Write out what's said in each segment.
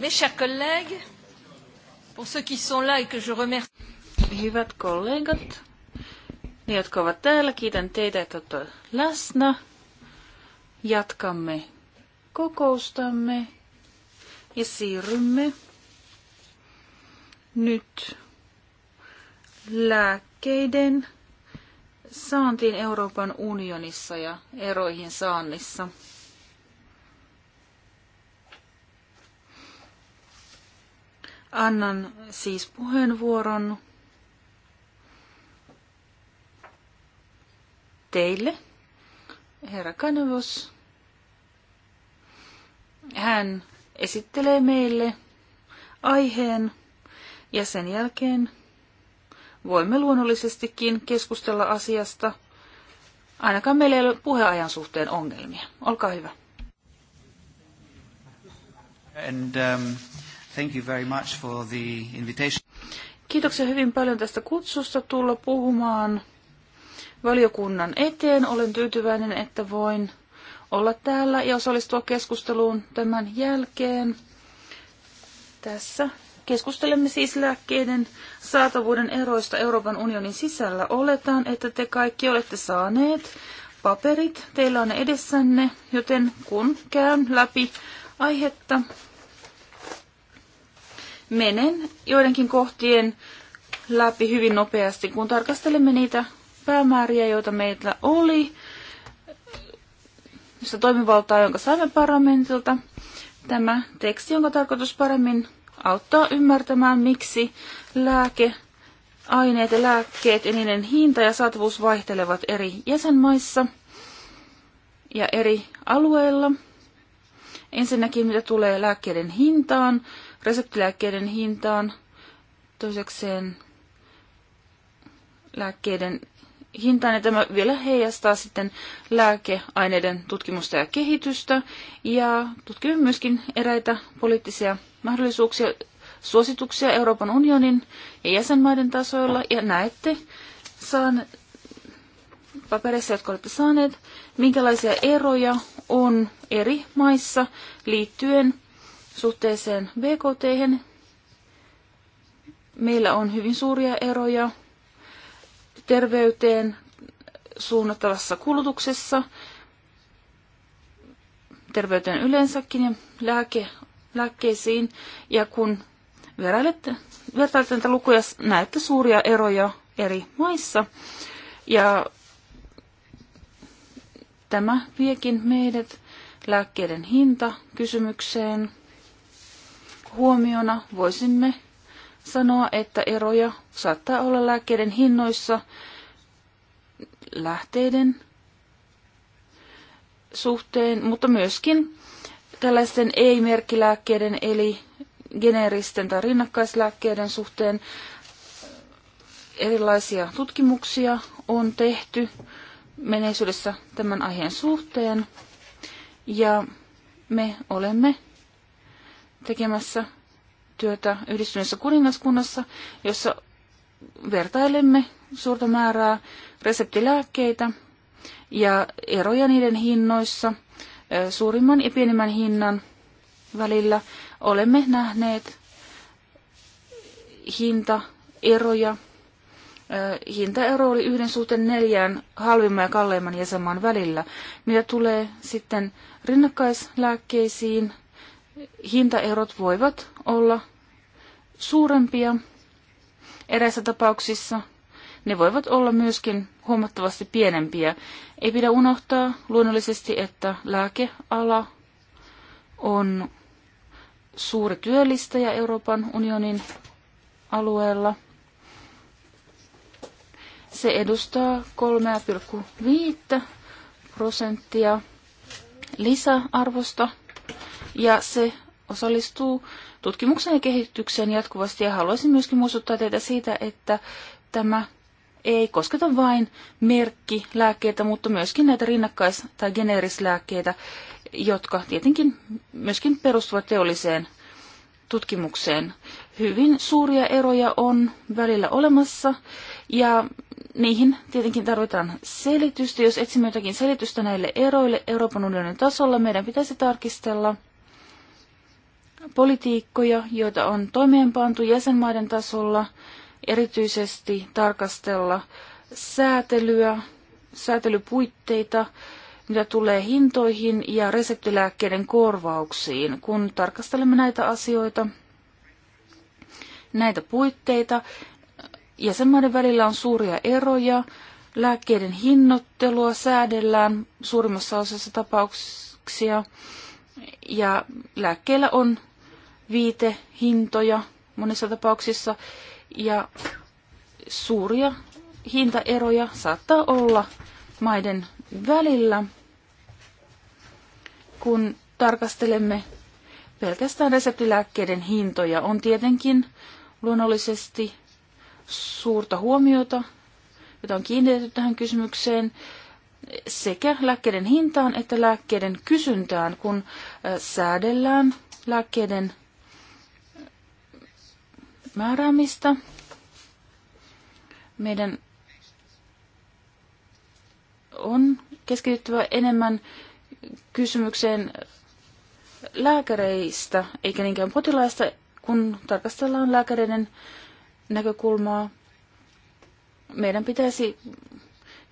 Mes chers collègues, pour ceux qui sont là et que je remercie. Hyvät kollegat, ne jotka ovat täällä, kiitän teitä, että olette läsnä. Jatkamme kokoustamme ja siirrymme nyt lääkkeiden saantiin Euroopan unionissa ja eroihin saannissa. Annan siis puheenvuoron teille, herra Kanavos. Hän esittelee meille aiheen ja sen jälkeen voimme luonnollisestikin keskustella asiasta. Ainakaan meillä ei ole puheajan suhteen ongelmia. Olkaa hyvä. And, um... Thank you very much for the invitation. Kiitoksia hyvin paljon tästä kutsusta tulla puhumaan valiokunnan eteen. Olen tyytyväinen, että voin olla täällä ja osallistua keskusteluun tämän jälkeen. Tässä keskustelemme siis lääkkeiden saatavuuden eroista Euroopan unionin sisällä. Oletan, että te kaikki olette saaneet paperit, teillä on ne edessänne, joten kun käyn läpi aihetta, menen joidenkin kohtien läpi hyvin nopeasti, kun tarkastelemme niitä päämääriä, joita meillä oli, sitä toimivaltaa, jonka saimme parlamentilta. Tämä teksti, jonka tarkoitus paremmin auttaa ymmärtämään, miksi lääke, aineet ja lääkkeet ja niiden hinta ja saatavuus vaihtelevat eri jäsenmaissa ja eri alueilla. Ensinnäkin, mitä tulee lääkkeiden hintaan, reseptilääkkeiden hintaan. Toisekseen lääkkeiden hintaan, ja tämä vielä heijastaa sitten lääkeaineiden tutkimusta ja kehitystä, ja tutkimme myöskin eräitä poliittisia mahdollisuuksia, suosituksia Euroopan unionin ja jäsenmaiden tasoilla, ja näette saan paperissa, jotka olette saaneet, minkälaisia eroja on eri maissa liittyen suhteeseen BKT. -hän. Meillä on hyvin suuria eroja terveyteen suunnattavassa kulutuksessa, terveyteen yleensäkin ja lääke, lääkkeisiin. Ja kun vertailette, vertailette näitä lukuja, näette suuria eroja eri maissa. Ja tämä viekin meidät lääkkeiden hinta kysymykseen huomiona voisimme sanoa, että eroja saattaa olla lääkkeiden hinnoissa lähteiden suhteen, mutta myöskin tällaisten ei-merkkilääkkeiden eli geneeristen tai rinnakkaislääkkeiden suhteen erilaisia tutkimuksia on tehty menneisyydessä tämän aiheen suhteen ja me olemme tekemässä työtä yhdistyneessä kuningaskunnassa, jossa vertailemme suurta määrää reseptilääkkeitä ja eroja niiden hinnoissa suurimman ja pienimmän hinnan välillä. Olemme nähneet hintaeroja. Hintaero oli yhden suhteen neljään halvimman ja kalleimman jäsenmaan välillä. Mitä tulee sitten rinnakkaislääkkeisiin, hintaerot voivat olla suurempia eräissä tapauksissa. Ne voivat olla myöskin huomattavasti pienempiä. Ei pidä unohtaa luonnollisesti, että lääkeala on suuri työllistäjä Euroopan unionin alueella. Se edustaa 3,5 prosenttia lisäarvosta ja se osallistuu tutkimukseen ja kehitykseen jatkuvasti. Ja haluaisin myöskin muistuttaa teitä siitä, että tämä ei kosketa vain merkkilääkkeitä, mutta myöskin näitä rinnakkais- tai geneerislääkkeitä, jotka tietenkin myöskin perustuvat teolliseen tutkimukseen. Hyvin suuria eroja on välillä olemassa ja niihin tietenkin tarvitaan selitystä. Jos etsimme jotakin selitystä näille eroille Euroopan unionin tasolla, meidän pitäisi tarkistella – politiikkoja, joita on toimeenpantu jäsenmaiden tasolla, erityisesti tarkastella säätelyä, säätelypuitteita, mitä tulee hintoihin ja reseptilääkkeiden korvauksiin. Kun tarkastelemme näitä asioita, näitä puitteita, jäsenmaiden välillä on suuria eroja, lääkkeiden hinnoittelua säädellään suurimmassa osassa tapauksia ja lääkkeillä on viitehintoja monissa tapauksissa ja suuria hintaeroja saattaa olla maiden välillä, kun tarkastelemme pelkästään reseptilääkkeiden hintoja. On tietenkin luonnollisesti suurta huomiota, jota on kiinnitetty tähän kysymykseen, sekä lääkkeiden hintaan että lääkkeiden kysyntään, kun säädellään lääkkeiden määräämistä. Meidän on keskityttävä enemmän kysymykseen lääkäreistä, eikä niinkään potilaista, kun tarkastellaan lääkäreiden näkökulmaa. Meidän pitäisi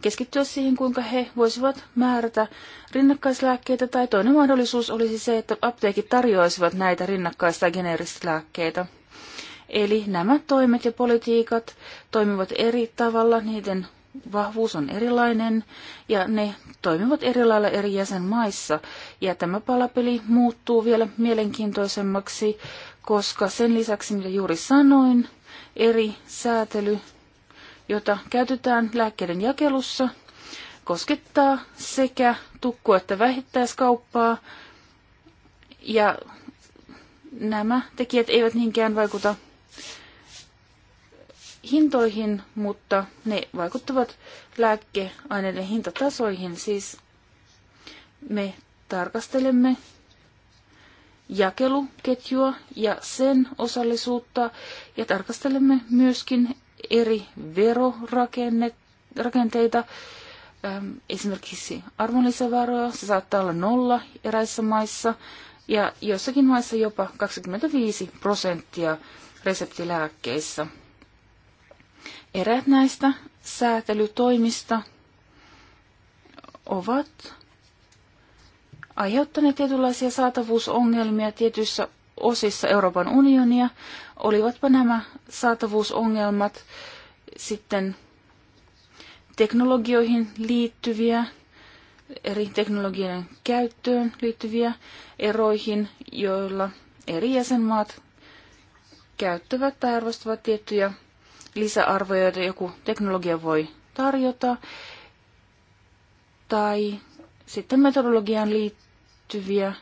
keskittyä siihen, kuinka he voisivat määrätä rinnakkaislääkkeitä, tai toinen mahdollisuus olisi se, että apteekit tarjoaisivat näitä rinnakkais- tai lääkkeitä. Eli nämä toimet ja politiikat toimivat eri tavalla, niiden vahvuus on erilainen ja ne toimivat eri lailla eri jäsenmaissa. Ja tämä palapeli muuttuu vielä mielenkiintoisemmaksi, koska sen lisäksi, mitä juuri sanoin, eri säätely, jota käytetään lääkkeiden jakelussa, koskettaa sekä tukku- että vähittäiskauppaa. Ja nämä tekijät eivät niinkään vaikuta hintoihin, mutta ne vaikuttavat lääkkeaineiden hintatasoihin. Siis me tarkastelemme jakeluketjua ja sen osallisuutta ja tarkastelemme myöskin eri verorakenteita, esimerkiksi arvonlisäveroa, se saattaa olla nolla eräissä maissa ja jossakin maissa jopa 25 prosenttia reseptilääkkeissä. Eräät näistä säätelytoimista ovat aiheuttaneet tietynlaisia saatavuusongelmia tietyissä osissa Euroopan unionia. Olivatpa nämä saatavuusongelmat sitten teknologioihin liittyviä, eri teknologioiden käyttöön liittyviä eroihin, joilla eri jäsenmaat käyttävät tai arvostavat tiettyjä lisäarvoja, joita joku teknologia voi tarjota, tai sitten metodologiaan liittyviä,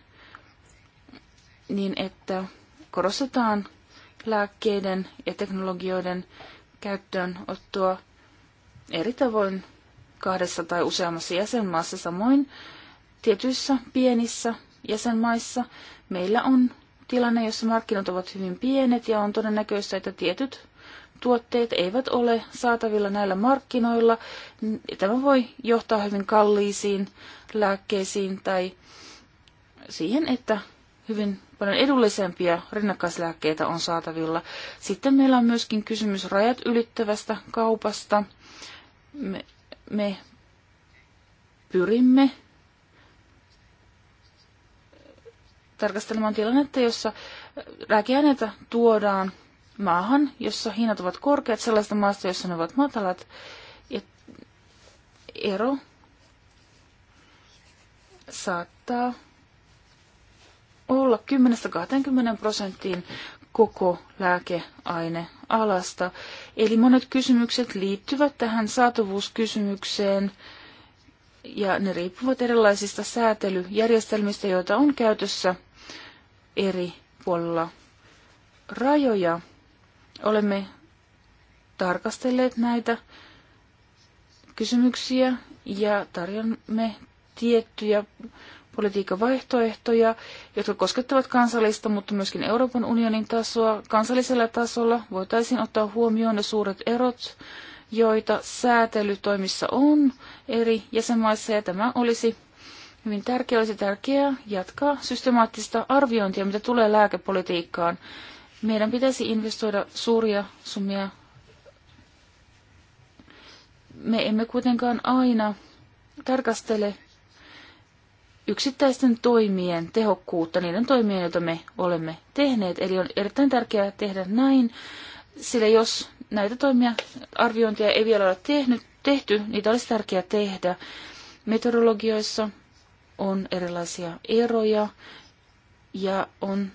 niin että korostetaan lääkkeiden ja teknologioiden käyttöönottoa eri tavoin kahdessa tai useammassa jäsenmaassa. Samoin tietyissä pienissä jäsenmaissa meillä on tilanne, jossa markkinat ovat hyvin pienet ja on todennäköistä, että tietyt tuotteet eivät ole saatavilla näillä markkinoilla. Tämä voi johtaa hyvin kalliisiin lääkkeisiin tai siihen, että hyvin paljon edullisempia rinnakkaislääkkeitä on saatavilla. Sitten meillä on myöskin kysymys rajat ylittävästä kaupasta. Me, me pyrimme tarkastelemaan tilannetta, jossa lääkeaineita tuodaan maahan, jossa hinnat ovat korkeat, sellaista maasta, jossa ne ovat matalat. Ja ero saattaa olla 10-20 prosenttiin koko lääkeaine alasta, Eli monet kysymykset liittyvät tähän saatavuuskysymykseen ja ne riippuvat erilaisista säätelyjärjestelmistä, joita on käytössä eri puolilla rajoja. Olemme tarkastelleet näitä kysymyksiä ja tarjoamme tiettyjä politiikan vaihtoehtoja, jotka koskettavat kansallista, mutta myöskin Euroopan unionin tasoa. Kansallisella tasolla voitaisiin ottaa huomioon ne suuret erot, joita säätelytoimissa on eri jäsenmaissa, ja tämä olisi hyvin tärkeä, olisi tärkeää jatkaa systemaattista arviointia, mitä tulee lääkepolitiikkaan. Meidän pitäisi investoida suuria summia. Me emme kuitenkaan aina tarkastele yksittäisten toimien tehokkuutta, niiden toimien, joita me olemme tehneet. Eli on erittäin tärkeää tehdä näin, sillä jos näitä toimia, arviointia ei vielä ole tehnyt, tehty, niitä olisi tärkeää tehdä. Meteorologioissa on erilaisia eroja ja on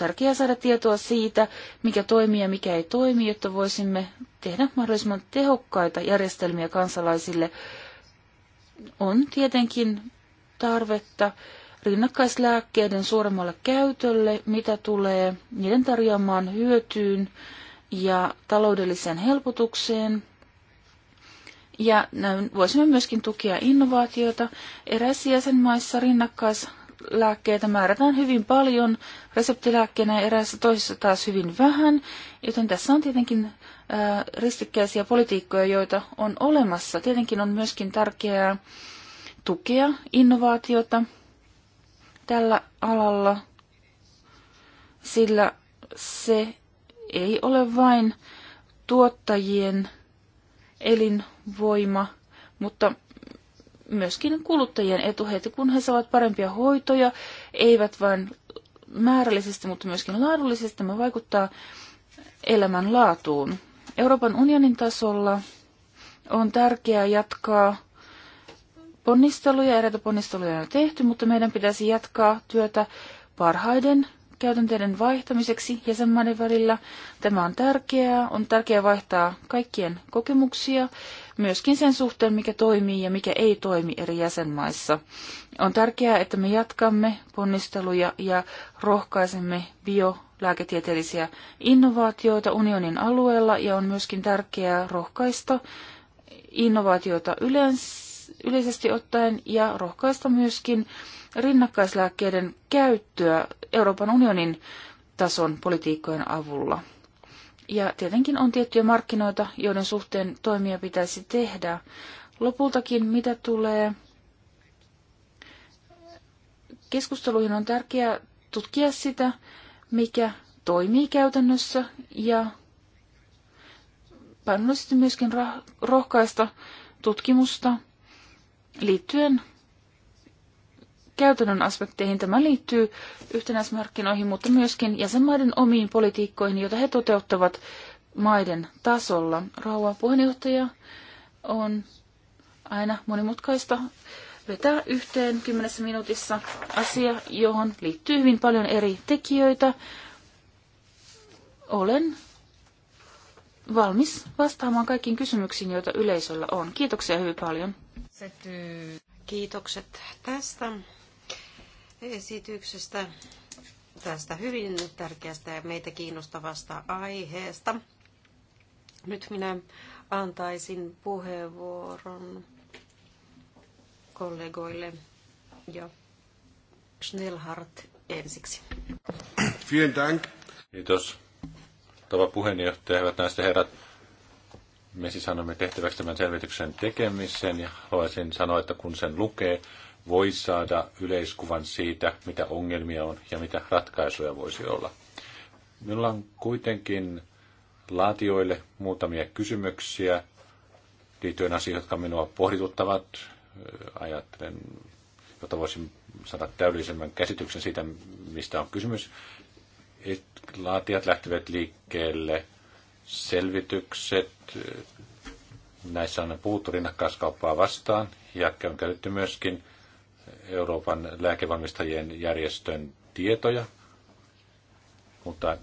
tärkeää saada tietoa siitä, mikä toimii ja mikä ei toimi, jotta voisimme tehdä mahdollisimman tehokkaita järjestelmiä kansalaisille. On tietenkin tarvetta rinnakkaislääkkeiden suuremmalle käytölle, mitä tulee niiden tarjoamaan hyötyyn ja taloudelliseen helpotukseen. Ja voisimme myöskin tukea innovaatiota. Eräissä jäsenmaissa rinnakkais lääkkeitä määrätään hyvin paljon reseptilääkkeenä ja eräissä toisissa taas hyvin vähän, joten tässä on tietenkin ristikkäisiä politiikkoja, joita on olemassa. Tietenkin on myöskin tärkeää tukea innovaatiota tällä alalla, sillä se ei ole vain tuottajien elinvoima, mutta myöskin kuluttajien etu heti, kun he saavat parempia hoitoja, eivät vain määrällisesti, mutta myöskin laadullisesti. Tämä vaikuttaa elämän laatuun. Euroopan unionin tasolla on tärkeää jatkaa ponnisteluja, eräitä ponnisteluja on tehty, mutta meidän pitäisi jatkaa työtä parhaiden käytänteiden vaihtamiseksi jäsenmaiden välillä. Tämä on tärkeää. On tärkeää vaihtaa kaikkien kokemuksia myöskin sen suhteen, mikä toimii ja mikä ei toimi eri jäsenmaissa. On tärkeää, että me jatkamme ponnisteluja ja rohkaisemme biolääketieteellisiä innovaatioita unionin alueella ja on myöskin tärkeää rohkaista innovaatioita yleisesti ottaen ja rohkaista myöskin rinnakkaislääkkeiden käyttöä Euroopan unionin tason politiikkojen avulla. Ja tietenkin on tiettyjä markkinoita, joiden suhteen toimia pitäisi tehdä. Lopultakin mitä tulee keskusteluihin on tärkeää tutkia sitä, mikä toimii käytännössä ja painollisesti myöskin rohkaista tutkimusta liittyen käytännön aspekteihin. Tämä liittyy yhtenäismarkkinoihin, mutta myöskin jäsenmaiden omiin politiikkoihin, joita he toteuttavat maiden tasolla. Rauha puheenjohtaja on aina monimutkaista vetää yhteen kymmenessä minuutissa asia, johon liittyy hyvin paljon eri tekijöitä. Olen valmis vastaamaan kaikkiin kysymyksiin, joita yleisöllä on. Kiitoksia hyvin paljon. Kiitokset tästä esityksestä, tästä hyvin tärkeästä ja meitä kiinnostavasta aiheesta. Nyt minä antaisin puheenvuoron kollegoille ja Schnellhardt ensiksi. Vielen Dank. Kiitos. Tava puheenjohtaja, hyvät naiset ja herrat. Me siis annamme tehtäväksi tämän selvityksen tekemisen ja haluaisin sanoa, että kun sen lukee, voi saada yleiskuvan siitä, mitä ongelmia on ja mitä ratkaisuja voisi olla. Minulla on kuitenkin laatioille muutamia kysymyksiä liittyen asioihin, jotka minua pohdituttavat. Ajattelen, jotta voisin saada täydellisemmän käsityksen siitä, mistä on kysymys. Laatijat lähtevät liikkeelle selvitykset. Näissä on puuttu rinnakkaiskauppaa vastaan ja on käytetty myöskin Euroopan lääkevalmistajien järjestön tietoja, mutta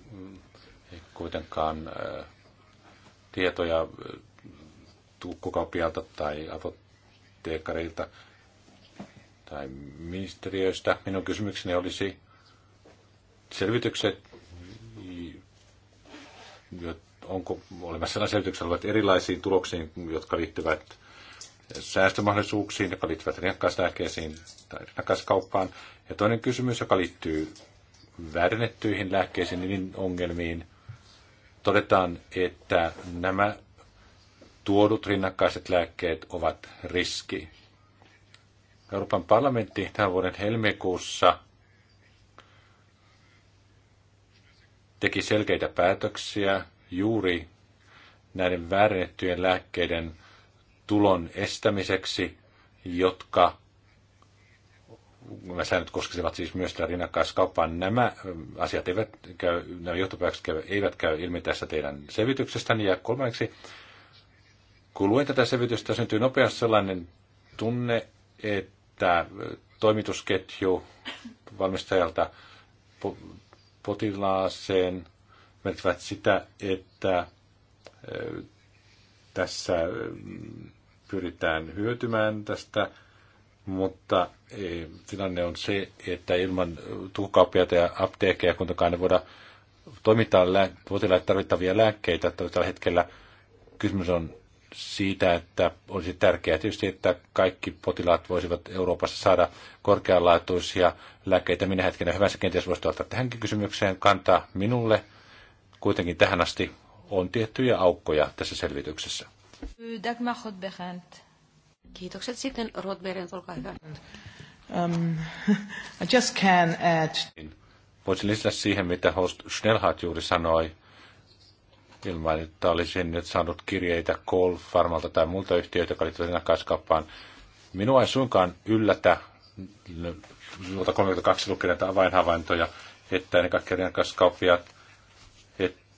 ei kuitenkaan äh, tietoja äh, tukkukauppialta tai apoteekkarilta tai ministeriöistä. Minun kysymykseni olisi selvitykset, onko olemassa sellaisia selvityksiä, ovat erilaisiin tuloksiin, jotka liittyvät säästömahdollisuuksiin, jotka liittyvät rinnakkaislääkkeisiin tai rinnakkaiskauppaan. Ja toinen kysymys, joka liittyy väärennettyihin lääkkeisiin ja niin ongelmiin, todetaan, että nämä tuodut rinnakkaiset lääkkeet ovat riski. Euroopan parlamentti tämän vuoden helmikuussa teki selkeitä päätöksiä juuri näiden väärennettyjen lääkkeiden tulon estämiseksi, jotka nämä säännöt koskisivat siis myös tätä rinnakkaiskauppaa. Nämä ähm, asiat eivät käy, nämä johtopäätökset eivät käy ilmi tässä teidän selvityksestäni. Ja kolmanneksi, kun luen tätä selvitystä, syntyy nopeasti sellainen tunne, että äh, toimitusketju valmistajalta potilaaseen merkitsevät sitä, että äh, tässä mm, pyritään hyötymään tästä, mutta tilanne on se, että ilman tuhkauppiaita ja apteekkeja kuitenkaan ne voidaan toimittaa lää- potilaille tarvittavia lääkkeitä. Tällä hetkellä kysymys on siitä, että olisi tärkeää tietysti, että kaikki potilaat voisivat Euroopassa saada korkeanlaatuisia lääkkeitä minä hetkenä hyvänsä. Kenties voisi ottaa tähänkin kysymykseen kantaa minulle. Kuitenkin tähän asti on tiettyjä aukkoja tässä selvityksessä. Dagmar Rodberent. Kiitokset sitten Rodberent, olkaa hyvä. Um, I just can add... Niin, voisin lisätä siihen, mitä host Schnellhardt juuri sanoi, ilman että olisin nyt saanut kirjeitä Call Farmalta tai muilta yhtiöitä, jotka liittyvät rinnakkaiskauppaan. Minua ei suinkaan yllätä, sivulta 32 lukin näitä avainhavaintoja, että ennen kaikkea rinnakkaiskauppiaat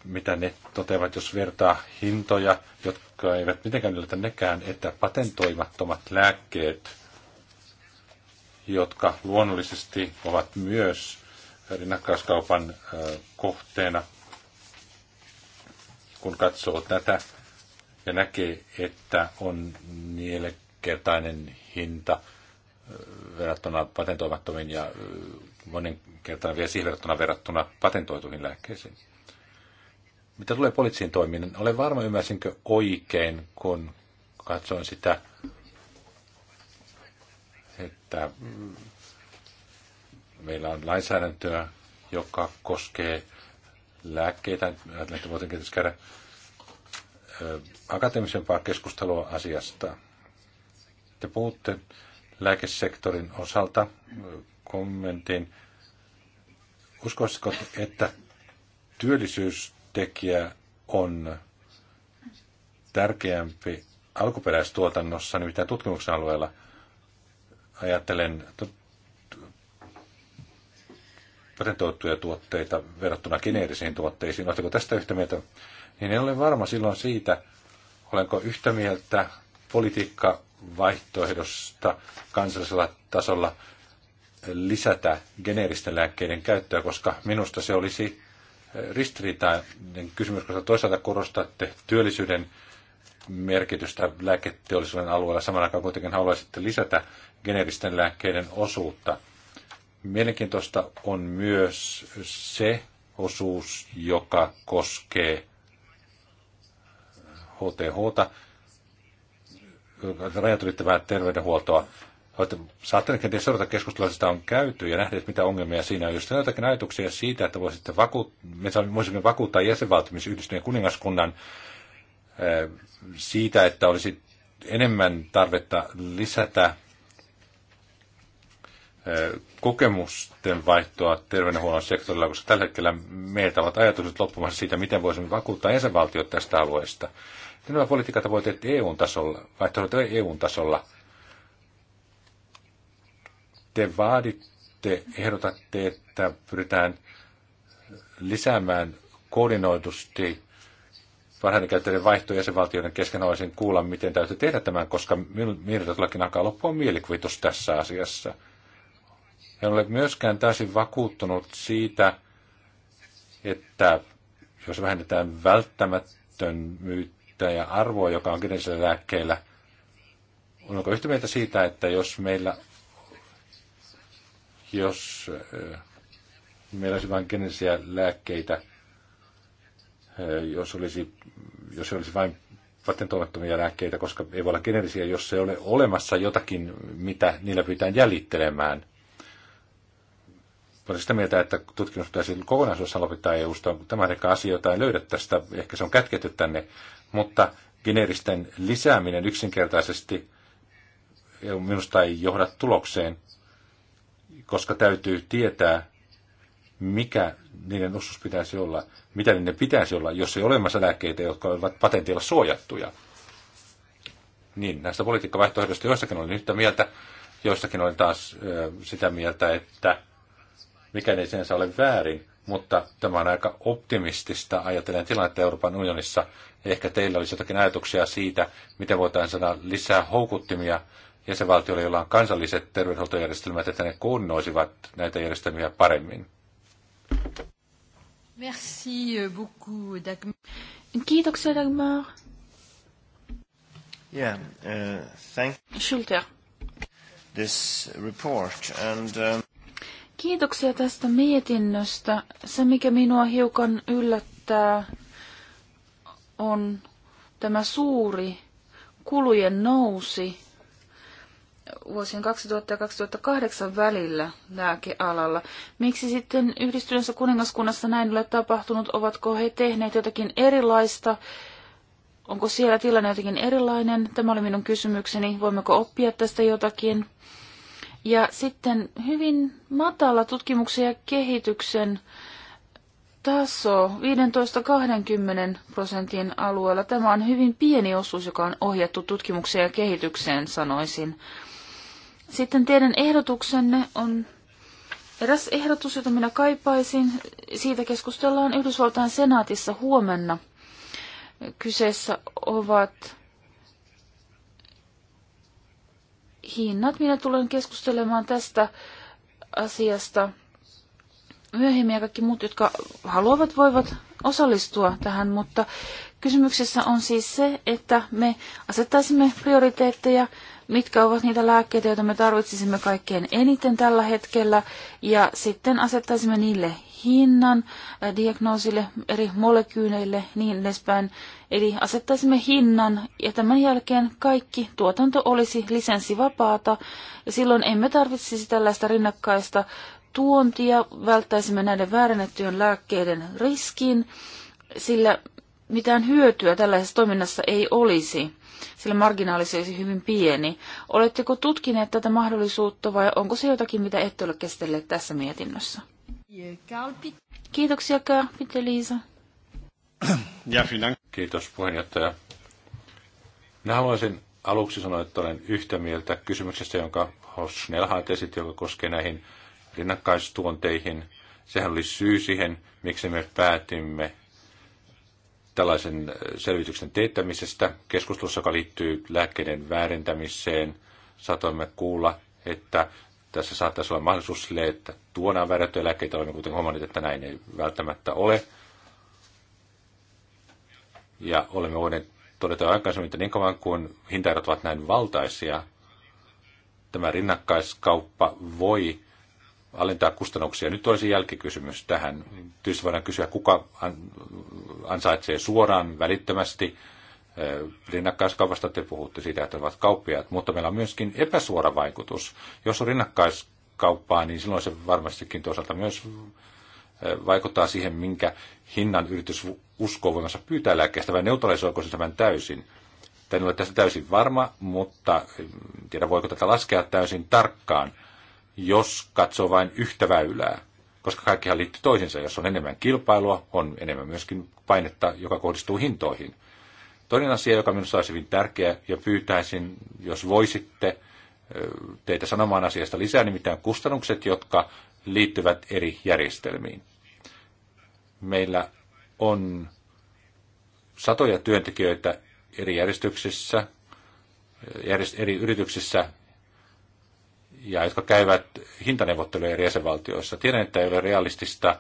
mitä ne toteavat, jos vertaa hintoja, jotka eivät mitenkään yllätä nekään, että patentoimattomat lääkkeet, jotka luonnollisesti ovat myös rinnakkaiskaupan kohteena, kun katsoo tätä ja näkee, että on nielenkertainen hinta verrattuna patentoimattomiin ja monen kertaan vielä siihen verrattuna verrattuna patentoituihin lääkkeisiin. Mitä tulee poliittisiin toiminnan, niin olen varma ymmärsinkö oikein, kun katsoin sitä, että meillä on lainsäädäntöä, joka koskee lääkkeitä. Ajattelen, että voitaisiin käydä akateemisempaa keskustelua asiasta. Te puhutte lääkesektorin osalta kommentin. Uskoisitko, että työllisyys tekijä on tärkeämpi alkuperäistuotannossa, nimittäin tutkimuksen alueella. Ajattelen patentoituja tuotteita verrattuna geneerisiin tuotteisiin. Oletteko tästä yhtä mieltä? Niin en ole varma silloin siitä, olenko yhtä mieltä politiikkavaihtoehdosta kansallisella tasolla lisätä geneeristen lääkkeiden käyttöä, koska minusta se olisi ristiriitainen kysymys, koska toisaalta korostatte työllisyyden merkitystä lääketeollisuuden alueella. Samaan aikaan kuitenkin haluaisitte lisätä geneeristen lääkkeiden osuutta. Mielenkiintoista on myös se osuus, joka koskee HTH, rajat ylittävää terveydenhuoltoa olette saattaneet kenties seurata keskustelua, sitä on käyty ja nähdä, mitä ongelmia siinä on. Jos on jotakin ajatuksia siitä, että voisitte vaku- me voisimme vakuuttaa jäsenvaltioissa yhdistyneen kuningaskunnan eh, siitä, että olisi enemmän tarvetta lisätä eh, kokemusten vaihtoa terveydenhuollon sektorilla, koska tällä hetkellä meiltä ovat ajatukset loppumassa siitä, miten voisimme vakuuttaa jäsenvaltiot tästä alueesta. Ja nämä politiikat voivat tehdä EU-tasolla, vaihtoehdot eu tasolla te vaaditte, ehdotatte, että pyritään lisäämään koordinoitusti parhaiten käyttäjien vaihto jäsenvaltioiden kesken haluaisin kuulla, miten täytyy tehdä tämän, koska minulta todellakin alkaa loppua mielikuvitus tässä asiassa. En ole myöskään täysin vakuuttunut siitä, että jos vähennetään välttämättömyyttä ja arvoa, joka on geneellisellä lääkkeellä, onko yhtä mieltä siitä, että jos meillä jos eh, meillä olisi vain geneellisiä lääkkeitä, eh, jos olisi, jos olisi vain patentoimattomia lääkkeitä, koska ei voi olla geneellisiä, jos ei ole olemassa jotakin, mitä niillä pyritään jäljittelemään. Olen sitä mieltä, että tutkimus pitäisi kokonaisuudessaan lopettaa EU-sta. Tämä ehkä asia, jota ei löydä tästä, ehkä se on kätketty tänne, mutta geneeristen lisääminen yksinkertaisesti eh, minusta ei johda tulokseen koska täytyy tietää, mikä niiden osuus pitäisi olla, mitä niiden pitäisi olla, jos ei ole olemassa lääkkeitä, jotka ovat patentilla suojattuja. Niin, näistä politiikkavaihtoehdoista joissakin olen yhtä mieltä, joissakin olen taas ö, sitä mieltä, että mikä ei sinänsä ole väärin, mutta tämä on aika optimistista ajatellen tilannetta Euroopan unionissa. Ehkä teillä olisi jotakin ajatuksia siitä, miten voitaisiin saada lisää houkuttimia jäsenvaltioille, joilla on kansalliset terveydenhuoltojärjestelmät, että ne kunnoisivat näitä järjestelmiä paremmin. Merci euh, beaucoup, Dagmar. Kiitoksia, Dagmar. Yeah, uh, thank Schulter. This report and, um... Kiitoksia tästä mietinnöstä. Se, mikä minua hiukan yllättää, on tämä suuri kulujen nousi vuosien 2000 ja 2008 välillä lääkealalla. Miksi sitten yhdistyneessä kuningaskunnassa näin ole tapahtunut? Ovatko he tehneet jotakin erilaista? Onko siellä tilanne jotenkin erilainen? Tämä oli minun kysymykseni. Voimmeko oppia tästä jotakin? Ja sitten hyvin matala tutkimuksen ja kehityksen taso 15-20 prosentin alueella. Tämä on hyvin pieni osuus, joka on ohjattu tutkimukseen ja kehitykseen, sanoisin. Sitten teidän ehdotuksenne on eräs ehdotus, jota minä kaipaisin. Siitä keskustellaan Yhdysvaltain senaatissa huomenna. Kyseessä ovat hinnat. Minä tulen keskustelemaan tästä asiasta myöhemmin ja kaikki muut, jotka haluavat, voivat osallistua tähän, mutta kysymyksessä on siis se, että me asettaisimme prioriteetteja mitkä ovat niitä lääkkeitä, joita me tarvitsisimme kaikkein eniten tällä hetkellä, ja sitten asettaisimme niille hinnan äh, diagnoosille, eri molekyyneille, niin edespäin. Eli asettaisimme hinnan, ja tämän jälkeen kaikki tuotanto olisi lisenssivapaata, ja silloin emme tarvitsisi tällaista rinnakkaista tuontia, välttäisimme näiden väärennettyjen lääkkeiden riskin, sillä mitään hyötyä tällaisessa toiminnassa ei olisi sillä marginaali olisi hyvin pieni. Oletteko tutkineet tätä mahdollisuutta vai onko se jotakin, mitä ette ole käsitelleet tässä mietinnössä? Kiitoksia, Karpit ja Liisa. Kiitos puheenjohtaja. Minä haluaisin aluksi sanoa, että olen yhtä mieltä kysymyksestä, jonka hoss Schnellhardt esitti, joka koskee näihin rinnakkaistuonteihin. Sehän oli syy siihen, miksi me päätimme tällaisen äh, selvityksen teettämisestä keskustelussa, joka liittyy lääkkeiden väärentämiseen. Saatoimme kuulla, että tässä saattaisi olla mahdollisuus sille, että tuodaan väärättyjä lääkkeitä, olemme kuten huomanneet, että näin ei välttämättä ole. Ja olemme voineet todeta aikaisemmin, että niin kauan kuin hintaerot ovat näin valtaisia, tämä rinnakkaiskauppa voi alentaa kustannuksia. Nyt olisi jälkikysymys tähän. Tietysti voidaan kysyä, kuka ansaitsee suoraan välittömästi rinnakkaiskaupasta te puhutte siitä, että ovat kauppiaat, mutta meillä on myöskin epäsuora vaikutus. Jos on rinnakkaiskauppaa, niin silloin se varmastikin toisaalta myös vaikuttaa siihen, minkä hinnan yritys uskoo voimassa pyytää lääkkeestä, vai neutralisoiko se tämän täysin. Tän ole tässä täysin varma, mutta tiedä voiko tätä laskea täysin tarkkaan jos katsoo vain yhtä väylää, koska kaikkihan liittyy toisiinsa. Jos on enemmän kilpailua, on enemmän myöskin painetta, joka kohdistuu hintoihin. Toinen asia, joka minusta olisi hyvin tärkeä, ja pyytäisin, jos voisitte teitä sanomaan asiasta lisää, nimittäin kustannukset, jotka liittyvät eri järjestelmiin. Meillä on satoja työntekijöitä eri järjestyksissä, eri yrityksissä, ja jotka käyvät hintaneuvotteluja eri jäsenvaltioissa. Tiedän, että ei ole realistista,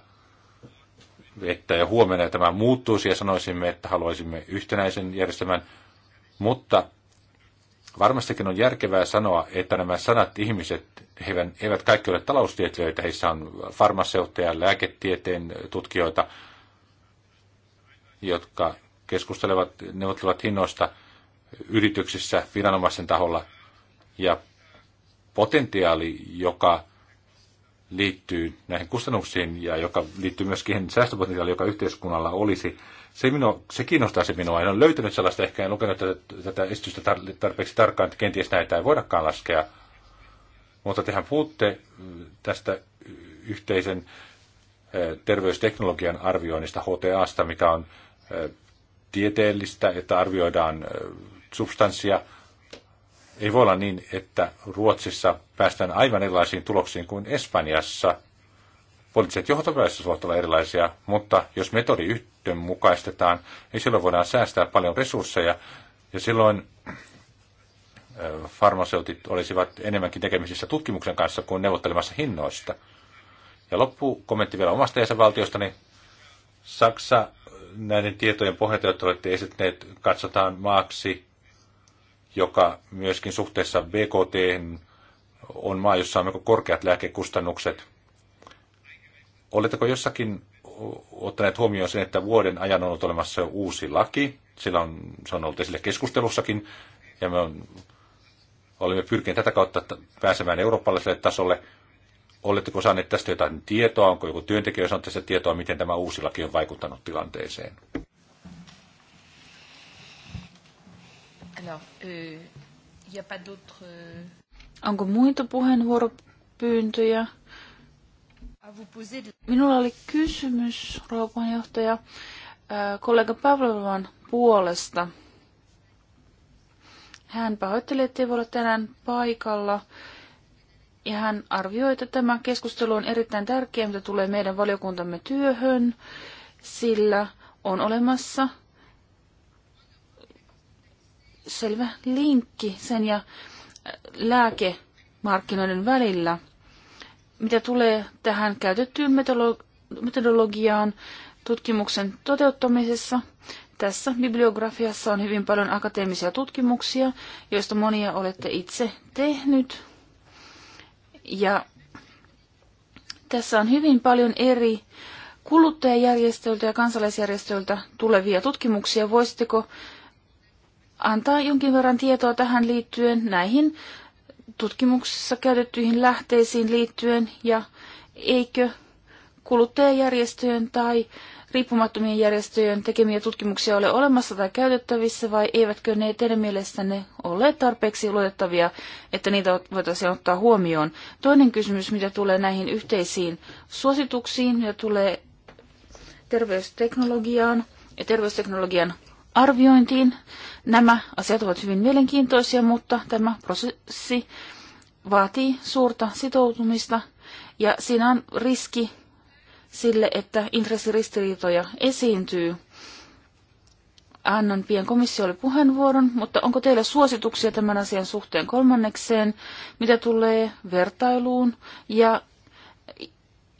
että jo huomenna tämä muuttuisi ja sanoisimme, että haluaisimme yhtenäisen järjestelmän, mutta varmastikin on järkevää sanoa, että nämä sanat ihmiset, he eivät kaikki ole taloustieteilijöitä, heissä on farmaseutteja, lääketieteen tutkijoita, jotka keskustelevat, neuvottelevat hinnoista yrityksissä, viranomaisen taholla, ja potentiaali, joka liittyy näihin kustannuksiin ja joka liittyy myöskin säästöpotentiaaliin, joka yhteiskunnalla olisi, se, minua, se kiinnostaa se minua. En ole löytänyt sellaista, ehkä en lukenut tätä, tätä esitystä tarpeeksi tarkkaan, että kenties näitä ei voidakaan laskea. Mutta tehän puhutte mm, tästä yhteisen terveysteknologian arvioinnista, HTAsta, mikä on tieteellistä, että arvioidaan substanssia, ei voi olla niin, että Ruotsissa päästään aivan erilaisiin tuloksiin kuin Espanjassa. Poliittiset johtopäätökset voivat olla erilaisia, mutta jos metodi yhdenmukaistetaan, niin silloin voidaan säästää paljon resursseja ja silloin farmaseutit olisivat enemmänkin tekemisissä tutkimuksen kanssa kuin neuvottelemassa hinnoista. Ja loppu kommentti vielä omasta jäsenvaltiostani. Niin Saksa näiden tietojen pohjalta, joita olette esittäneet, katsotaan maaksi, joka myöskin suhteessa BKT on maa, jossa on melko korkeat lääkekustannukset. Oletteko jossakin ottaneet huomioon sen, että vuoden ajan on ollut olemassa uusi laki, sillä on, se on ollut esille keskustelussakin, ja me on, olemme pyrkineet tätä kautta pääsemään eurooppalaiselle tasolle. Oletteko saaneet tästä jotain tietoa, onko joku työntekijä saanut tästä tietoa, miten tämä uusi laki on vaikuttanut tilanteeseen? Alors, euh, y a pas euh, Onko muita puheenvuoropyyntöjä? Minulla oli kysymys, rouva äh, kollega Pavlovan puolesta. Hän pahoitteli, ettei voi olla tänään paikalla. Ja hän arvioi, että tämä keskustelu on erittäin tärkeä, mitä tulee meidän valiokuntamme työhön, sillä on olemassa selvä linkki sen ja äh, lääkemarkkinoiden välillä. Mitä tulee tähän käytettyyn metodologiaan tutkimuksen toteuttamisessa, tässä bibliografiassa on hyvin paljon akateemisia tutkimuksia, joista monia olette itse tehnyt. Ja tässä on hyvin paljon eri kuluttajajärjestöiltä ja kansalaisjärjestöiltä tulevia tutkimuksia. Voisitteko antaa jonkin verran tietoa tähän liittyen näihin tutkimuksissa käytettyihin lähteisiin liittyen ja eikö kuluttajajärjestöjen tai riippumattomien järjestöjen tekemiä tutkimuksia ole olemassa tai käytettävissä vai eivätkö ne teidän mielestänne ole tarpeeksi luotettavia, että niitä voitaisiin ottaa huomioon? Toinen kysymys, mitä tulee näihin yhteisiin suosituksiin, ja tulee terveysteknologiaan ja terveysteknologian arviointiin. Nämä asiat ovat hyvin mielenkiintoisia, mutta tämä prosessi vaatii suurta sitoutumista ja siinä on riski sille, että intressiristiriitoja esiintyy. Annan pian komissiolle puheenvuoron, mutta onko teillä suosituksia tämän asian suhteen kolmannekseen, mitä tulee vertailuun ja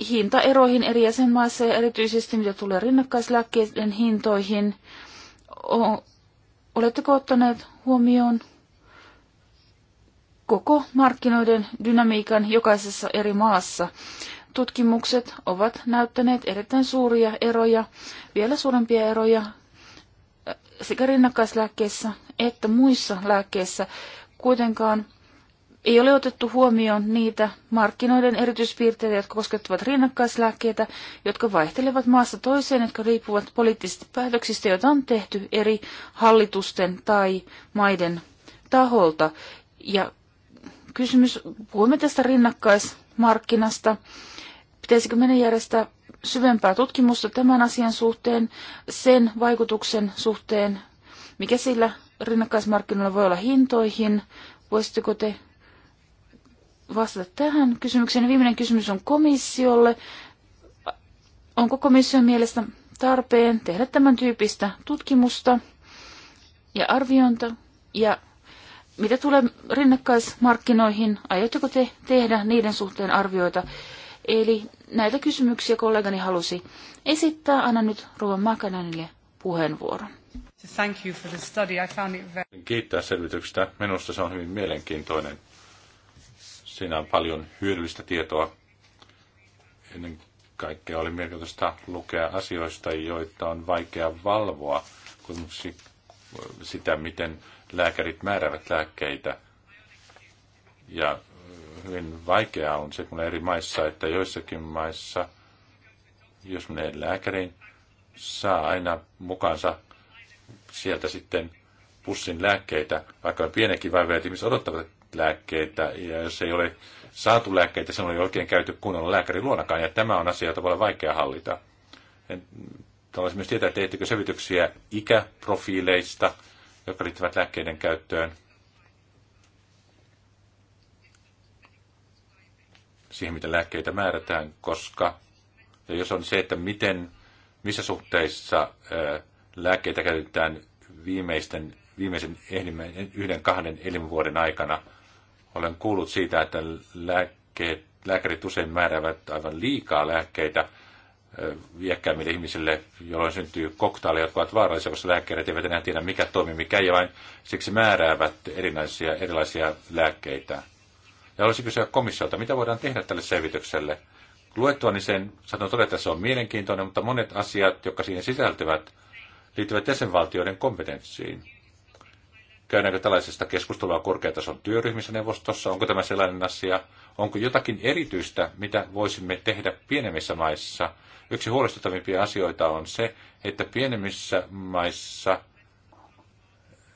hintaeroihin eri jäsenmaissa ja erityisesti mitä tulee rinnakkaislääkkeiden hintoihin? Oletteko ottaneet huomioon koko markkinoiden dynamiikan jokaisessa eri maassa? Tutkimukset ovat näyttäneet erittäin suuria eroja, vielä suurempia eroja äh, sekä rinnakkaislääkkeissä että muissa lääkkeissä. Kuitenkaan ei ole otettu huomioon niitä markkinoiden erityispiirteitä, jotka koskettavat rinnakkaislääkkeitä, jotka vaihtelevat maasta toiseen, jotka riippuvat poliittisista päätöksistä, joita on tehty eri hallitusten tai maiden taholta. Ja kysymys, puhumme tästä rinnakkaismarkkinasta. Pitäisikö meidän järjestää syvempää tutkimusta tämän asian suhteen, sen vaikutuksen suhteen, mikä sillä rinnakkaismarkkinoilla voi olla hintoihin? Voisitteko te vastata tähän kysymykseen. Viimeinen kysymys on komissiolle. Onko komission mielestä tarpeen tehdä tämän tyyppistä tutkimusta ja arviointa? Ja mitä tulee rinnakkaismarkkinoihin, aiotteko te tehdä niiden suhteen arvioita? Eli näitä kysymyksiä kollegani halusi esittää. Anna nyt Rova Makananille puheenvuoron. Kiittää selvityksestä. Minusta se on hyvin mielenkiintoinen Siinä on paljon hyödyllistä tietoa. Ennen kaikkea oli merkitystä lukea asioista, joita on vaikea valvoa, kuten sitä, miten lääkärit määrävät lääkkeitä. Ja hyvin vaikeaa on se, kun eri maissa, että joissakin maissa, jos menee lääkäriin, saa aina mukaansa sieltä sitten pussin lääkkeitä, vaikka pienekin vaivajat ihmiset odottavat, että lääkkeitä, ja jos ei ole saatu lääkkeitä, silloin ei oikein käyty kunnolla lääkärin luonakaan, ja tämä on asia, jota vaikea hallita. Haluaisin myös tietää, teettekö selvityksiä ikäprofiileista, jotka liittyvät lääkkeiden käyttöön. siihen, miten lääkkeitä määrätään, koska ja jos on se, että miten, missä suhteissa ää, lääkkeitä käytetään viimeisten, viimeisen yhden kahden elinvuoden aikana – olen kuullut siitä, että lääkkeet, lääkärit usein määräävät aivan liikaa lääkkeitä viekkäimmille ihmisille, jolloin syntyy koktaaleja, jotka ovat vaarallisia, koska lääkkeet eivät enää tiedä, mikä toimii, mikä ei, vain siksi määräävät erilaisia, erilaisia lääkkeitä. Ja haluaisin kysyä komissiolta, mitä voidaan tehdä tälle selvitykselle? Luettua niin sen, sanon todeta, että se on mielenkiintoinen, mutta monet asiat, jotka siihen sisältyvät, liittyvät jäsenvaltioiden kompetenssiin. Käydäänkö tällaisesta keskustelua korkeatason työryhmissä neuvostossa? Onko tämä sellainen asia? Onko jotakin erityistä, mitä voisimme tehdä pienemmissä maissa? Yksi huolestuttavimpia asioita on se, että pienemmissä maissa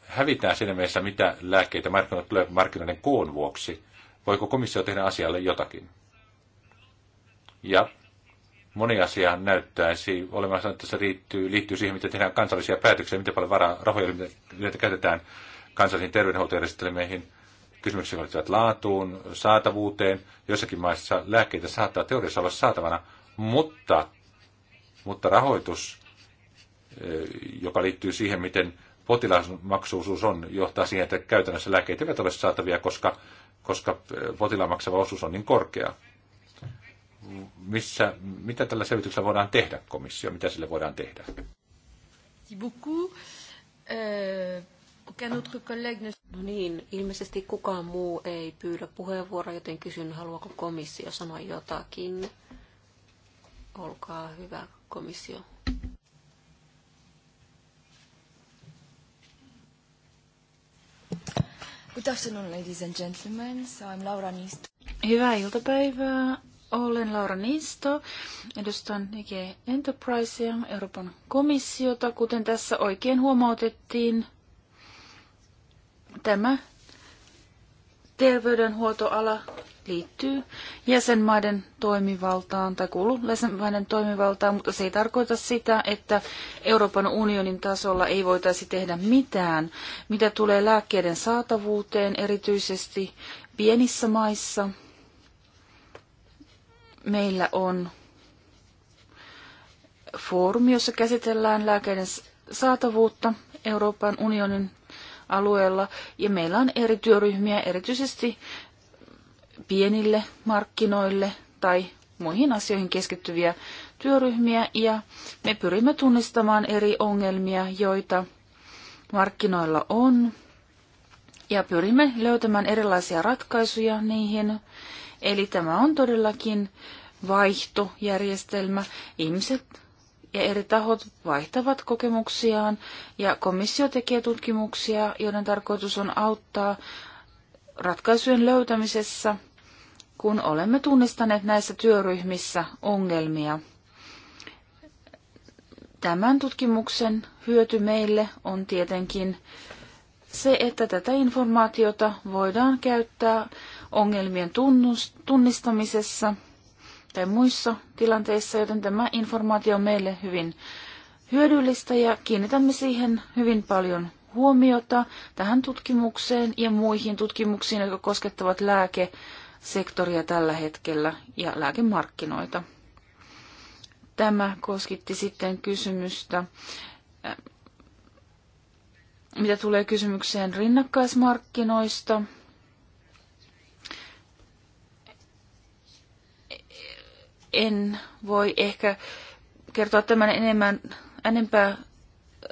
hävitään siinä mielessä, mitä lääkkeitä markkinoille tulee markkinoiden koon vuoksi. Voiko komissio tehdä asialle jotakin? Ja moni asia näyttäisi olemassa, että se liittyy, liittyy siihen, mitä tehdään kansallisia päätöksiä, miten paljon varaa, rahoja, mitä, mitä käytetään kansallisiin terveydenhuoltojärjestelmiin, kysymyksiä liittyvät laatuun, saatavuuteen. Joissakin maissa lääkkeitä saattaa teoriassa olla saatavana, mutta, mutta rahoitus, e, joka liittyy siihen, miten potilasmaksuosuus on, johtaa siihen, että käytännössä lääkkeitä eivät ole saatavia, koska, koska e, potilaan maksava osuus on niin korkea. Missä, mitä tällä selvityksellä voidaan tehdä komissio? Mitä sille voidaan tehdä? Merci beaucoup. Euh, No niin, ilmeisesti kukaan muu ei pyydä puheenvuoroa, joten kysyn, haluaako komissio sanoa jotakin. Olkaa hyvä, komissio. Good afternoon, ladies and gentlemen. So I'm Laura Nisto. Hyvää iltapäivää. Olen Laura Nisto. Edustan DG e Enterprisea, Euroopan komissiota. Kuten tässä oikein huomautettiin, Tämä terveydenhuoltoala liittyy jäsenmaiden toimivaltaan tai kuuluu jäsenmaiden toimivaltaan, mutta se ei tarkoita sitä, että Euroopan unionin tasolla ei voitaisi tehdä mitään, mitä tulee lääkkeiden saatavuuteen, erityisesti pienissä maissa. Meillä on foorumi, jossa käsitellään lääkkeiden saatavuutta Euroopan unionin alueella. Ja meillä on eri työryhmiä erityisesti pienille markkinoille tai muihin asioihin keskittyviä työryhmiä ja me pyrimme tunnistamaan eri ongelmia, joita markkinoilla on ja pyrimme löytämään erilaisia ratkaisuja niihin. Eli tämä on todellakin vaihtojärjestelmä. Ihmiset ja eri tahot vaihtavat kokemuksiaan ja komissio tekee tutkimuksia, joiden tarkoitus on auttaa ratkaisujen löytämisessä, kun olemme tunnistaneet näissä työryhmissä ongelmia. Tämän tutkimuksen hyöty meille on tietenkin se, että tätä informaatiota voidaan käyttää ongelmien tunnistamisessa – tai muissa tilanteissa, joten tämä informaatio on meille hyvin hyödyllistä ja kiinnitämme siihen hyvin paljon huomiota tähän tutkimukseen ja muihin tutkimuksiin, jotka koskettavat lääkesektoria tällä hetkellä ja lääkemarkkinoita. Tämä koskitti sitten kysymystä, äh, mitä tulee kysymykseen rinnakkaismarkkinoista – en voi ehkä kertoa tämän enemmän, enempää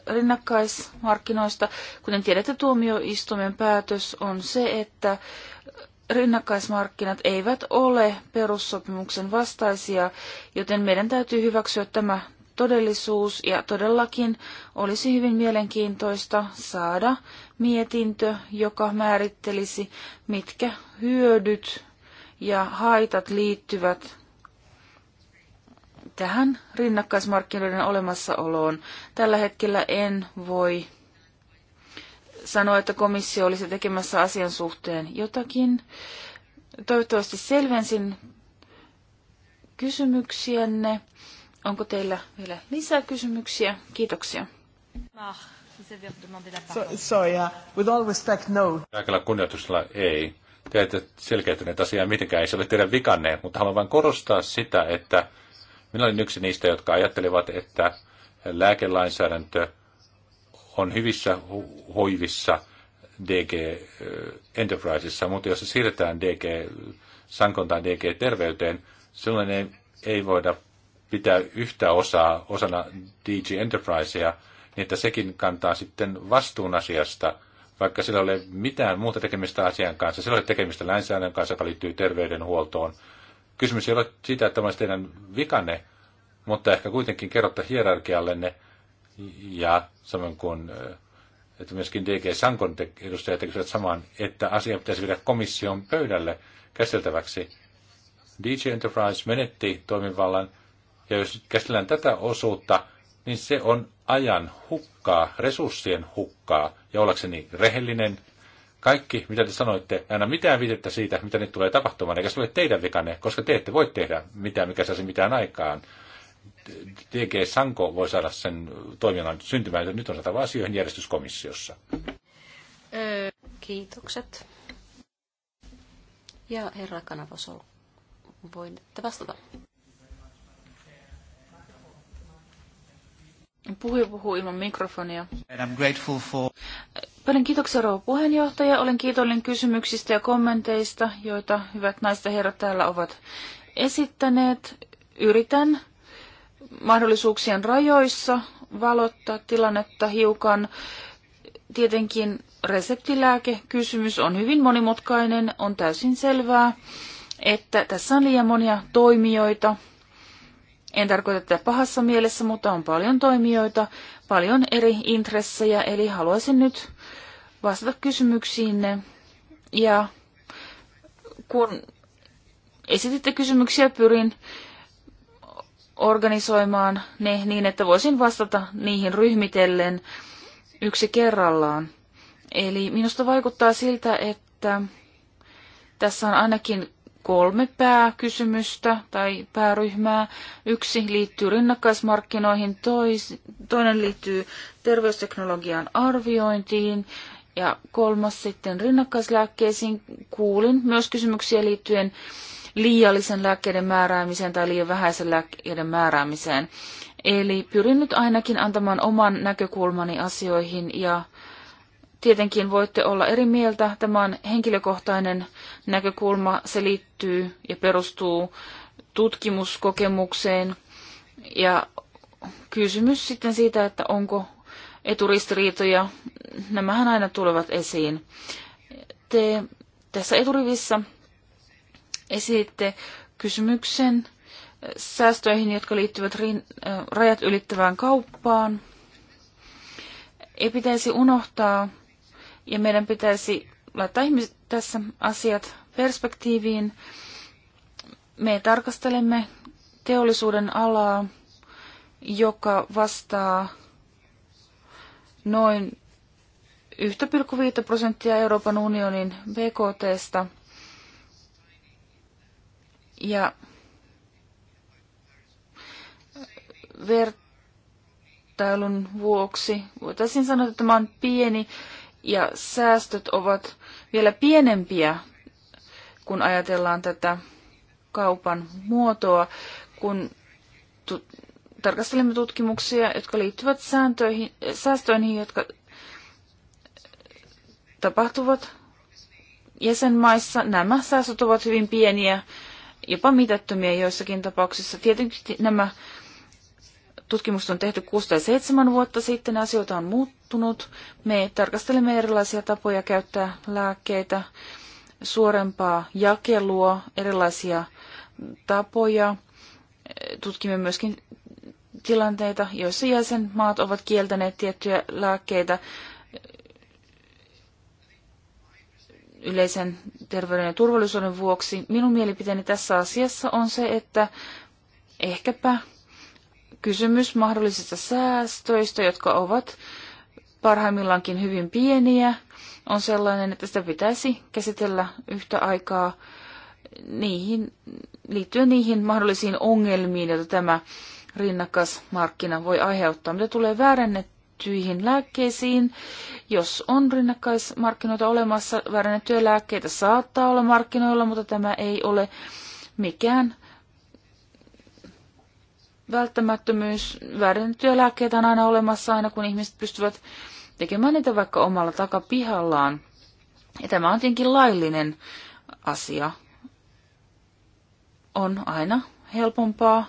rinnakkaismarkkinoista. Kuten tiedätte, tuomioistuimen päätös on se, että rinnakkaismarkkinat eivät ole perussopimuksen vastaisia, joten meidän täytyy hyväksyä tämä todellisuus ja todellakin olisi hyvin mielenkiintoista saada mietintö, joka määrittelisi, mitkä hyödyt ja haitat liittyvät tähän rinnakkaismarkkinoiden olemassaoloon. Tällä hetkellä en voi sanoa, että komissio olisi tekemässä asian suhteen jotakin. Toivottavasti selvensin kysymyksiänne. Onko teillä vielä lisää kysymyksiä? Kiitoksia. So, so uh, With all respect, no. Kaikella kunnioituksella ei. Te ette selkeytyneet asiaa mitenkään, ei se ole teidän vikanne, mutta haluan vain korostaa sitä, että minä olin yksi niistä, jotka ajattelivat, että lääkelainsäädäntö on hyvissä hoivissa DG Enterprisessa, mutta jos se siirretään DG Sankon tai DG Terveyteen, silloin ei, ei voida pitää yhtä osaa osana DG Enterprisea, niin että sekin kantaa sitten vastuun asiasta, vaikka sillä ei ole mitään muuta tekemistä asian kanssa. Sillä ei ole tekemistä lainsäädännön kanssa, joka liittyy terveydenhuoltoon, Kysymys ei ole siitä, että tämä olisi teidän vikanne, mutta ehkä kuitenkin kerrotte hierarkiallenne ja samoin kuin eh, että myöskin DG Sankon edustajat tekevät saman, että asia pitäisi viedä komission pöydälle käsiteltäväksi. DG Enterprise menetti toimivallan, ja jos nyt käsitellään tätä osuutta, niin se on ajan hukkaa, resurssien hukkaa. Ja ollakseni rehellinen, kaikki, mitä te sanoitte, anna mitään viitettä siitä, mitä nyt tulee tapahtumaan, eikä se ole teidän vikanne, koska te ette voi tehdä mitään, mikä saisi mitään aikaan. TG Sanko voi saada sen toiminnan syntymään, että nyt on saatava asioihin järjestyskomissiossa. Kiitokset. Ja herra Kanavos, voin vastata. Puhuja puhuu ilman mikrofonia. And I'm grateful for... Paljon kiitoksia rouva puheenjohtaja. Olen kiitollinen kysymyksistä ja kommenteista, joita hyvät naiset ja herrat täällä ovat esittäneet. Yritän mahdollisuuksien rajoissa valottaa tilannetta hiukan. Tietenkin reseptilääkekysymys on hyvin monimutkainen, on täysin selvää, että tässä on liian monia toimijoita, en tarkoita tätä pahassa mielessä, mutta on paljon toimijoita, paljon eri intressejä, eli haluaisin nyt vastata kysymyksiinne. Ja kun esititte kysymyksiä, pyrin organisoimaan ne niin, että voisin vastata niihin ryhmitellen yksi kerrallaan. Eli minusta vaikuttaa siltä, että tässä on ainakin kolme pääkysymystä tai pääryhmää. Yksi liittyy rinnakkaismarkkinoihin, tois, toinen liittyy terveysteknologian arviointiin ja kolmas sitten rinnakkaislääkkeisiin. Kuulin myös kysymyksiä liittyen liiallisen lääkkeiden määräämiseen tai liian vähäisen lääkkeiden määräämiseen. Eli pyrin nyt ainakin antamaan oman näkökulmani asioihin ja Tietenkin voitte olla eri mieltä. Tämä on henkilökohtainen näkökulma. Se liittyy ja perustuu tutkimuskokemukseen. Ja kysymys sitten siitä, että onko eturistiriitoja, nämähän aina tulevat esiin. Te tässä eturivissä esitte kysymyksen säästöihin, jotka liittyvät rajat ylittävään kauppaan. Ei pitäisi unohtaa ja meidän pitäisi laittaa ihmiset tässä asiat perspektiiviin. Me tarkastelemme teollisuuden alaa, joka vastaa noin 1,5 prosenttia Euroopan unionin BKTstä. Ja vertailun vuoksi voitaisiin sanoa, että tämä on pieni ja säästöt ovat vielä pienempiä, kun ajatellaan tätä kaupan muotoa, kun tu- tarkastelemme tutkimuksia, jotka liittyvät sääntöihin, säästöihin, jotka tapahtuvat jäsenmaissa. Nämä säästöt ovat hyvin pieniä, jopa mitättömiä joissakin tapauksissa. Tietenkin nämä tutkimus on tehty 6 7 vuotta sitten, asioita on muuttunut. Me tarkastelemme erilaisia tapoja käyttää lääkkeitä, suorempaa jakelua, erilaisia tapoja. Tutkimme myöskin tilanteita, joissa jäsenmaat ovat kieltäneet tiettyjä lääkkeitä yleisen terveyden ja turvallisuuden vuoksi. Minun mielipiteeni tässä asiassa on se, että ehkäpä kysymys mahdollisista säästöistä, jotka ovat parhaimmillaankin hyvin pieniä, on sellainen, että sitä pitäisi käsitellä yhtä aikaa niihin, liittyen niihin mahdollisiin ongelmiin, joita tämä rinnakkaismarkkina voi aiheuttaa. Mitä tulee väärennettyihin lääkkeisiin, jos on rinnakkaismarkkinoita olemassa, väärennettyjä lääkkeitä saattaa olla markkinoilla, mutta tämä ei ole mikään välttämättömyys. Väärennettyjä lääkkeitä on aina olemassa aina, kun ihmiset pystyvät tekemään niitä vaikka omalla takapihallaan. Ja tämä on tietenkin laillinen asia. On aina helpompaa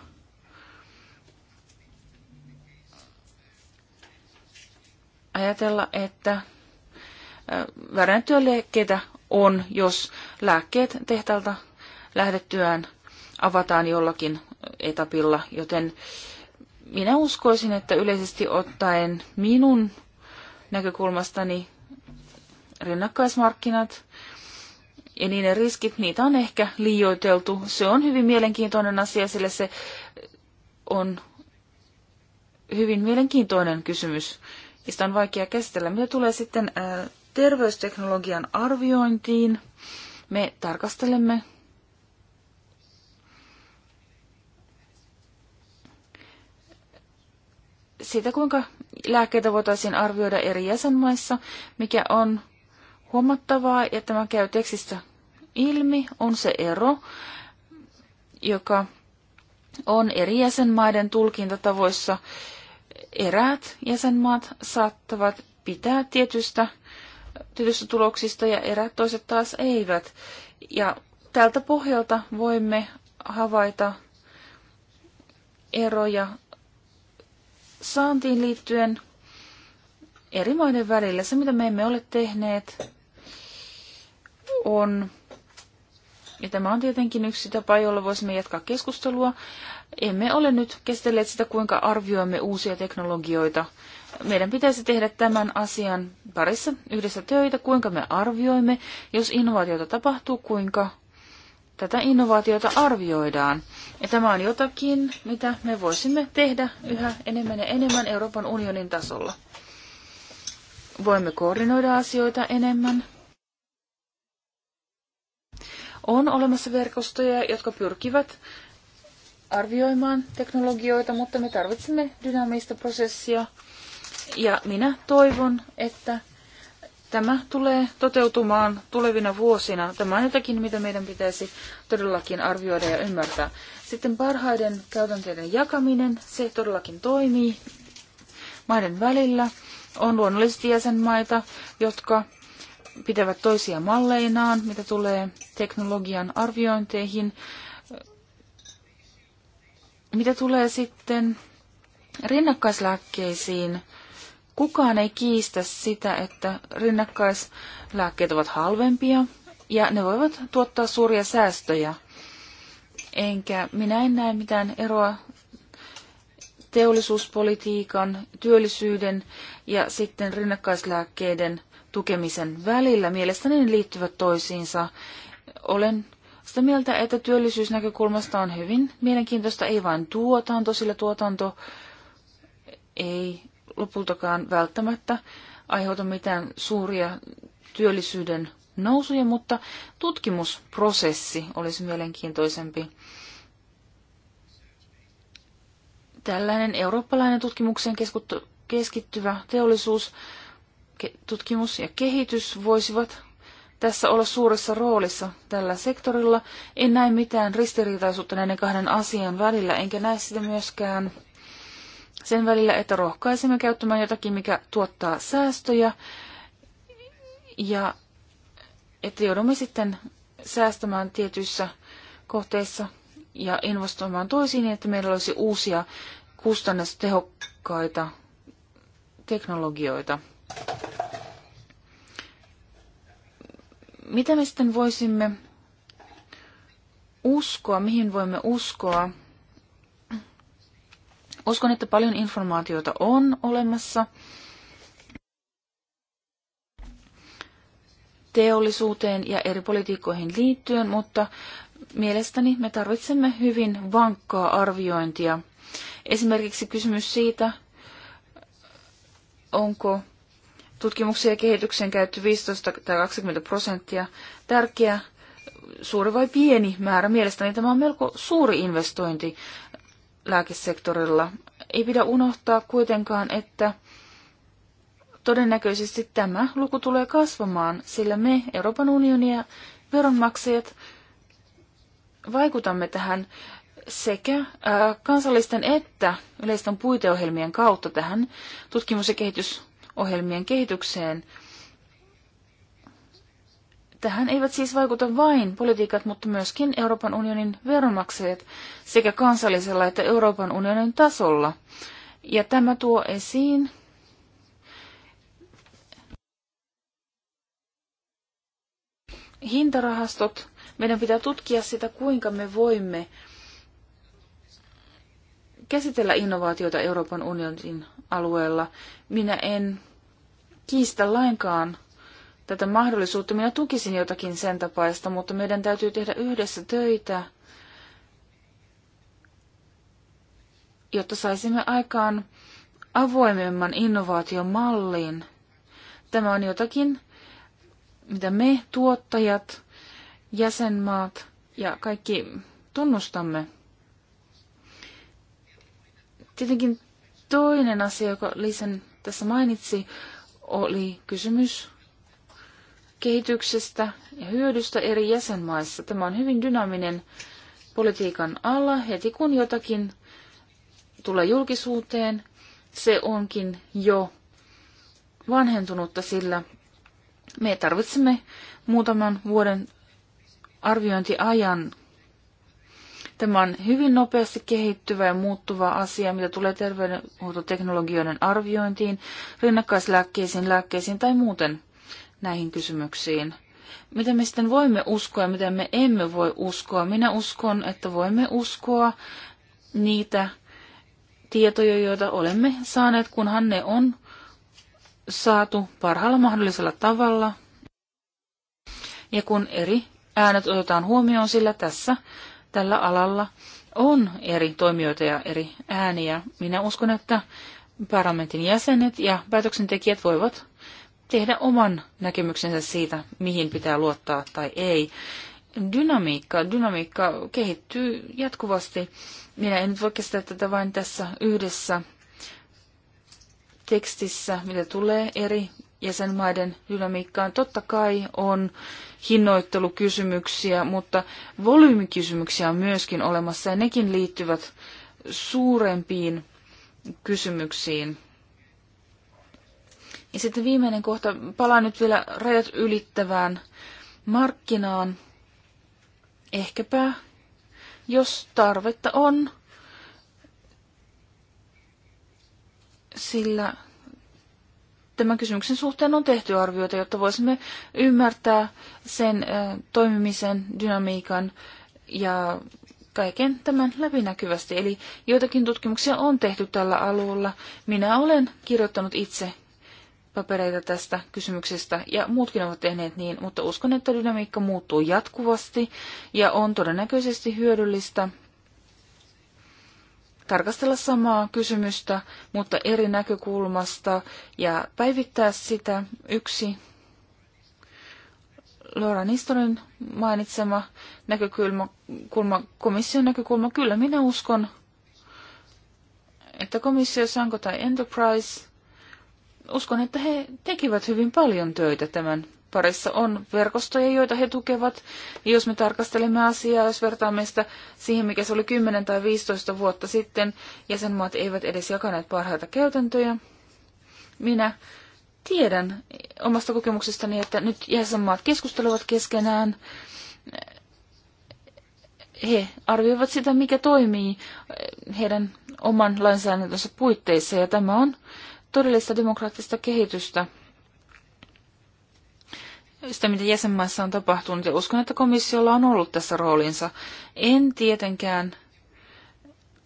ajatella, että väärennettyjä lääkkeitä on, jos lääkkeet tehtaalta lähdettyään avataan jollakin etapilla, joten minä uskoisin, että yleisesti ottaen minun näkökulmastani rinnakkaismarkkinat ja niiden riskit, niitä on ehkä liioiteltu. Se on hyvin mielenkiintoinen asia, sillä se on hyvin mielenkiintoinen kysymys, sitä on vaikea käsitellä. Mitä tulee sitten äh, terveysteknologian arviointiin, me tarkastelemme siitä, kuinka lääkkeitä voitaisiin arvioida eri jäsenmaissa, mikä on huomattavaa, ja tämä käy tekstissä ilmi, on se ero, joka on eri jäsenmaiden tulkintatavoissa. Eräät jäsenmaat saattavat pitää tietystä, tietystä tuloksista ja eräät toiset taas eivät. Ja tältä pohjalta voimme havaita eroja saantiin liittyen eri maiden välillä. Se, mitä me emme ole tehneet, on, ja tämä on tietenkin yksi tapa, jolla voisimme jatkaa keskustelua, emme ole nyt käsitelleet sitä, kuinka arvioimme uusia teknologioita. Meidän pitäisi tehdä tämän asian parissa yhdessä töitä, kuinka me arvioimme, jos innovaatiota tapahtuu, kuinka tätä innovaatiota arvioidaan. Ja tämä on jotakin, mitä me voisimme tehdä yhä enemmän ja enemmän Euroopan unionin tasolla. Voimme koordinoida asioita enemmän. On olemassa verkostoja, jotka pyrkivät arvioimaan teknologioita, mutta me tarvitsemme dynaamista prosessia. Ja minä toivon, että Tämä tulee toteutumaan tulevina vuosina. Tämä on jotakin, mitä meidän pitäisi todellakin arvioida ja ymmärtää. Sitten parhaiden käytänteiden jakaminen, se todellakin toimii maiden välillä. On luonnollisesti jäsenmaita, jotka pitävät toisia malleinaan, mitä tulee teknologian arviointeihin. Mitä tulee sitten rinnakkaislääkkeisiin, Kukaan ei kiistä sitä, että rinnakkaislääkkeet ovat halvempia ja ne voivat tuottaa suuria säästöjä. Enkä minä en näe mitään eroa teollisuuspolitiikan, työllisyyden ja sitten rinnakkaislääkkeiden tukemisen välillä. Mielestäni ne liittyvät toisiinsa. Olen sitä mieltä, että työllisyysnäkökulmasta on hyvin mielenkiintoista, ei vain tuotanto, sillä tuotanto ei lopultakaan välttämättä aiheuta mitään suuria työllisyyden nousuja, mutta tutkimusprosessi olisi mielenkiintoisempi. Tällainen eurooppalainen tutkimukseen keskittyvä teollisuus, tutkimus ja kehitys voisivat tässä olla suuressa roolissa tällä sektorilla. En näe mitään ristiriitaisuutta näiden kahden asian välillä, enkä näe sitä myöskään sen välillä, että rohkaisemme käyttämään jotakin, mikä tuottaa säästöjä, ja että joudumme sitten säästämään tietyissä kohteissa ja investoimaan toisiin, niin, että meillä olisi uusia kustannustehokkaita teknologioita. Mitä me sitten voisimme uskoa, mihin voimme uskoa? Uskon, että paljon informaatiota on olemassa. teollisuuteen ja eri politiikkoihin liittyen, mutta mielestäni me tarvitsemme hyvin vankkaa arviointia. Esimerkiksi kysymys siitä, onko tutkimuksen ja kehityksen käytetty 15 tai 20 prosenttia tärkeä suuri vai pieni määrä. Mielestäni tämä on melko suuri investointi lääkesektorilla. Ei pidä unohtaa kuitenkaan, että todennäköisesti tämä luku tulee kasvamaan, sillä me, Euroopan unioni ja veronmaksajat, vaikutamme tähän sekä kansallisten että yleisten puiteohjelmien kautta tähän tutkimus- ja kehitysohjelmien kehitykseen – Tähän eivät siis vaikuta vain politiikat, mutta myöskin Euroopan unionin veronmaksajat sekä kansallisella että Euroopan unionin tasolla. Ja tämä tuo esiin hintarahastot. Meidän pitää tutkia sitä, kuinka me voimme käsitellä innovaatioita Euroopan unionin alueella. Minä en kiistä lainkaan tätä mahdollisuutta. Minä tukisin jotakin sen tapaista, mutta meidän täytyy tehdä yhdessä töitä, jotta saisimme aikaan avoimemman innovaatiomallin. Tämä on jotakin, mitä me tuottajat, jäsenmaat ja kaikki tunnustamme. Tietenkin toinen asia, joka Lisen tässä mainitsi, oli kysymys kehityksestä ja hyödystä eri jäsenmaissa. Tämä on hyvin dynaaminen politiikan alla. Heti kun jotakin tulee julkisuuteen, se onkin jo vanhentunutta, sillä me tarvitsemme muutaman vuoden arviointiajan. Tämä on hyvin nopeasti kehittyvä ja muuttuva asia, mitä tulee terveydenhuoltoteknologioiden arviointiin, rinnakkaislääkkeisiin, lääkkeisiin tai muuten näihin kysymyksiin. Mitä me sitten voimme uskoa ja mitä me emme voi uskoa? Minä uskon, että voimme uskoa niitä tietoja, joita olemme saaneet, kunhan ne on saatu parhaalla mahdollisella tavalla. Ja kun eri äänet otetaan huomioon, sillä tässä tällä alalla on eri toimijoita ja eri ääniä. Minä uskon, että parlamentin jäsenet ja päätöksentekijät voivat tehdä oman näkemyksensä siitä, mihin pitää luottaa tai ei. Dynamiikka, dynamiikka kehittyy jatkuvasti. Minä en nyt voi kestää tätä vain tässä yhdessä tekstissä, mitä tulee eri jäsenmaiden dynamiikkaan. Totta kai on hinnoittelukysymyksiä, mutta volyymikysymyksiä on myöskin olemassa ja nekin liittyvät suurempiin kysymyksiin. Ja sitten viimeinen kohta, palaan nyt vielä rajat ylittävään markkinaan. Ehkäpä, jos tarvetta on, sillä tämän kysymyksen suhteen on tehty arvioita, jotta voisimme ymmärtää sen toimimisen, dynamiikan ja kaiken tämän läpinäkyvästi. Eli joitakin tutkimuksia on tehty tällä alueella. Minä olen kirjoittanut itse papereita tästä kysymyksestä ja muutkin ovat tehneet niin, mutta uskon, että dynamiikka muuttuu jatkuvasti ja on todennäköisesti hyödyllistä tarkastella samaa kysymystä, mutta eri näkökulmasta ja päivittää sitä yksi Laura Nistorin mainitsema näkökulma, kulma, komission näkökulma. Kyllä minä uskon, että komissio Sanko tai Enterprise – uskon, että he tekivät hyvin paljon töitä tämän parissa. On verkostoja, joita he tukevat. Ja jos me tarkastelemme asiaa, jos vertaamme sitä siihen, mikä se oli 10 tai 15 vuotta sitten, jäsenmaat eivät edes jakaneet parhaita käytäntöjä. Minä tiedän omasta kokemuksestani, että nyt jäsenmaat keskustelevat keskenään. He arvioivat sitä, mikä toimii heidän oman lainsäädäntönsä puitteissa, ja tämä on todellista demokraattista kehitystä, sitä mitä jäsenmaissa on tapahtunut, ja uskon, että komissiolla on ollut tässä roolinsa. En tietenkään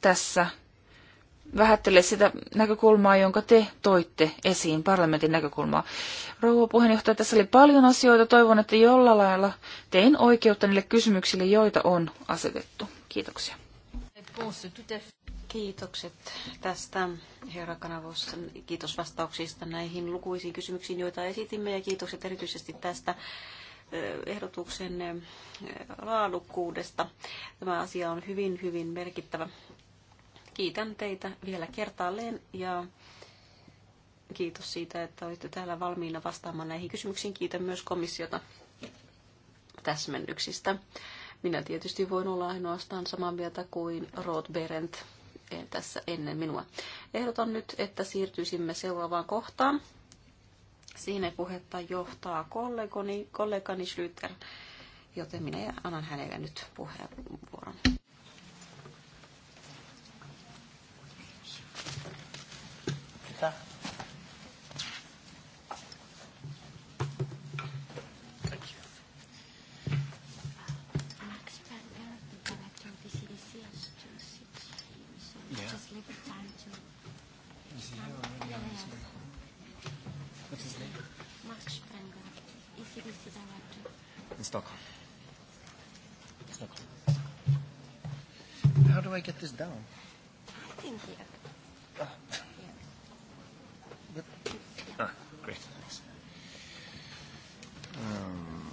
tässä vähättele sitä näkökulmaa, jonka te toitte esiin, parlamentin näkökulmaa. Rouva puheenjohtaja, tässä oli paljon asioita. Toivon, että jollain lailla tein oikeutta niille kysymyksille, joita on asetettu. Kiitoksia. Kiitokset tästä, herra Kanavossa. Kiitos vastauksista näihin lukuisiin kysymyksiin, joita esitimme, ja kiitokset erityisesti tästä ehdotuksen laadukkuudesta. Tämä asia on hyvin, hyvin merkittävä. Kiitän teitä vielä kertaalleen ja kiitos siitä, että olitte täällä valmiina vastaamaan näihin kysymyksiin. Kiitän myös komissiota täsmennyksistä. Minä tietysti voin olla ainoastaan samaa mieltä kuin Rod Berendt Eh, tässä ennen minua. Ehdotan nyt, että siirtyisimme seuraavaan kohtaan. Siinä puhetta johtaa kollegani, kollegani Schlüter, joten minä annan hänelle nyt puheenvuoron. Kiitos. down. I didn't Ah. Yeah. ah, great, thanks. Um,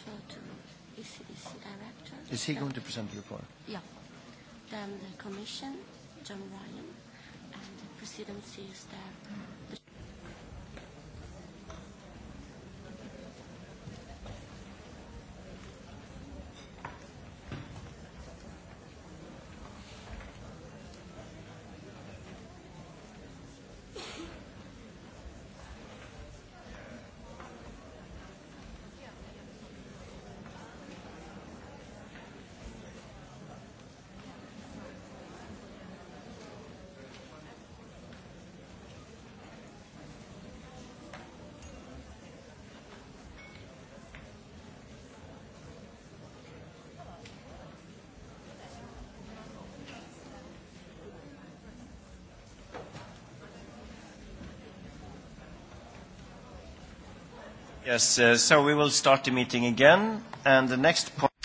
e e Is he going to present the report? Yeah. Then the Commission, John Ryan, and the Presidency is there. Mm.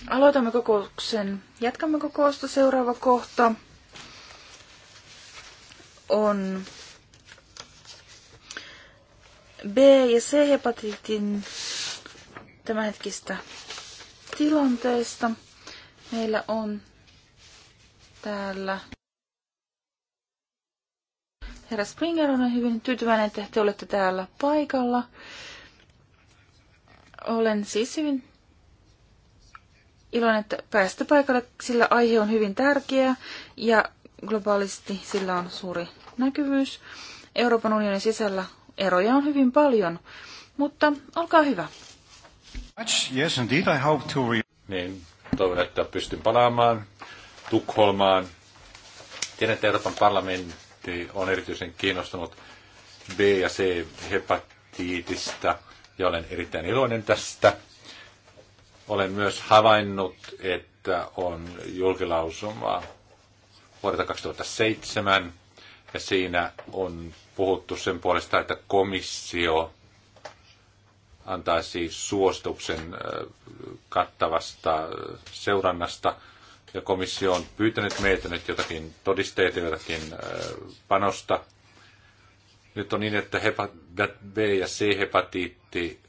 Aloitamme kokouksen. Jatkamme kokousta. Seuraava kohta on B- ja C-hepatiitin tämänhetkistä tilanteesta. Meillä on täällä herra Springer on hyvin tyytyväinen, että te olette täällä paikalla. Olen siis hyvin iloinen, että päästä paikalle, sillä aihe on hyvin tärkeä ja globaalisti sillä on suuri näkyvyys. Euroopan unionin sisällä eroja on hyvin paljon, mutta olkaa hyvä. Yes, indeed, I hope to niin, toivon, että pystyn palaamaan Tukholmaan. Tiedän, että Euroopan parlamentti on erityisen kiinnostunut B- ja C-hepatiitista – ja olen erittäin iloinen tästä. Olen myös havainnut, että on julkilausuma vuodelta 2007 ja siinä on puhuttu sen puolesta, että komissio antaisi suostuksen kattavasta seurannasta. Ja komissio on pyytänyt meiltä nyt jotakin todisteita, jotakin panosta nyt on niin, että B- ja C-hepatiitti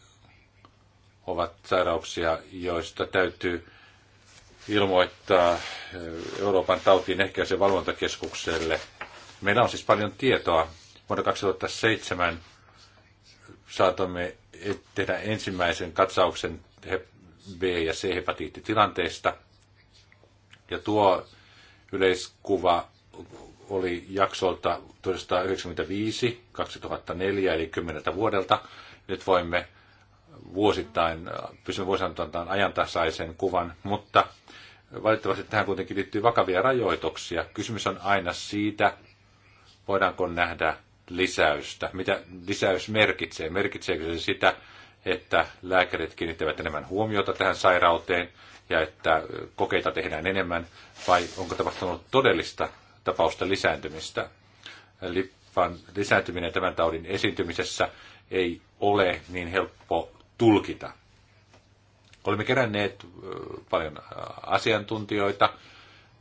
ovat sairauksia, joista täytyy ilmoittaa eh, Euroopan tautiin ehkäisen valvontakeskukselle. Meillä on siis paljon tietoa. Vuonna 2007 saatamme tehdä ensimmäisen katsauksen B- ja C-hepatiittitilanteesta. Ja tuo yleiskuva oli jaksolta 1995-2004, eli kymmeneltä vuodelta. Nyt voimme vuosittain, pysymme vuosittain ajantasaisen kuvan, mutta valitettavasti tähän kuitenkin liittyy vakavia rajoituksia. Kysymys on aina siitä, voidaanko nähdä lisäystä. Mitä lisäys merkitsee? Merkitseekö se sitä, että lääkärit kiinnittävät enemmän huomiota tähän sairauteen ja että kokeita tehdään enemmän, vai onko tapahtunut todellista tapausten lisääntymistä. eli vaan lisääntyminen tämän taudin esiintymisessä ei ole niin helppo tulkita. Olemme keränneet paljon asiantuntijoita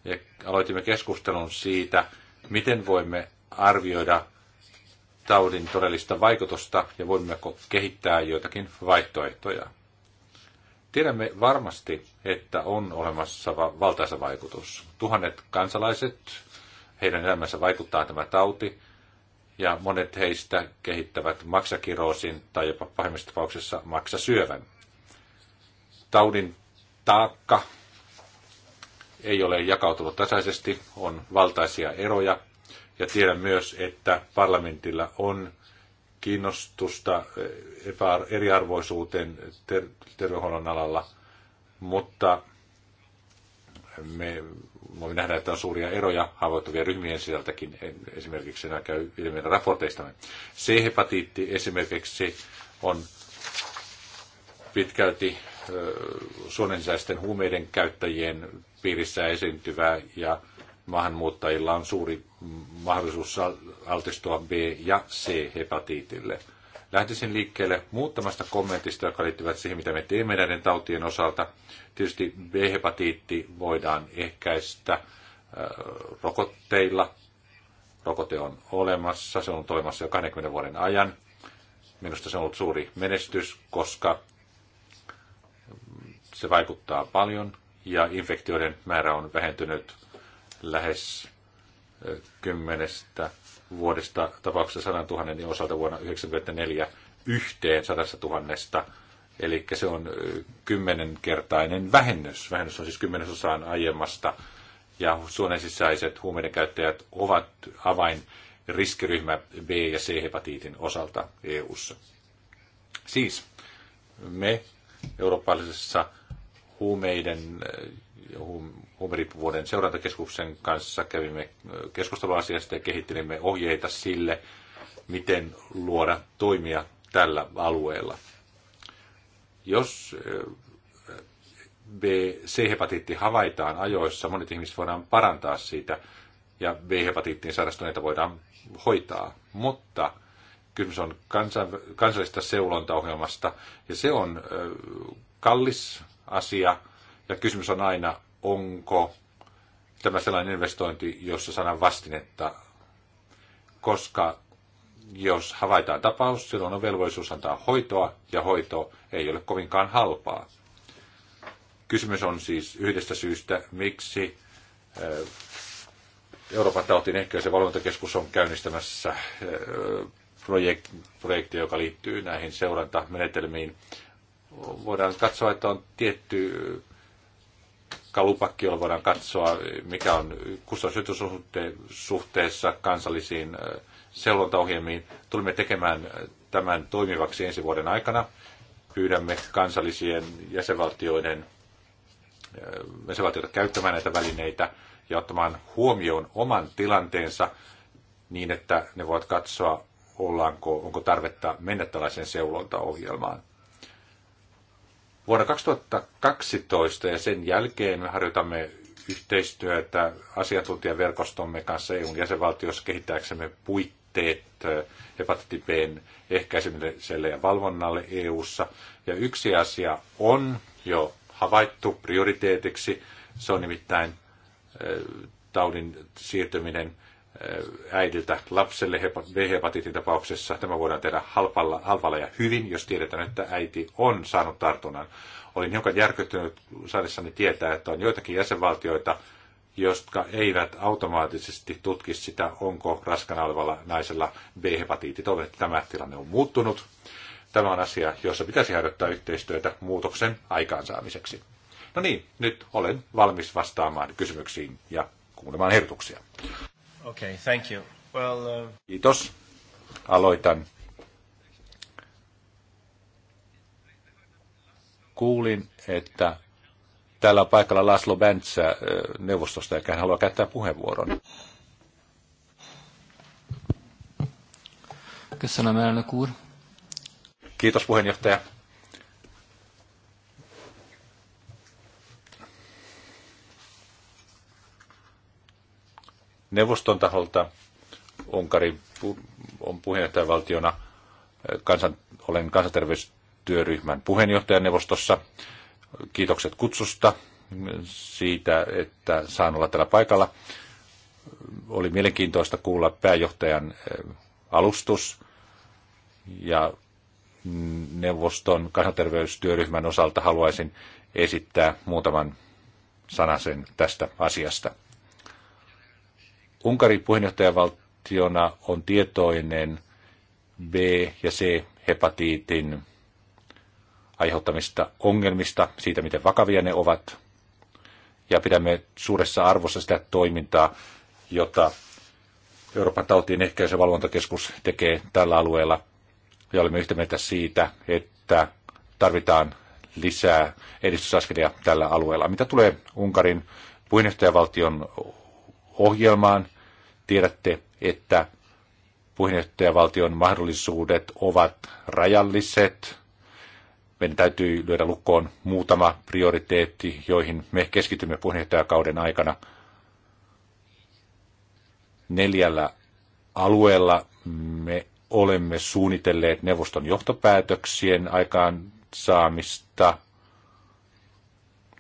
ja aloitimme keskustelun siitä, miten voimme arvioida taudin todellista vaikutusta ja voimmeko kehittää joitakin vaihtoehtoja. Tiedämme varmasti, että on olemassa valtaisa vaikutus. Tuhannet kansalaiset heidän elämänsä vaikuttaa tämä tauti, ja monet heistä kehittävät maksakiroosin tai jopa pahimmassa tapauksessa maksasyövän. Taudin taakka ei ole jakautunut tasaisesti, on valtaisia eroja, ja tiedän myös, että parlamentilla on kiinnostusta eh, eriarvoisuuteen ter- terveydenhuollon alalla, mutta me voimme nähdä, että on suuria eroja haavoittuvien ryhmien sisältäkin. Esimerkiksi nämä käy ilmi raporteistamme. C-hepatiitti esimerkiksi on pitkälti suonensäisten huumeiden käyttäjien piirissä esiintyvää ja maahanmuuttajilla on suuri mahdollisuus altistua B- ja C-hepatiitille. Lähtisin liikkeelle muuttamasta kommentista, joka liittyvät siihen, mitä me teemme näiden tautien osalta. Tietysti B-hepatiitti voidaan ehkäistä äh, rokotteilla. Rokote on olemassa, se on toimassa jo 20 vuoden ajan. Minusta se on ollut suuri menestys, koska se vaikuttaa paljon ja infektioiden määrä on vähentynyt lähes kymmenestä vuodesta tapauksessa 100 000 niin osalta vuonna 1994 yhteen 100 000. Eli se on kymmenenkertainen vähennys. Vähennys on siis kymmenesosaan aiemmasta. Ja suonen sisäiset huumeiden käyttäjät ovat avain riskiryhmä B- ja C-hepatiitin osalta EU:ssa. Siis me eurooppalaisessa huumeiden Umerivuoden seurantakeskuksen kanssa kävimme keskustelua asiasta ja kehittelimme ohjeita sille, miten luoda toimia tällä alueella. Jos C-hepatiitti havaitaan ajoissa, monet ihmiset voidaan parantaa siitä ja B-hepatiittiin sairastuneita voidaan hoitaa. Mutta kysymys on kansallista kansallisesta seulontaohjelmasta ja se on kallis asia ja kysymys on aina onko tämä sellainen investointi, jossa saadaan vastinetta, koska jos havaitaan tapaus, silloin on velvollisuus antaa hoitoa, ja hoito ei ole kovinkaan halpaa. Kysymys on siis yhdestä syystä, miksi eh, Euroopan tautin ja valvontakeskus on käynnistämässä eh, projekti, joka liittyy näihin seurantamenetelmiin. Voidaan katsoa, että on tietty kalupakki, jolla voidaan katsoa, mikä on kustannushyötysuhteessa kansallisiin seulontaohjelmiin. Tulemme tekemään tämän toimivaksi ensi vuoden aikana. Pyydämme kansallisien jäsenvaltioiden jäsenvaltioita käyttämään näitä välineitä ja ottamaan huomioon oman tilanteensa niin, että ne voivat katsoa, ollaanko, onko tarvetta mennä tällaiseen seulontaohjelmaan. Vuonna 2012 ja sen jälkeen me harjoitamme yhteistyötä asiantuntijaverkostomme kanssa EUn jäsenvaltioissa kehittääksemme puitteet hepatitti Bn ehkäisemiselle ja valvonnalle EUssa. Ja yksi asia on jo havaittu prioriteetiksi, se on nimittäin taudin siirtyminen Äh, äidiltä lapselle B-hepatiitin tapauksessa. Tämä voidaan tehdä halpalla, halvalla ja hyvin, jos tiedetään, että äiti on saanut tartunnan. Olin hiukan järkyttynyt saadessani tietää, että on joitakin jäsenvaltioita, jotka eivät automaattisesti tutki sitä, onko raskana olevalla naisella B-hepatiitti. Toivon, että tämä tilanne on muuttunut. Tämä on asia, jossa pitäisi harjoittaa yhteistyötä muutoksen aikaansaamiseksi. No niin, nyt olen valmis vastaamaan kysymyksiin ja kuulemaan ehdotuksia. Okay, thank you. Well, uh, Kiitos. Aloitan. Kuulin, että täällä on paikalla Laszlo Bentsä äh, neuvostosta, joka haluaa käyttää puheenvuoron. Kiitos puheenjohtaja. neuvoston taholta. Unkari on puheenjohtajavaltiona, eh, kansan, olen kansanterveystyöryhmän puheenjohtajan neuvostossa. Kiitokset kutsusta siitä, että saan olla täällä paikalla. Oli mielenkiintoista kuulla pääjohtajan eh, alustus ja neuvoston kansanterveystyöryhmän osalta haluaisin esittää muutaman sanasen tästä asiasta. Unkari puheenjohtajavaltiona on tietoinen B- ja C-hepatiitin aiheuttamista ongelmista, siitä miten vakavia ne ovat, ja pidämme suuressa arvossa sitä toimintaa, jota Euroopan tautien ehkäisy- ja valvontakeskus tekee tällä alueella. Ja olemme yhtä mieltä siitä, että tarvitaan lisää edistysaskelia tällä alueella. Mitä tulee Unkarin puheenjohtajavaltion ohjelmaan. Tiedätte, että puheenjohtajavaltion mahdollisuudet ovat rajalliset. Meidän täytyy lyödä lukkoon muutama prioriteetti, joihin me keskitymme puheenjohtajakauden aikana. Neljällä alueella me olemme suunnitelleet neuvoston johtopäätöksien aikaan saamista.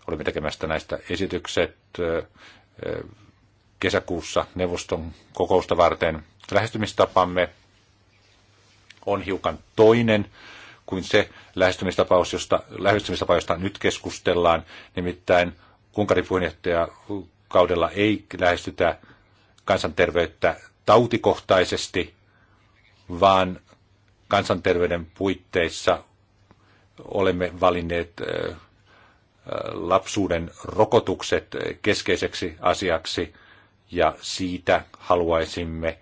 Olemme tekemästä näistä esitykset kesäkuussa neuvoston kokousta varten. Lähestymistapamme on hiukan toinen kuin se lähestymistapaus, josta, lähestymistapa, josta nyt keskustellaan. Nimittäin Unkarin kaudella ei lähestytä kansanterveyttä tautikohtaisesti, vaan kansanterveyden puitteissa olemme valinneet äh, äh, lapsuuden rokotukset keskeiseksi asiaksi ja siitä haluaisimme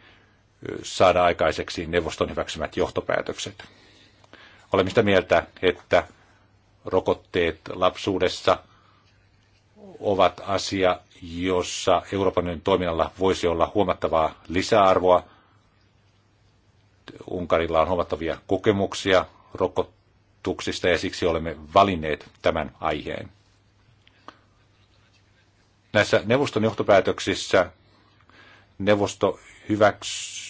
saada aikaiseksi neuvoston hyväksymät johtopäätökset. Olemme sitä mieltä, että rokotteet lapsuudessa ovat asia, jossa Euroopan unionin toiminnalla voisi olla huomattavaa lisäarvoa. Unkarilla on huomattavia kokemuksia rokotuksista ja siksi olemme valinneet tämän aiheen. Näissä neuvoston johtopäätöksissä neuvosto hyväks,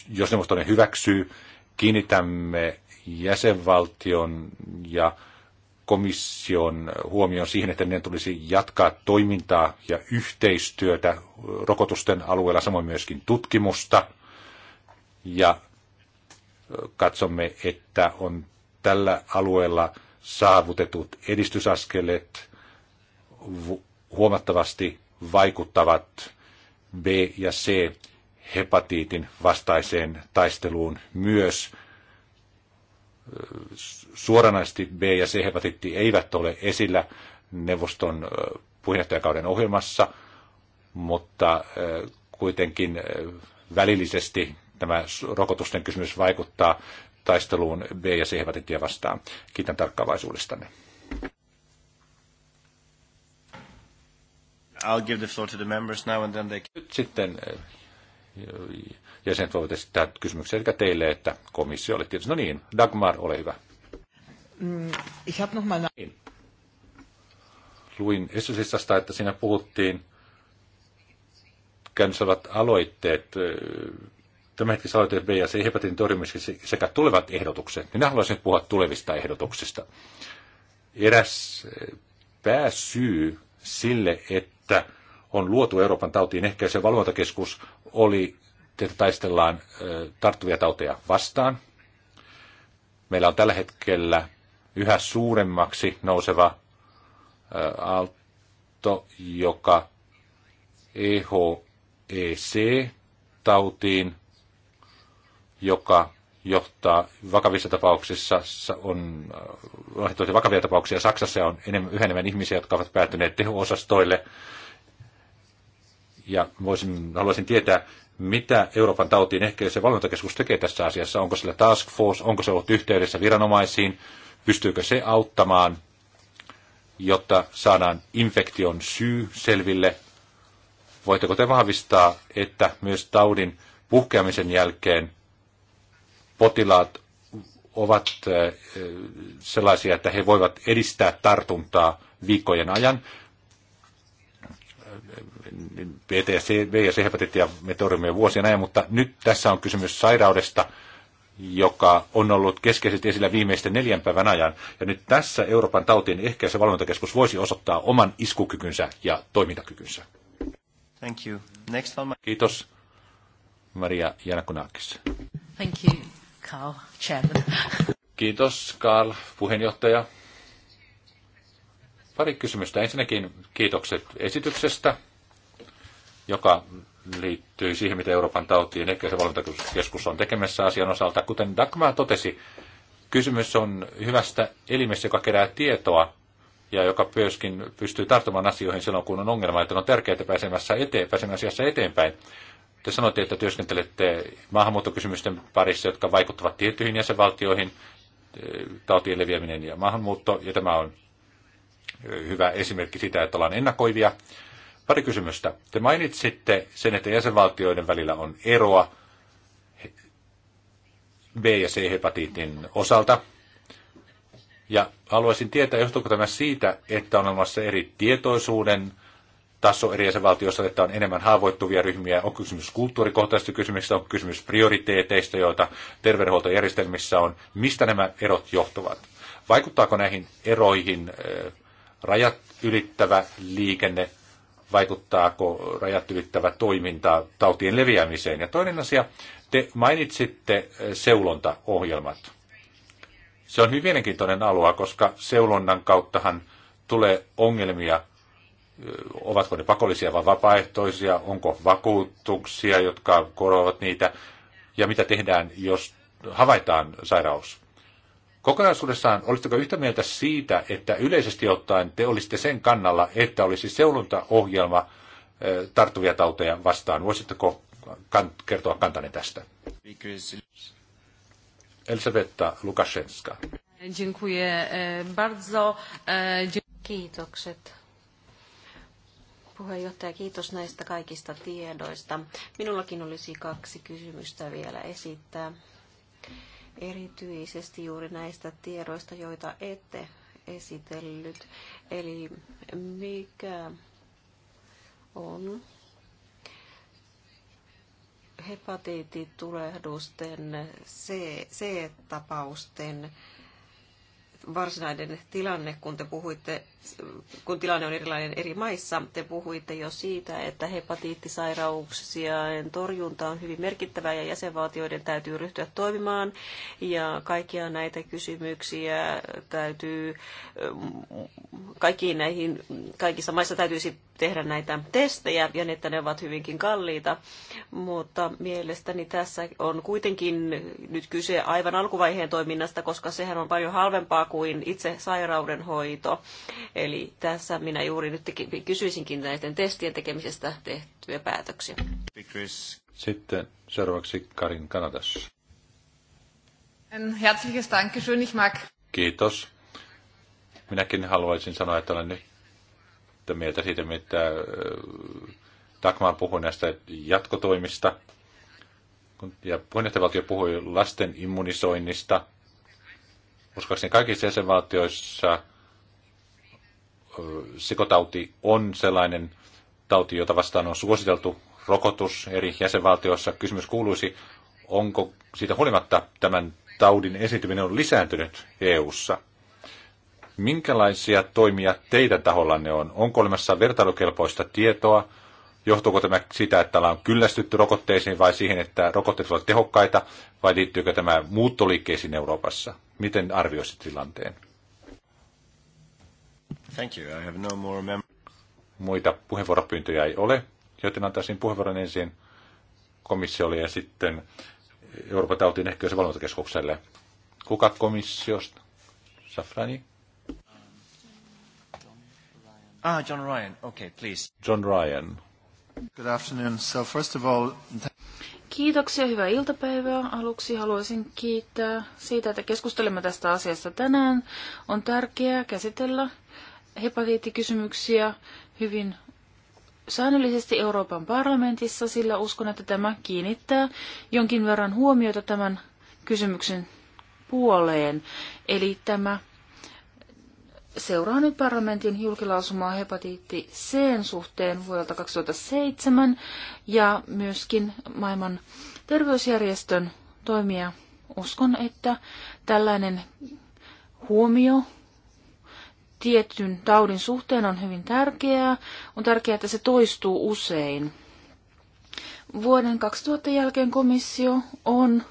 jos neuvosto ne hyväksyy, kiinnitämme jäsenvaltion ja komission huomioon siihen, että niiden tulisi jatkaa toimintaa ja yhteistyötä rokotusten alueella, samoin myöskin tutkimusta. Ja katsomme, että on tällä alueella saavutetut edistysaskeleet huomattavasti vaikuttavat B- ja C hepatiitin vastaiseen taisteluun myös. Suoranaisesti B ja C-hepatiitti eivät ole esillä neuvoston puheenjohtajakauden ohjelmassa, mutta kuitenkin välillisesti tämä rokotusten kysymys vaikuttaa taisteluun B- ja C-hepatiittia vastaan. Kiitän tarkkaavaisuudestanne. I'll give the floor to the members now and then they... sitten jäsenet voivat esittää kysymyksiä sekä teille että komissiolle. Tietysti. No niin, Dagmar, ole hyvä. Mm, ich noch mal niin. Luin Essusissasta, että siinä puhuttiin käynnissä olevat aloitteet, tämänhetkiset aloitteet B ja C hepatitin torjumiseksi sekä tulevat ehdotukset. Minä haluaisin puhua tulevista ehdotuksista. Eräs pääsyy sille, että on luotu Euroopan tautiin ehkäisevä valvontakeskus, oli, että taistellaan tarttuvia tauteja vastaan. Meillä on tällä hetkellä yhä suuremmaksi nouseva aalto, joka EHEC-tautiin, joka johtaa vakavissa tapauksissa, on vakavia tapauksia. Saksassa on enemmän, yhä enemmän ihmisiä, jotka ovat päätyneet teho-osastoille ja voisin, haluaisin tietää, mitä Euroopan tautiin ehkä se valvontakeskus tekee tässä asiassa. Onko sillä task force, onko se ollut yhteydessä viranomaisiin, pystyykö se auttamaan, jotta saadaan infektion syy selville. Voitteko te vahvistaa, että myös taudin puhkeamisen jälkeen potilaat ovat eh, sellaisia, että he voivat edistää tartuntaa viikkojen ajan, BTC, B ja C-hepatitia meteoriumia vuosien ajan, mutta nyt tässä on kysymys sairaudesta, joka on ollut keskeisesti esillä viimeisten neljän päivän ajan. Ja nyt tässä Euroopan tautien ehkäisy- ja valvontakeskus voisi osoittaa oman iskukykynsä ja toimintakykynsä. Thank you. Next on my... Kiitos. Maria Janakunakis. Thank you, Carl, chairman. Kiitos, Carl, puheenjohtaja. Pari kysymystä. Ensinnäkin kiitokset esityksestä, joka liittyy siihen, mitä Euroopan tautien ehkäisyvalvontakeskus on tekemässä asian osalta. Kuten Dagmar totesi, kysymys on hyvästä elimestä, joka kerää tietoa ja joka myöskin pystyy tarttumaan asioihin silloin, kun on ongelma, että on tärkeää pääsemässä eteen, pääsemään asiassa eteenpäin. Te sanoitte, että työskentelette maahanmuuttokysymysten parissa, jotka vaikuttavat tiettyihin jäsenvaltioihin, tautien leviäminen ja maahanmuutto, ja tämä on hyvä esimerkki siitä, että ollaan ennakoivia. Pari kysymystä. Te mainitsitte sen, että jäsenvaltioiden välillä on eroa B- ja C-hepatiitin osalta. Ja haluaisin tietää, johtuuko tämä siitä, että on olemassa eri tietoisuuden taso eri jäsenvaltioissa, että on enemmän haavoittuvia ryhmiä, on kysymys kulttuurikohtaisista kysymyksistä, on kysymys prioriteeteista, joita terveydenhuoltojärjestelmissä on. Mistä nämä erot johtuvat? Vaikuttaako näihin eroihin eh, rajat ylittävä liikenne, vaikuttaako rajat ylittävä toiminta tautien leviämiseen. Ja toinen asia, te mainitsitte eh, seulontaohjelmat. Se on hyvin mielenkiintoinen alue, koska seulonnan kauttahan tulee ongelmia, eh, ovatko ne pakollisia vai vapaaehtoisia, onko vakuutuksia, jotka korvaavat niitä, ja mitä tehdään, jos havaitaan sairaus. Kokonaisuudessaan, olitteko yhtä mieltä siitä, että yleisesti ottaen te olisitte sen kannalla, että olisi seulontaohjelma tarttuvia tauteja vastaan? Voisitteko kertoa kantanne tästä? Elisabetta Lukashenska. E, bardzo. E, Kiitokset puheenjohtaja, kiitos näistä kaikista tiedoista. Minullakin olisi kaksi kysymystä vielä esittää erityisesti juuri näistä tiedoista, joita ette esitellyt. Eli mikä on hepatiittitulehdusten C-tapausten varsinainen tilanne, kun te puhuitte kun tilanne on erilainen eri maissa. Te puhuitte jo siitä, että hepatiittisairauksien torjunta on hyvin merkittävää ja jäsenvaltioiden täytyy ryhtyä toimimaan. Ja kaikkia näitä kysymyksiä täytyy, kaikkiin näihin, kaikissa maissa täytyisi tehdä näitä testejä ja että ne ovat hyvinkin kalliita. Mutta mielestäni tässä on kuitenkin nyt kyse aivan alkuvaiheen toiminnasta, koska sehän on paljon halvempaa kuin itse sairauden hoito Eli tässä minä juuri nyt kysyisinkin näiden testien tekemisestä tehtyjä päätöksiä. Sitten seuraavaksi Karin Kanadassa. Kiitos. Minäkin haluaisin sanoa, että olen nyt mieltä siitä, mitä Dagmar puhui näistä jatkotoimista. Ja puheenjohtajavaltio puhui lasten immunisoinnista. Uskoakseni kaikissa jäsenvaltioissa sikotauti on sellainen tauti, jota vastaan on suositeltu rokotus eri jäsenvaltioissa. Kysymys kuuluisi, onko siitä huolimatta tämän taudin esiintyminen on lisääntynyt EU:ssa? Minkälaisia toimia teidän tahollanne on? Onko olemassa vertailukelpoista tietoa? Johtuuko tämä siitä, että ollaan kyllästytty rokotteisiin vai siihen, että rokotteet ovat tehokkaita, vai liittyykö tämä muuttoliikkeisiin Euroopassa? Miten arvioisit tilanteen? Thank you. I have no more mem- Muita puheenvuoropyyntöjä ei ole, joten antaisin puheenvuoron ensin komissiolle ja sitten Euroopan tautin ehkäisy- valvontakeskukselle. Kuka komissiosta? Safrani? Ah, John Ryan. Okay, please. John Ryan. Good afternoon. So first of all... Kiitoksia, hyvää iltapäivää. Aluksi haluaisin kiittää siitä, että keskustelemme tästä asiasta tänään. On tärkeää käsitellä hepatiittikysymyksiä hyvin säännöllisesti Euroopan parlamentissa, sillä uskon, että tämä kiinnittää jonkin verran huomiota tämän kysymyksen puoleen. Eli tämä seuraa nyt parlamentin julkilausumaa hepatiitti C suhteen vuodelta 2007 ja myöskin maailman terveysjärjestön toimia. Uskon, että tällainen huomio tietyn taudin suhteen on hyvin tärkeää. On tärkeää, että se toistuu usein. Vuoden 2000 jälkeen komissio on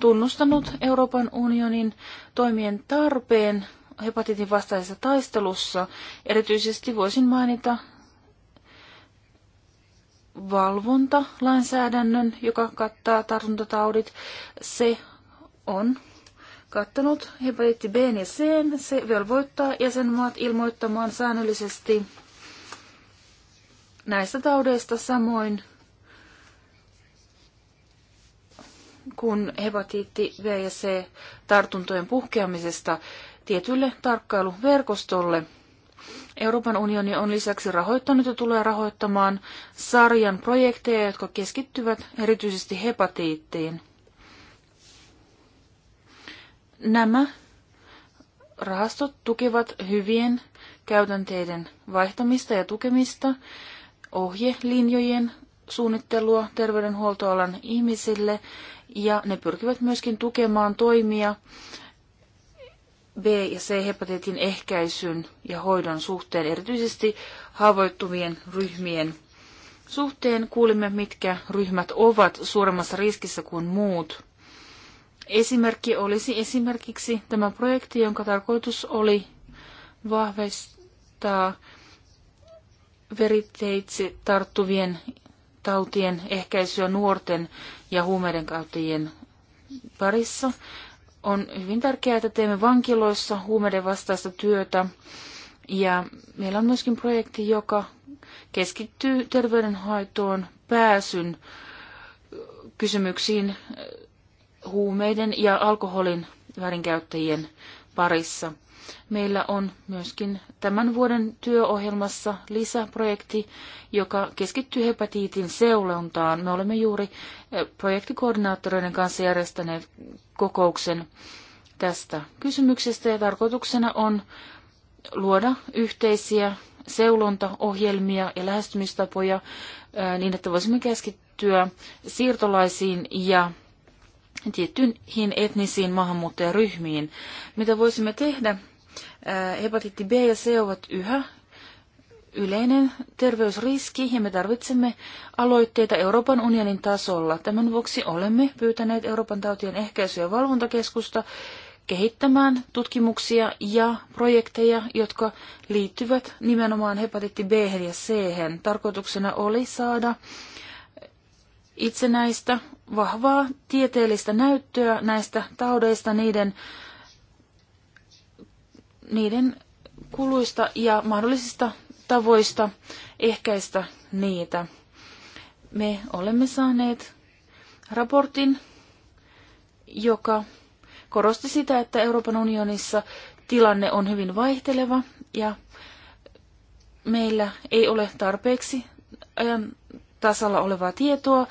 tunnustanut Euroopan unionin toimien tarpeen hepatitin vastaisessa taistelussa. Erityisesti voisin mainita valvonta lainsäädännön, joka kattaa tartuntataudit. Se on kattanut. hepatiitti B ja C. Se velvoittaa jäsenmaat ilmoittamaan säännöllisesti näistä taudeista samoin kuin hepatiitti B ja C tartuntojen puhkeamisesta tietylle tarkkailuverkostolle. Euroopan unioni on lisäksi rahoittanut ja tulee rahoittamaan sarjan projekteja, jotka keskittyvät erityisesti hepatiittiin. Nämä rahastot tukevat hyvien käytänteiden vaihtamista ja tukemista, ohjelinjojen suunnittelua terveydenhuoltoalan ihmisille ja ne pyrkivät myöskin tukemaan toimia B- ja C-hepatiitin ehkäisyn ja hoidon suhteen, erityisesti haavoittuvien ryhmien suhteen. Kuulimme, mitkä ryhmät ovat suuremmassa riskissä kuin muut. Esimerkki olisi esimerkiksi tämä projekti, jonka tarkoitus oli vahvistaa veriteitse tarttuvien tautien ehkäisyä nuorten ja huumeiden kauttajien parissa. On hyvin tärkeää, että teemme vankiloissa huumeiden vastaista työtä. Ja meillä on myöskin projekti, joka keskittyy terveydenhoitoon pääsyn kysymyksiin huumeiden ja alkoholin väärinkäyttäjien parissa. Meillä on myöskin tämän vuoden työohjelmassa lisäprojekti, joka keskittyy hepatiitin seulontaan. Me olemme juuri eh, projektikoordinaattoreiden kanssa järjestäneet kokouksen tästä kysymyksestä ja tarkoituksena on luoda yhteisiä seulontaohjelmia ja lähestymistapoja eh, niin, että voisimme keskittyä siirtolaisiin ja tiettyihin etnisiin maahanmuuttajaryhmiin. Mitä voisimme tehdä? Äh, hepatiitti B ja C ovat yhä yleinen terveysriski ja me tarvitsemme aloitteita Euroopan unionin tasolla. Tämän vuoksi olemme pyytäneet Euroopan tautien ehkäisy- ja valvontakeskusta kehittämään tutkimuksia ja projekteja, jotka liittyvät nimenomaan hepatiitti B ja C. -hän. Tarkoituksena oli saada itsenäistä vahvaa tieteellistä näyttöä näistä taudeista, niiden, niiden kuluista ja mahdollisista tavoista ehkäistä niitä. Me olemme saaneet raportin, joka korosti sitä, että Euroopan unionissa tilanne on hyvin vaihteleva ja meillä ei ole tarpeeksi ajan tasalla olevaa tietoa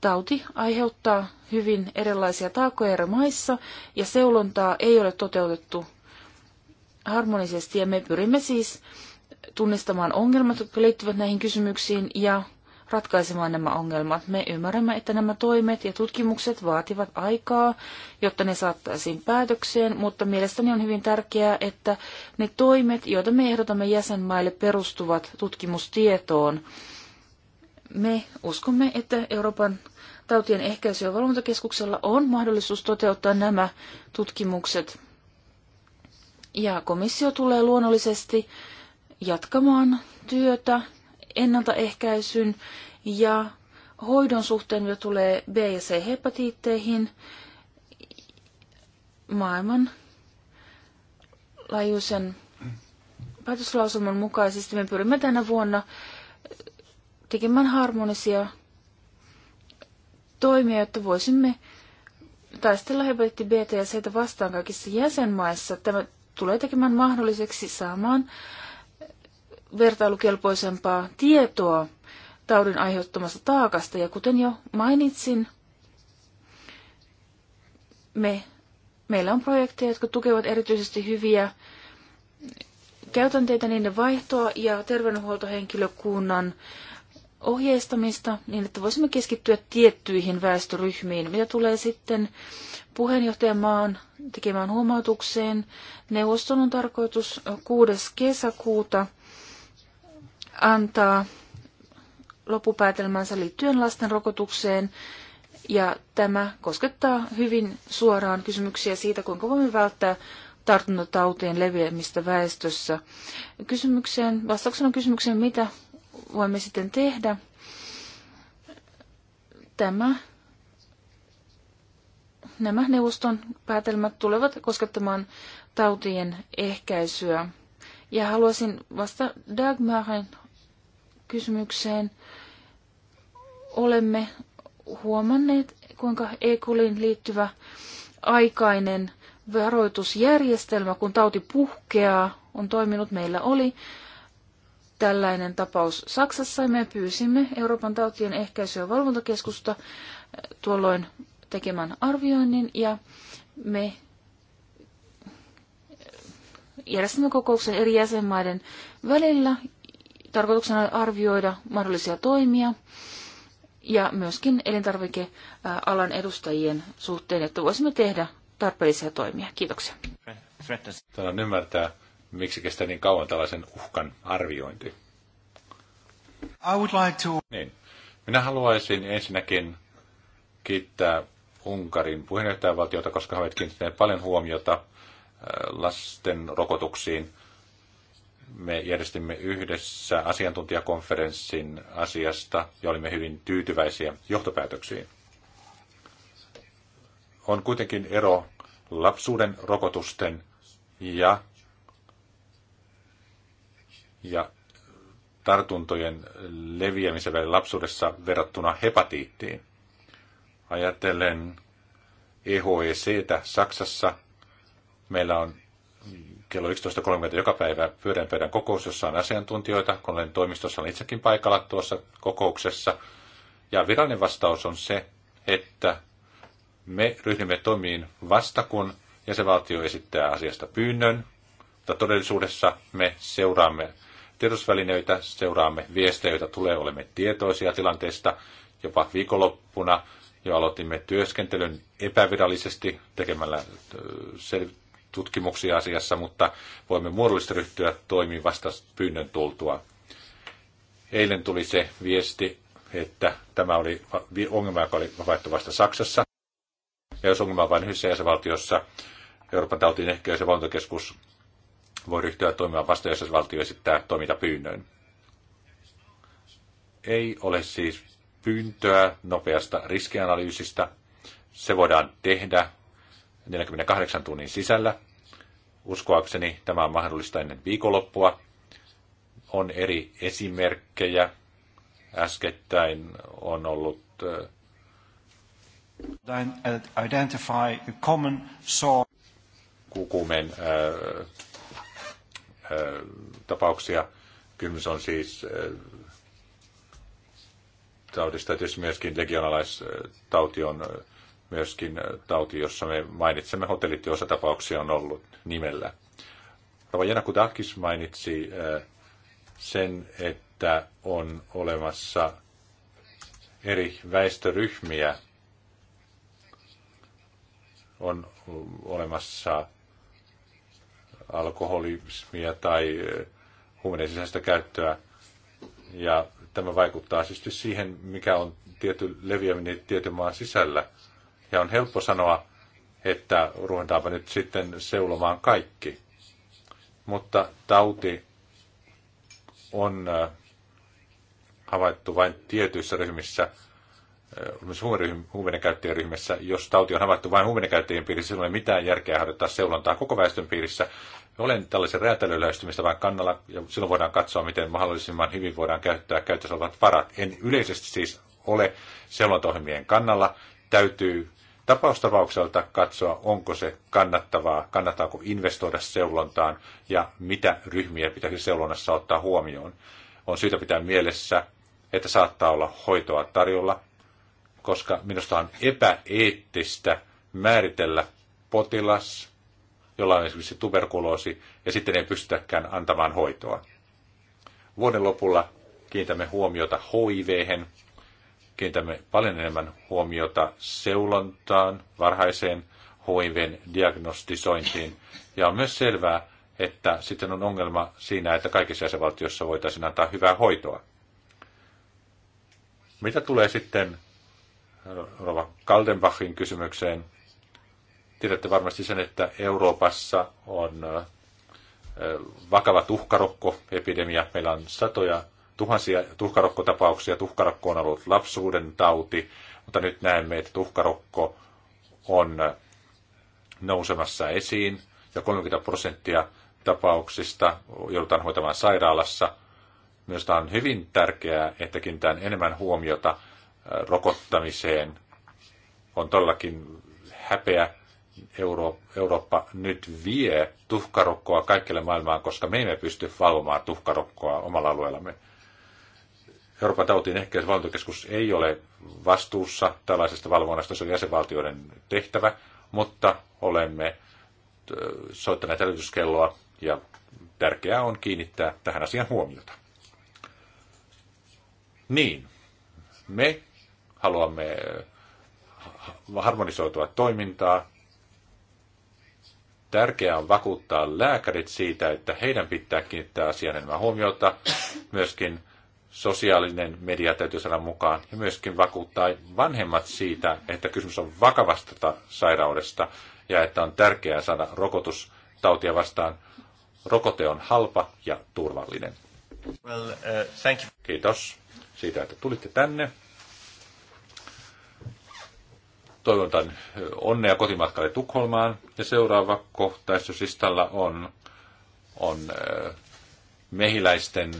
Tauti aiheuttaa hyvin erilaisia taakkoja eri maissa ja seulontaa ei ole toteutettu harmonisesti ja me pyrimme siis tunnistamaan ongelmat, jotka liittyvät näihin kysymyksiin ja ratkaisemaan nämä ongelmat. Me ymmärrämme, että nämä toimet ja tutkimukset vaativat aikaa, jotta ne saattaisiin päätökseen, mutta mielestäni on hyvin tärkeää, että ne toimet, joita me ehdotamme jäsenmaille, perustuvat tutkimustietoon me uskomme, että Euroopan tautien ehkäisy- ja valvontakeskuksella on mahdollisuus toteuttaa nämä tutkimukset. Ja komissio tulee luonnollisesti jatkamaan työtä ennaltaehkäisyn ja hoidon suhteen, mitä tulee B- ja C-hepatiitteihin maailman laajuisen päätöslauselman mukaisesti. Me pyrimme tänä vuonna tekemään harmonisia toimia, jotta voisimme taistella hepatitti B ja C vastaan kaikissa jäsenmaissa. Tämä tulee tekemään mahdolliseksi saamaan vertailukelpoisempaa tietoa taudin aiheuttamasta taakasta. Ja kuten jo mainitsin, me, meillä on projekteja, jotka tukevat erityisesti hyviä käytänteitä, niiden vaihtoa ja terveydenhuoltohenkilökunnan ohjeistamista niin, että voisimme keskittyä tiettyihin väestöryhmiin. Mitä tulee sitten puheenjohtajamaan tekemään huomautukseen, neuvoston on tarkoitus 6. kesäkuuta antaa lopupäätelmänsä liittyen lasten rokotukseen, ja tämä koskettaa hyvin suoraan kysymyksiä siitä, kuinka voimme välttää tartuntatautien leviämistä väestössä. Kysymykseen, vastauksena kysymykseen, mitä voimme sitten tehdä. Tämä, nämä neuvoston päätelmät tulevat koskettamaan tautien ehkäisyä. Ja haluaisin vasta Dagmarin kysymykseen. Olemme huomanneet, kuinka E. liittyvä aikainen varoitusjärjestelmä, kun tauti puhkeaa, on toiminut. Meillä oli tällainen tapaus Saksassa ja me pyysimme Euroopan tautien ehkäisy- ja valvontakeskusta tuolloin tekemään arvioinnin ja me järjestimme kokouksen eri jäsenmaiden välillä. Tarkoituksena oli arvioida mahdollisia toimia ja myöskin elintarvikealan edustajien suhteen, että voisimme tehdä tarpeellisia toimia. Kiitoksia. Tällainen ymmärtää miksi kestää niin kauan tällaisen uhkan arviointi? I would like to... Niin. Minä haluaisin ensinnäkin kiittää Unkarin puheenjohtajavaltiota, koska he ovat kiinnittäneet paljon huomiota äh, lasten rokotuksiin. Me järjestimme yhdessä asiantuntijakonferenssin asiasta ja olimme hyvin tyytyväisiä johtopäätöksiin. On kuitenkin ero lapsuuden rokotusten ja ja tartuntojen leviämisen välillä lapsuudessa verrattuna hepatiittiin. Ajatellen e e tä Saksassa, meillä on kello 11.30 joka päivä pyöränpöydän kokous, jossa on asiantuntijoita, kun olen toimistossa olen itsekin paikalla tuossa kokouksessa. Ja virallinen vastaus on se, että me ryhdymme toimiin vasta, kun jäsenvaltio esittää asiasta pyynnön, mutta todellisuudessa me seuraamme tiedotusvälineitä, seuraamme viestejä, joita tulee, olemme tietoisia tilanteesta. Jopa viikonloppuna jo aloitimme työskentelyn epävirallisesti tekemällä tutkimuksia asiassa, mutta voimme muodollisesti ryhtyä toimiin vasta pyynnön tultua. Eilen tuli se viesti, että tämä oli ongelma, joka oli havaittu vasta Saksassa. Ja jos ongelma on vain yhdessä jäsenvaltiossa, Euroopan tautien ehkä ja valvontakeskus voi ryhtyä toimimaan vasta, jos valtio esittää toimintapyynnön. Ei ole siis pyyntöä nopeasta riskianalyysistä. Se voidaan tehdä 48 tunnin sisällä. Uskoakseni tämä on mahdollista ennen viikonloppua. On eri esimerkkejä. Äskettäin on ollut identify a common source. Kukumen äh, tapauksia. Kysymys on siis taudista, tietysti myöskin legionalaistauti on myöskin tauti, jossa me mainitsemme hotellit, joissa tapauksia on ollut nimellä. Rova Janakudakis mainitsi sen, että on olemassa eri väestöryhmiä, on olemassa alkoholismia tai eh, huumeiden sisäistä käyttöä. Ja tämä vaikuttaa siis siihen, mikä on tietty leviäminen tietyn maan sisällä. Ja on helppo sanoa, että ruvetaanpa nyt sitten seulomaan kaikki. Mutta tauti on eh, havaittu vain tietyissä ryhmissä – myös huumeiden jos tauti on havaittu vain huumeidenkäyttäjien käyttäjien piirissä, silloin ei mitään järkeä harjoittaa seulontaa koko väestön piirissä. Olen tällaisen räätälölähestymistä vain kannalla, ja silloin voidaan katsoa, miten mahdollisimman hyvin voidaan käyttää käytössä olevat varat. En yleisesti siis ole seulontohjelmien kannalla. Täytyy tapaustapaukselta katsoa, onko se kannattavaa, kannattaako investoida seulontaan ja mitä ryhmiä pitäisi seulonnassa ottaa huomioon. On syytä pitää mielessä, että saattaa olla hoitoa tarjolla, koska minusta on epäeettistä määritellä potilas, jolla on esimerkiksi tuberkuloosi, ja sitten ei pystytäkään antamaan hoitoa. Vuoden lopulla kiinnitämme huomiota hiv kiinnitämme paljon enemmän huomiota seulontaan, varhaiseen HIVn diagnostisointiin, ja on myös selvää, että sitten on ongelma siinä, että kaikissa jäsenvaltioissa voitaisiin antaa hyvää hoitoa. Mitä tulee sitten Rova Kaldenbachin kysymykseen. Tiedätte varmasti sen, että Euroopassa on vakava tuhkarokkoepidemia. Meillä on satoja tuhansia tuhkarokkotapauksia. Tuhkarokko on ollut lapsuuden tauti, mutta nyt näemme, että tuhkarokko on nousemassa esiin ja 30 prosenttia tapauksista joudutaan hoitamaan sairaalassa. Minusta on hyvin tärkeää, että kiinnitään enemmän huomiota rokottamiseen. On todellakin häpeä. Euro, Eurooppa nyt vie tuhkarokkoa kaikille maailmaan, koska me emme pysty valvomaan tuhkarokkoa omalla alueellamme. Euroopan tautin ehkäisvalvontakeskus ei ole vastuussa tällaisesta valvonnasta, se on jäsenvaltioiden tehtävä, mutta olemme soittaneet hälytyskelloa ja tärkeää on kiinnittää tähän asian huomiota. Niin, me haluamme äh, harmonisoitua toimintaa. Tärkeää on vakuuttaa lääkärit siitä, että heidän pitää kiinnittää asian enemmän huomiota. Myöskin sosiaalinen media täytyy saada mukaan ja myöskin vakuuttaa vanhemmat siitä, että kysymys on vakavasta sairaudesta ja että on tärkeää saada rokotus tautia vastaan. Rokote on halpa ja turvallinen. Well, uh, thank you. Kiitos siitä, että tulitte tänne toivotan onnea kotimatkalle Tukholmaan. Ja seuraava kohtaisuuslistalla on, on mehiläisten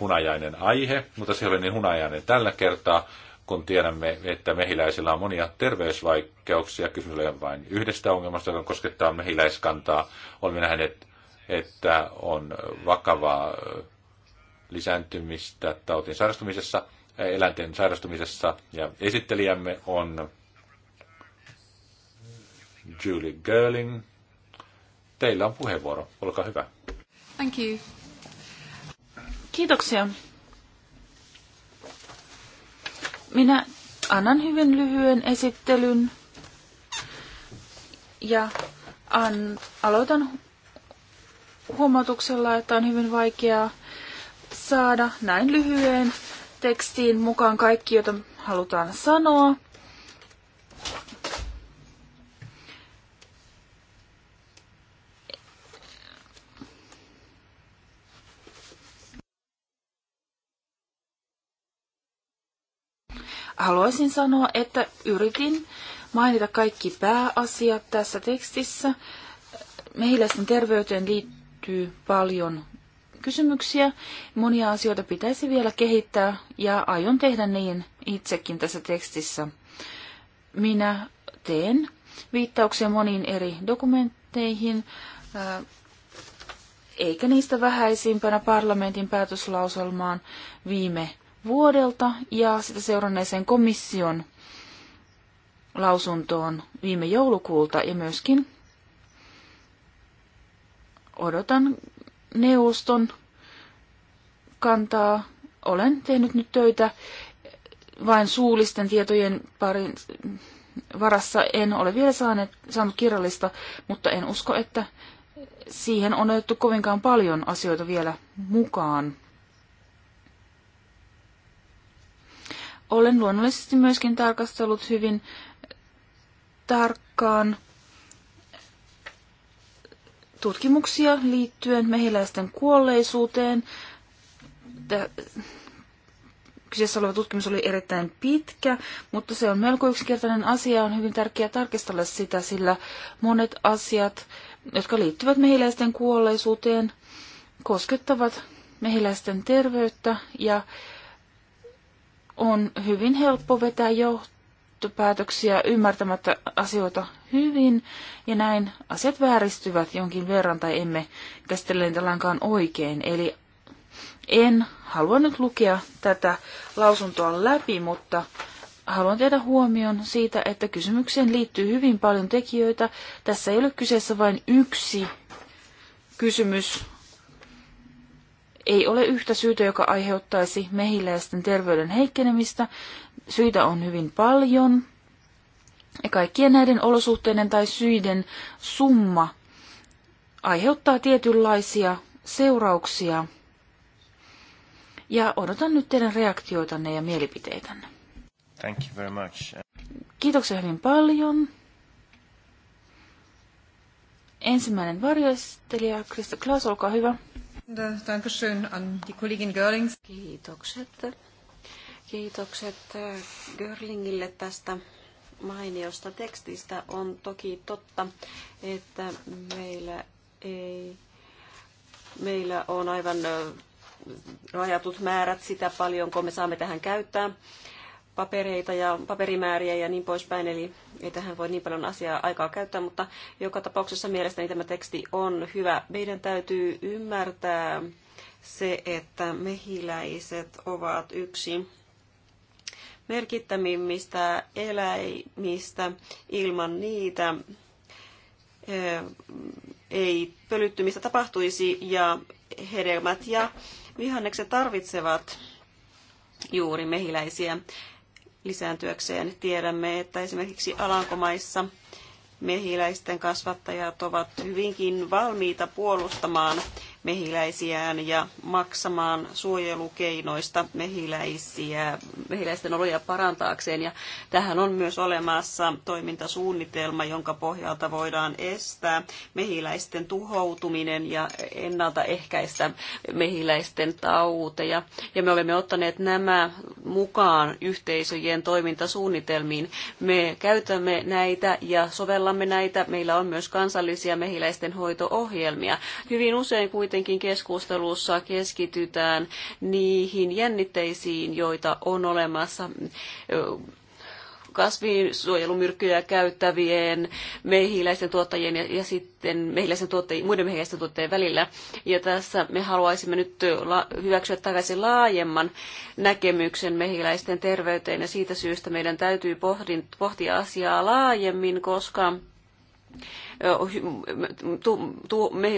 hunajainen aihe, mutta se oli niin hunajainen tällä kertaa, kun tiedämme, että mehiläisillä on monia terveysvaikeuksia. Kysymys ei vain yhdestä ongelmasta, joka koskettaa mehiläiskantaa. Olemme nähneet, että on vakavaa lisääntymistä tautin sairastumisessa, eläinten sairastumisessa, ja esittelijämme on Julie Girling. Teillä on puheenvuoro. Olkaa hyvä. Thank you. Kiitoksia. Minä annan hyvin lyhyen esittelyn ja an, aloitan huomautuksella, että on hyvin vaikeaa saada näin lyhyen tekstiin mukaan kaikki, jota halutaan sanoa. haluaisin sanoa, että yritin mainita kaikki pääasiat tässä tekstissä. Mehiläisten terveyteen liittyy paljon kysymyksiä. Monia asioita pitäisi vielä kehittää ja aion tehdä niin itsekin tässä tekstissä. Minä teen viittauksia moniin eri dokumentteihin, eikä niistä vähäisimpänä parlamentin päätöslauselmaan viime vuodelta ja sitä seuranneeseen komission lausuntoon viime joulukuulta ja myöskin odotan neuvoston kantaa. Olen tehnyt nyt töitä vain suullisten tietojen parin varassa. En ole vielä saanut, saanut kirjallista, mutta en usko, että siihen on otettu kovinkaan paljon asioita vielä mukaan. Olen luonnollisesti myöskin tarkastellut hyvin tarkkaan tutkimuksia liittyen mehiläisten kuolleisuuteen. Tämä kyseessä oleva tutkimus oli erittäin pitkä, mutta se on melko yksinkertainen asia. On hyvin tärkeää tarkistella sitä, sillä monet asiat, jotka liittyvät mehiläisten kuolleisuuteen, koskettavat mehiläisten terveyttä ja on hyvin helppo vetää johtopäätöksiä ymmärtämättä asioita hyvin, ja näin asiat vääristyvät jonkin verran tai emme käsittele niitä lainkaan oikein. Eli en halua nyt lukea tätä lausuntoa läpi, mutta haluan tehdä huomion siitä, että kysymykseen liittyy hyvin paljon tekijöitä. Tässä ei ole kyseessä vain yksi kysymys ei ole yhtä syytä, joka aiheuttaisi mehiläisten terveyden heikkenemistä. Syitä on hyvin paljon. Ja kaikkien näiden olosuhteiden tai syiden summa aiheuttaa tietynlaisia seurauksia. Ja odotan nyt teidän reaktioitanne ja mielipiteitänne. Thank you very much. Kiitoksia hyvin paljon. Ensimmäinen varjoistelija Krista Klaas, olkaa hyvä. Dankeschön an die Kollegin Görlings. Kiitokset. Kiitokset äh, Görlingille tästä mainiosta tekstistä. On toki totta, että meillä ei meillä on aivan äh, rajatut määrät sitä, paljonko me saamme tähän käyttää papereita ja paperimääriä ja niin poispäin, eli ei tähän voi niin paljon asiaa aikaa käyttää, mutta joka tapauksessa mielestäni tämä teksti on hyvä. Meidän täytyy ymmärtää se, että mehiläiset ovat yksi merkittävimmistä eläimistä ilman niitä eh, ei pölyttymistä tapahtuisi ja hedelmät ja vihannekset tarvitsevat juuri mehiläisiä lisääntyäkseen. Tiedämme, että esimerkiksi Alankomaissa mehiläisten kasvattajat ovat hyvinkin valmiita puolustamaan mehiläisiään ja maksamaan suojelukeinoista mehiläisiä, mehiläisten oloja parantaakseen. Ja tähän on myös olemassa toimintasuunnitelma, jonka pohjalta voidaan estää mehiläisten tuhoutuminen ja ennaltaehkäistä mehiläisten tauteja. Ja me olemme ottaneet nämä mukaan yhteisöjen toimintasuunnitelmiin. Me käytämme näitä ja sovellamme näitä. Meillä on myös kansallisia mehiläisten hoito-ohjelmia. Hyvin usein kuitenkin kuitenkin keskustelussa keskitytään niihin jännitteisiin, joita on olemassa kasvinsuojelumyrkkyjä käyttävien mehiläisten tuottajien ja, ja sitten mehiläisten tuottajien, muiden mehiläisten tuottajien välillä. Ja tässä me haluaisimme nyt la, hyväksyä takaisin laajemman näkemyksen mehiläisten terveyteen ja siitä syystä meidän täytyy pohdin, pohtia asiaa laajemmin, koska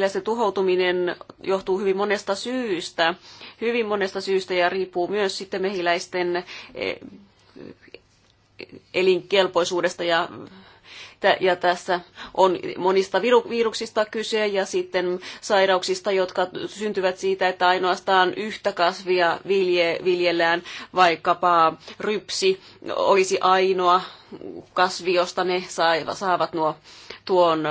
se tuhoutuminen johtuu hyvin monesta syystä, hyvin monesta syystä ja riippuu myös sitten mehiläisten e, e, elinkelpoisuudesta ja ja tässä on monista viruksista kyse ja sitten sairauksista, jotka syntyvät siitä, että ainoastaan yhtä kasvia vilje, viljellään, vaikkapa rypsi olisi ainoa kasvi, josta ne saavat nuo tuon,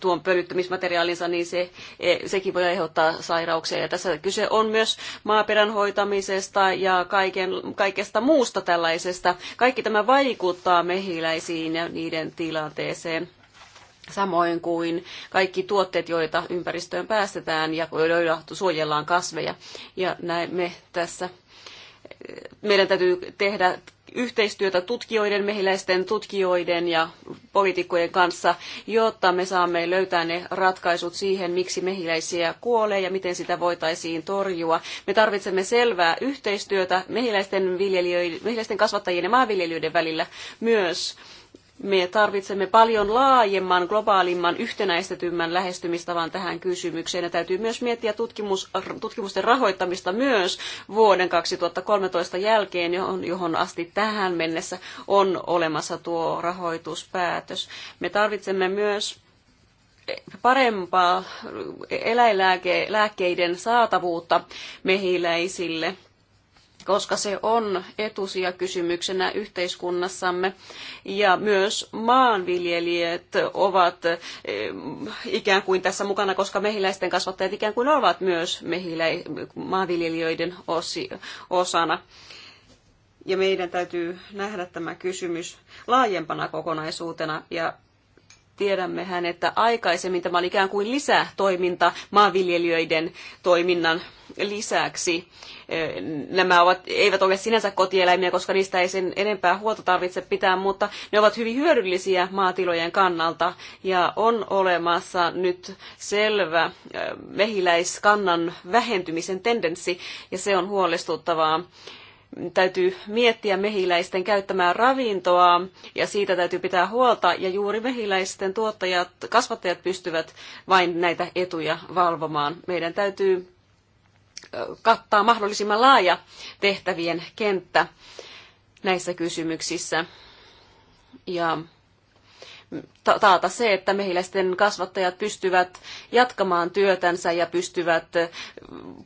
tuon pölyttämismateriaalinsa, niin se, e, sekin voi aiheuttaa sairauksia. Ja tässä kyse on myös maaperän hoitamisesta ja kaiken, kaikesta muusta tällaisesta. Kaikki tämä vaikuttaa mehiläisiin ja niiden tilanteeseen samoin kuin kaikki tuotteet, joita ympäristöön päästetään ja joilla suojellaan kasveja. Ja näin me tässä meidän täytyy tehdä yhteistyötä tutkijoiden, mehiläisten tutkijoiden ja poliitikkojen kanssa, jotta me saamme löytää ne ratkaisut siihen, miksi mehiläisiä kuolee ja miten sitä voitaisiin torjua. Me tarvitsemme selvää yhteistyötä mehiläisten, mehiläisten kasvattajien ja maanviljelijöiden välillä myös me tarvitsemme paljon laajemman, globaalimman, yhtenäistetymmän lähestymistavan tähän kysymykseen ja täytyy myös miettiä tutkimus, tutkimusten rahoittamista myös vuoden 2013 jälkeen, johon, johon asti tähän mennessä on olemassa tuo rahoituspäätös. Me tarvitsemme myös parempaa eläinlääkkeiden saatavuutta mehiläisille – koska se on etusia kysymyksenä yhteiskunnassamme. Ja myös maanviljelijät ovat eh, ikään kuin tässä mukana, koska mehiläisten kasvattajat ikään kuin ovat myös mehilä- maanviljelijöiden osi- osana ja meidän täytyy nähdä tämä kysymys laajempana kokonaisuutena ja tiedämmehän, että aikaisemmin tämä oli ikään kuin lisätoiminta maanviljelijöiden toiminnan lisäksi. Nämä ovat, eivät ole sinänsä kotieläimiä, koska niistä ei sen enempää huolta tarvitse pitää, mutta ne ovat hyvin hyödyllisiä maatilojen kannalta ja on olemassa nyt selvä mehiläiskannan vähentymisen tendenssi ja se on huolestuttavaa täytyy miettiä mehiläisten käyttämää ravintoa ja siitä täytyy pitää huolta. Ja juuri mehiläisten tuottajat, kasvattajat pystyvät vain näitä etuja valvomaan. Meidän täytyy kattaa mahdollisimman laaja tehtävien kenttä näissä kysymyksissä. Ja taata se, että mehiläisten kasvattajat pystyvät jatkamaan työtänsä ja pystyvät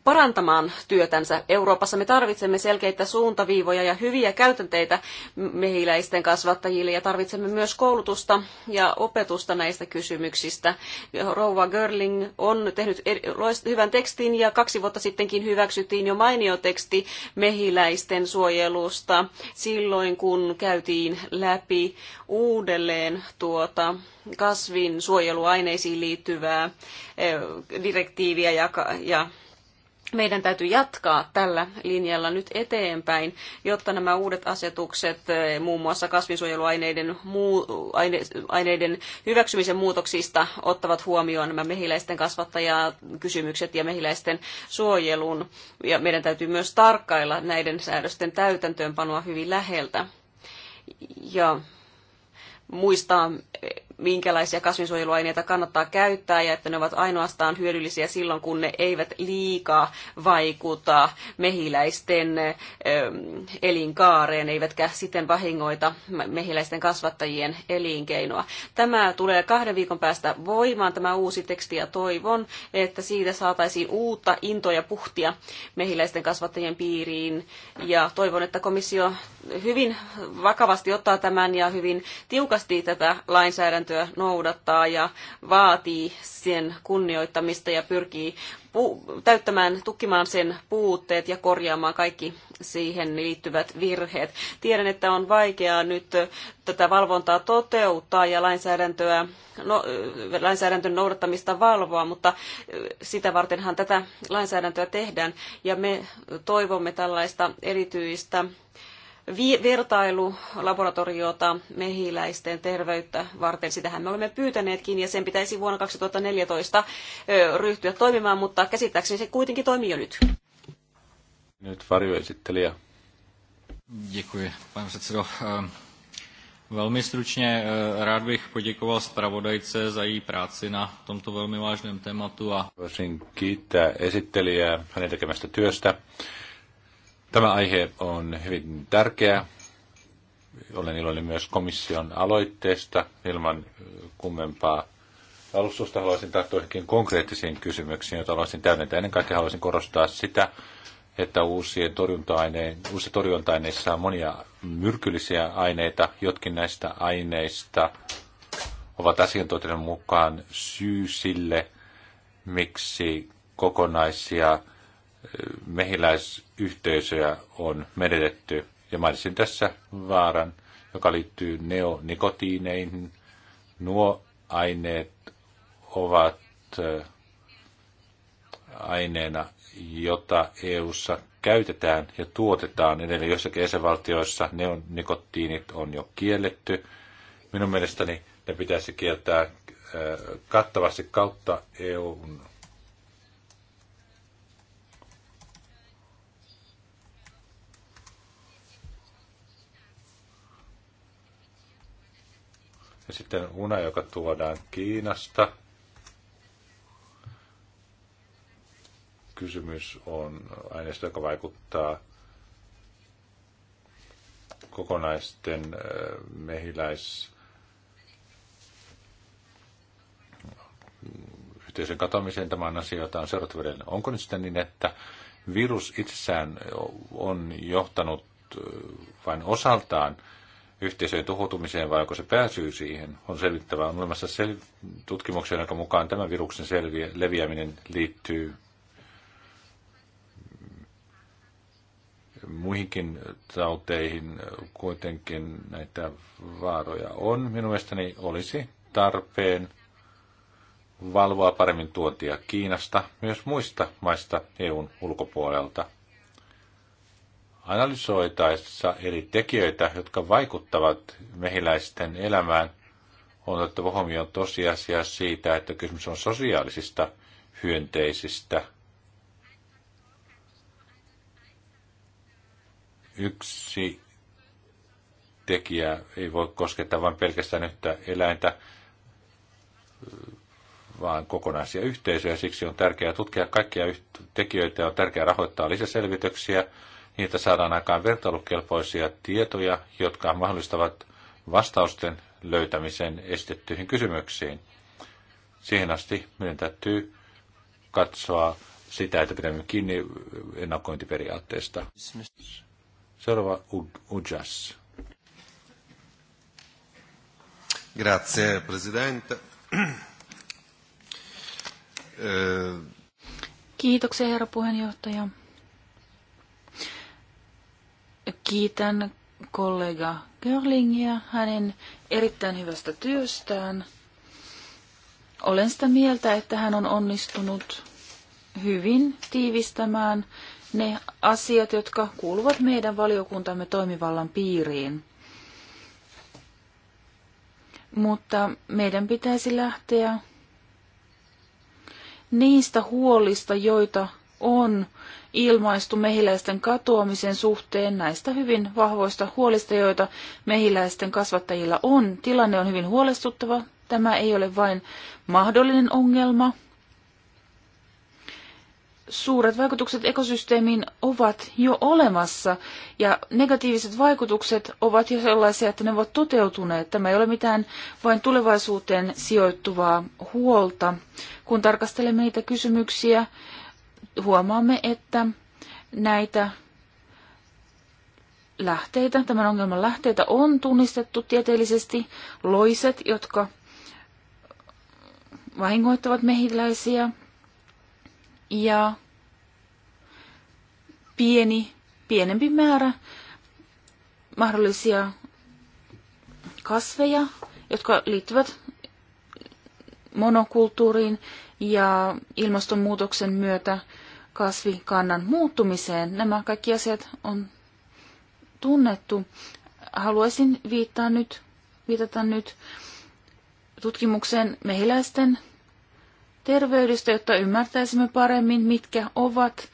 parantamaan työtänsä. Euroopassa me tarvitsemme selkeitä suuntaviivoja ja hyviä käytänteitä mehiläisten kasvattajille ja tarvitsemme myös koulutusta ja opetusta näistä kysymyksistä. Rouva Görling on tehnyt hyvän tekstin ja kaksi vuotta sittenkin hyväksyttiin jo mainio teksti mehiläisten suojelusta silloin, kun käytiin läpi uudelleen tuo tuota kasvin suojeluaineisiin liittyvää eh, direktiiviä ja, ja meidän täytyy jatkaa tällä linjalla nyt eteenpäin, jotta nämä uudet asetukset, eh, muun muassa kasvinsuojeluaineiden muu, aine, aineiden hyväksymisen muutoksista, ottavat huomioon nämä mehiläisten kasvattajakysymykset ja mehiläisten suojelun. Ja meidän täytyy myös tarkkailla näiden säädösten täytäntöönpanoa hyvin läheltä. Ja muistaa, minkälaisia kasvinsuojeluaineita kannattaa käyttää ja että ne ovat ainoastaan hyödyllisiä silloin, kun ne eivät liikaa vaikuta mehiläisten ähm, elinkaareen, eivätkä sitten vahingoita mehiläisten kasvattajien elinkeinoa. Tämä tulee kahden viikon päästä voimaan, tämä uusi teksti, ja toivon, että siitä saataisiin uutta intoa ja puhtia mehiläisten kasvattajien piiriin. Ja toivon, että komissio hyvin vakavasti ottaa tämän ja hyvin tiukasti tiukasti tätä lainsäädäntöä noudattaa ja vaatii sen kunnioittamista ja pyrkii täyttämään, tukkimaan sen puutteet ja korjaamaan kaikki siihen liittyvät virheet. Tiedän, että on vaikeaa nyt tätä valvontaa toteuttaa ja lainsäädäntöä, no, lainsäädäntön noudattamista valvoa, mutta sitä vartenhan tätä lainsäädäntöä tehdään ja me toivomme tällaista erityistä vertailulaboratoriota mehiläisten terveyttä varten. Sitähän me olemme pyytäneetkin ja sen pitäisi vuonna 2014 ryhtyä toimimaan, mutta käsittääkseni se kuitenkin toimii jo nyt. Nyt varjoesittelijä. Děkuji, pane předsedo. Ehm, velmi stručně eh, rád bych poděkoval zpravodajce za její práci na tomto velmi vážném tématu. A... Voisin kiittää esittelijää hänen tekemästä työstä. Tämä aihe on hyvin tärkeä. Olen iloinen myös komission aloitteesta ilman äh, kummempaa alustusta. Haluaisin tarttua johonkin konkreettisiin kysymyksiin, joita haluaisin täydentää. Ennen kaikkea haluaisin korostaa sitä, että uusien torjunta uusissa torjunta-aineissa on monia myrkyllisiä aineita. Jotkin näistä aineista ovat asiantuntijoiden mukaan syy sille, miksi kokonaisia mehiläisyhteisöjä on menetetty. Ja mainitsin tässä vaaran, joka liittyy neonikotiineihin. Nuo aineet ovat äh, aineena, jota EU:ssa käytetään ja tuotetaan edelleen joissakin jäsenvaltioissa. Neonikotiinit on jo kielletty. Minun mielestäni ne pitäisi kieltää äh, kattavasti kautta EUn Ja sitten una, joka tuodaan Kiinasta. Kysymys on aineisto, joka vaikuttaa kokonaisten mehiläis yhteisön katoamiseen tämän asian, jota on seurattu edelleen. Onko nyt sitten niin, että virus itsessään on johtanut vain osaltaan yhteisöjen tuhoutumiseen vai onko se pääsyy siihen, on selvittävä. On olemassa sel- tutkimuksia, jonka mukaan tämän viruksen selviä, leviäminen liittyy muihinkin tauteihin kuitenkin näitä vaaroja on. Minun mielestäni olisi tarpeen valvoa paremmin tuontia Kiinasta, myös muista maista EUn ulkopuolelta – analysoitaessa eri tekijöitä, jotka vaikuttavat mehiläisten elämään, on otettava huomioon tosiasia siitä, että kysymys on sosiaalisista hyönteisistä. Yksi tekijä ei voi koskettaa vain pelkästään yhtä eläintä, vaan kokonaisia yhteisöjä. Siksi on tärkeää tutkia kaikkia tekijöitä ja on tärkeää rahoittaa lisäselvityksiä niin että saadaan aikaan vertailukelpoisia tietoja, jotka mahdollistavat vastausten löytämisen estettyihin kysymyksiin. Siihen asti meidän täytyy katsoa sitä, että pidämme kiinni ennakointiperiaatteesta. Seuraava Ujas. Grazie, Presidente. Kiitoksia, herra puheenjohtaja. Kiitän kollega Görlingiä hänen erittäin hyvästä työstään. Olen sitä mieltä, että hän on onnistunut hyvin tiivistämään ne asiat, jotka kuuluvat meidän valiokuntamme toimivallan piiriin. Mutta meidän pitäisi lähteä niistä huolista, joita on ilmaistu mehiläisten katoamisen suhteen näistä hyvin vahvoista huolista, joita mehiläisten kasvattajilla on. Tilanne on hyvin huolestuttava. Tämä ei ole vain mahdollinen ongelma. Suuret vaikutukset ekosysteemiin ovat jo olemassa ja negatiiviset vaikutukset ovat jo sellaisia, että ne ovat toteutuneet. Tämä ei ole mitään vain tulevaisuuteen sijoittuvaa huolta. Kun tarkastelemme niitä kysymyksiä, huomaamme, että näitä lähteitä, tämän ongelman lähteitä on tunnistettu tieteellisesti loiset, jotka vahingoittavat mehiläisiä ja pieni, pienempi määrä mahdollisia kasveja, jotka liittyvät monokulttuuriin ja ilmastonmuutoksen myötä kasvikannan muuttumiseen. Nämä kaikki asiat on tunnettu. Haluaisin viittaa nyt, viitata nyt tutkimukseen mehiläisten terveydestä, jotta ymmärtäisimme paremmin, mitkä ovat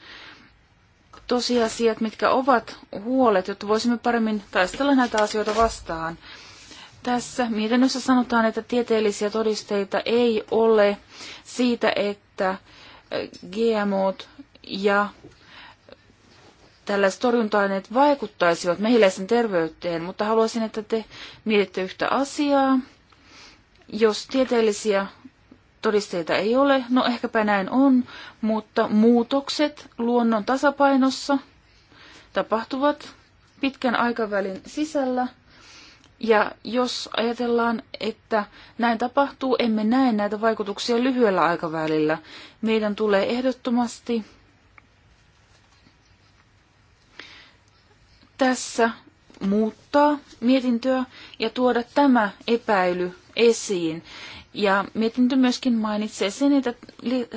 tosiasiat, mitkä ovat huolet, jotta voisimme paremmin taistella näitä asioita vastaan. Tässä mietinnössä sanotaan, että tieteellisiä todisteita ei ole siitä, että GMOt ja tällaiset torjunta-aineet vaikuttaisivat mehiläisen terveyteen, mutta haluaisin, että te mietitte yhtä asiaa. Jos tieteellisiä todisteita ei ole, no ehkäpä näin on, mutta muutokset luonnon tasapainossa tapahtuvat pitkän aikavälin sisällä. Ja jos ajatellaan, että näin tapahtuu, emme näe näitä vaikutuksia lyhyellä aikavälillä. Meidän tulee ehdottomasti tässä muuttaa mietintöä ja tuoda tämä epäily esiin. Ja mietintö myöskin mainitsee sen, että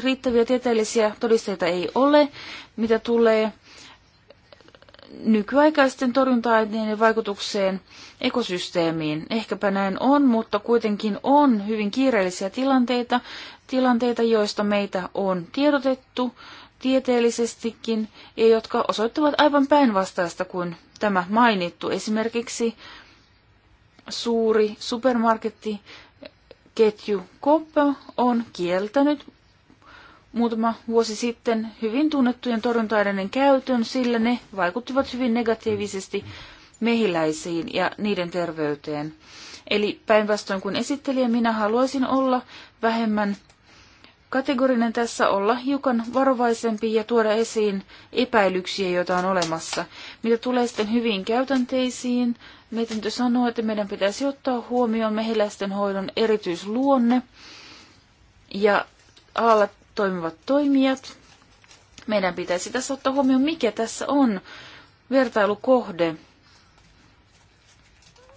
riittäviä tieteellisiä todisteita ei ole, mitä tulee nykyaikaisten torjunta-aineiden vaikutukseen ekosysteemiin. Ehkäpä näin on, mutta kuitenkin on hyvin kiireellisiä tilanteita, tilanteita, joista meitä on tiedotettu tieteellisestikin ja jotka osoittavat aivan päinvastaista kuin tämä mainittu. Esimerkiksi suuri supermarketti ketju Koppa on kieltänyt muutama vuosi sitten hyvin tunnettujen torjunta-aineiden käytön, sillä ne vaikuttivat hyvin negatiivisesti mehiläisiin ja niiden terveyteen. Eli päinvastoin kuin esittelijä, minä haluaisin olla vähemmän kategorinen tässä olla hiukan varovaisempi ja tuoda esiin epäilyksiä, joita on olemassa. Mitä tulee sitten hyvin käytänteisiin, mietintö sanoo, että meidän pitäisi ottaa huomioon mehiläisten hoidon erityisluonne ja alla toimivat toimijat. Meidän pitäisi tässä ottaa huomioon, mikä tässä on vertailukohde.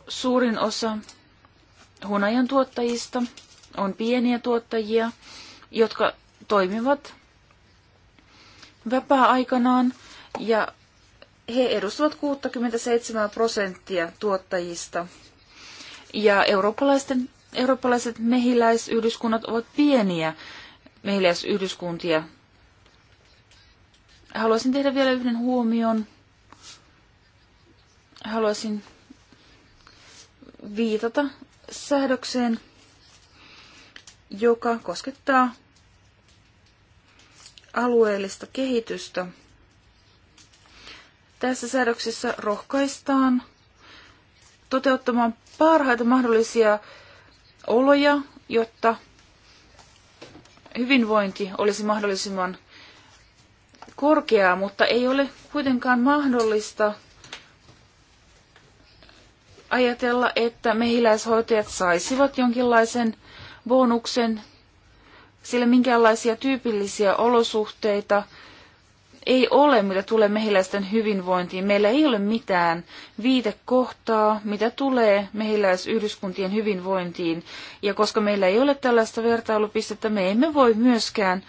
Suurin osa hunajan tuottajista on pieniä tuottajia, jotka toimivat vapaa-aikanaan ja he edustavat 67 prosenttia tuottajista. Ja eurooppalaisten, eurooppalaiset mehiläisyhdyskunnat ovat pieniä mehiläisyhdyskuntia. Haluaisin tehdä vielä yhden huomion. Haluaisin viitata säädökseen joka koskettaa alueellista kehitystä. Tässä säädöksessä rohkaistaan toteuttamaan parhaita mahdollisia oloja, jotta hyvinvointi olisi mahdollisimman korkeaa, mutta ei ole kuitenkaan mahdollista ajatella, että mehiläishoitajat saisivat jonkinlaisen bonuksen, sillä minkäänlaisia tyypillisiä olosuhteita ei ole, mitä tulee mehiläisten hyvinvointiin. Meillä ei ole mitään viitekohtaa, mitä tulee mehiläisyhdyskuntien hyvinvointiin. Ja koska meillä ei ole tällaista vertailupistettä, me emme voi myöskään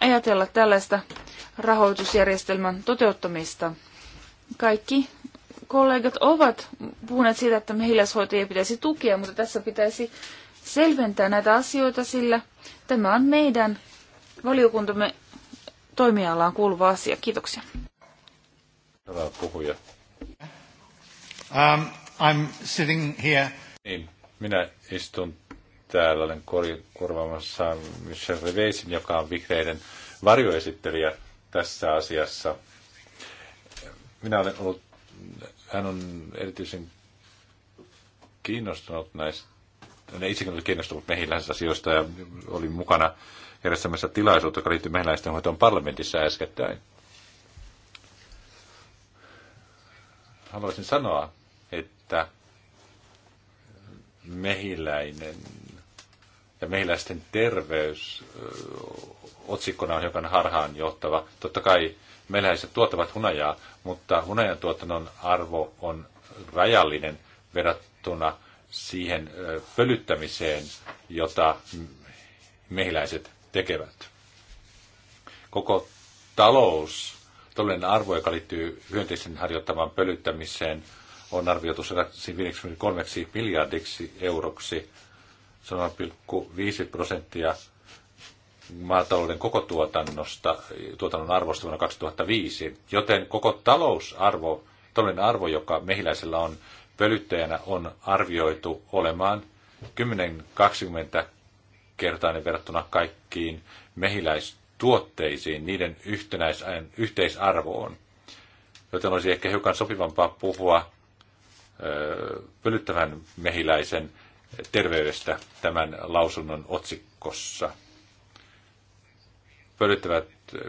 ajatella tällaista rahoitusjärjestelmän toteuttamista. Kaikki kollegat ovat puhuneet siitä, että mehiläishoitajia pitäisi tukea, mutta tässä pitäisi selventää näitä asioita, sillä tämä on meidän valiokuntamme toimialaan kuuluva asia. Kiitoksia. Hyvä puhuja. Um, I'm sitting here. Niin, minä istun täällä, olen korvaamassa Michel Revesin, joka on vihreiden varjoesittelijä tässä asiassa. Minä olen ollut, hän on erityisen kiinnostunut näistä ne itsekin olivat kiinnostunut mehiläisistä asioista ja olin mukana järjestämässä tilaisuutta, joka liittyy mehiläisten hoitoon parlamentissa äskettäin. Haluaisin sanoa, että mehiläinen ja mehiläisten terveys otsikkona on hiukan harhaan johtava. Totta kai mehiläiset tuottavat hunajaa, mutta hunajan tuotannon arvo on rajallinen verrattuna siihen pölyttämiseen, jota mehiläiset tekevät. Koko talous, todellinen arvo, joka liittyy hyönteisen harjoittamaan pölyttämiseen, on arvioitu 153 miljardiksi euroksi, 1,5 prosenttia maatalouden koko tuotannosta, tuotannon arvosta vuonna 2005. Joten koko talousarvo, todellinen arvo, joka mehiläisellä on, pölyttäjänä on arvioitu olemaan 10-20 kertainen verrattuna kaikkiin mehiläistuotteisiin. Niiden yhteisarvoon. yhteisarvo on. Joten olisi ehkä hiukan sopivampaa puhua pölyttävän mehiläisen terveydestä tämän lausunnon otsikossa. Pölyttävät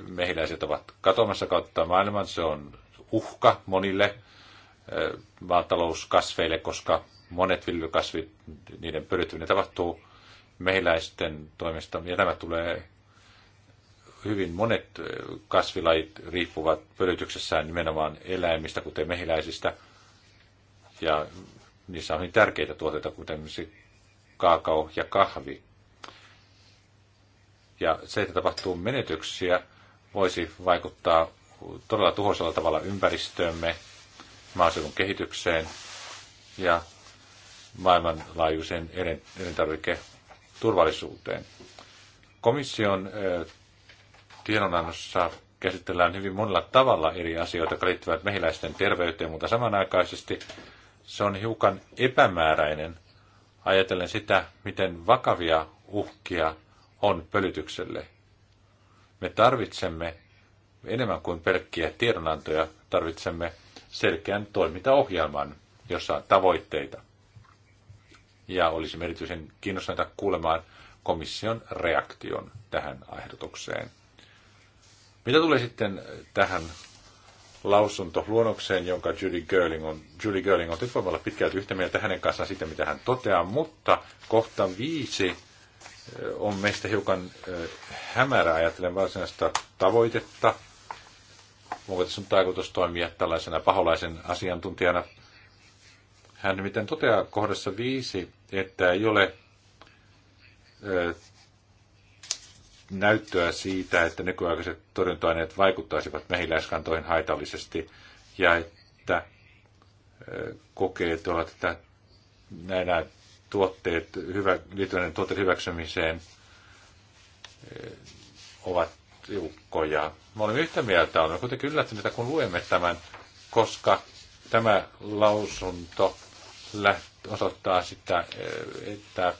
mehiläiset ovat katoamassa kautta maailman. Se on uhka monille maatalouskasveille, koska monet viljelykasvit, niiden pölytyminen tapahtuu mehiläisten toimesta, ja nämä tulee hyvin monet kasvilait riippuvat pölytyksessään nimenomaan eläimistä, kuten mehiläisistä. Ja niissä on hyvin tärkeitä tuotteita, kuten kaakao ja kahvi. Ja se, että tapahtuu menetyksiä, voisi vaikuttaa todella tuhoisella tavalla ympäristöömme maaseudun kehitykseen ja maailmanlaajuiseen elintarviketurvallisuuteen. Komission tiedonannossa käsitellään hyvin monella tavalla eri asioita, jotka liittyvät mehiläisten terveyteen, mutta samanaikaisesti se on hiukan epämääräinen ajatellen sitä, miten vakavia uhkia on pölytykselle. Me tarvitsemme enemmän kuin pelkkiä tiedonantoja, tarvitsemme selkeän toimintaohjelman, jossa on tavoitteita. Ja olisi erityisen kiinnostunut kuulemaan komission reaktion tähän ehdotukseen. Mitä tulee sitten tähän lausuntoluonnokseen, jonka Judy Girling on, Judy Girling on nyt voi olla pitkälti yhtä mieltä hänen kanssaan siitä, mitä hän toteaa, mutta kohta viisi eh, on meistä hiukan eh, hämärä ajatellen varsinaista tavoitetta, Muovitissa on taikutus toimia tällaisena paholaisen asiantuntijana. Hän miten toteaa kohdassa viisi, että ei ole ö, näyttöä siitä, että nykyaikaiset torjuntoaineet vaikuttaisivat mehiläiskantoihin haitallisesti ja että ö, kokee tuolla tätä näinä tuotteet, hyvä, liittyneiden tuotteiden hyväksymiseen ö, ovat tiukkoja mä olemme yhtä mieltä. olen kuitenkin yllättynyt, kun luemme tämän, koska tämä lausunto osoittaa sitä, että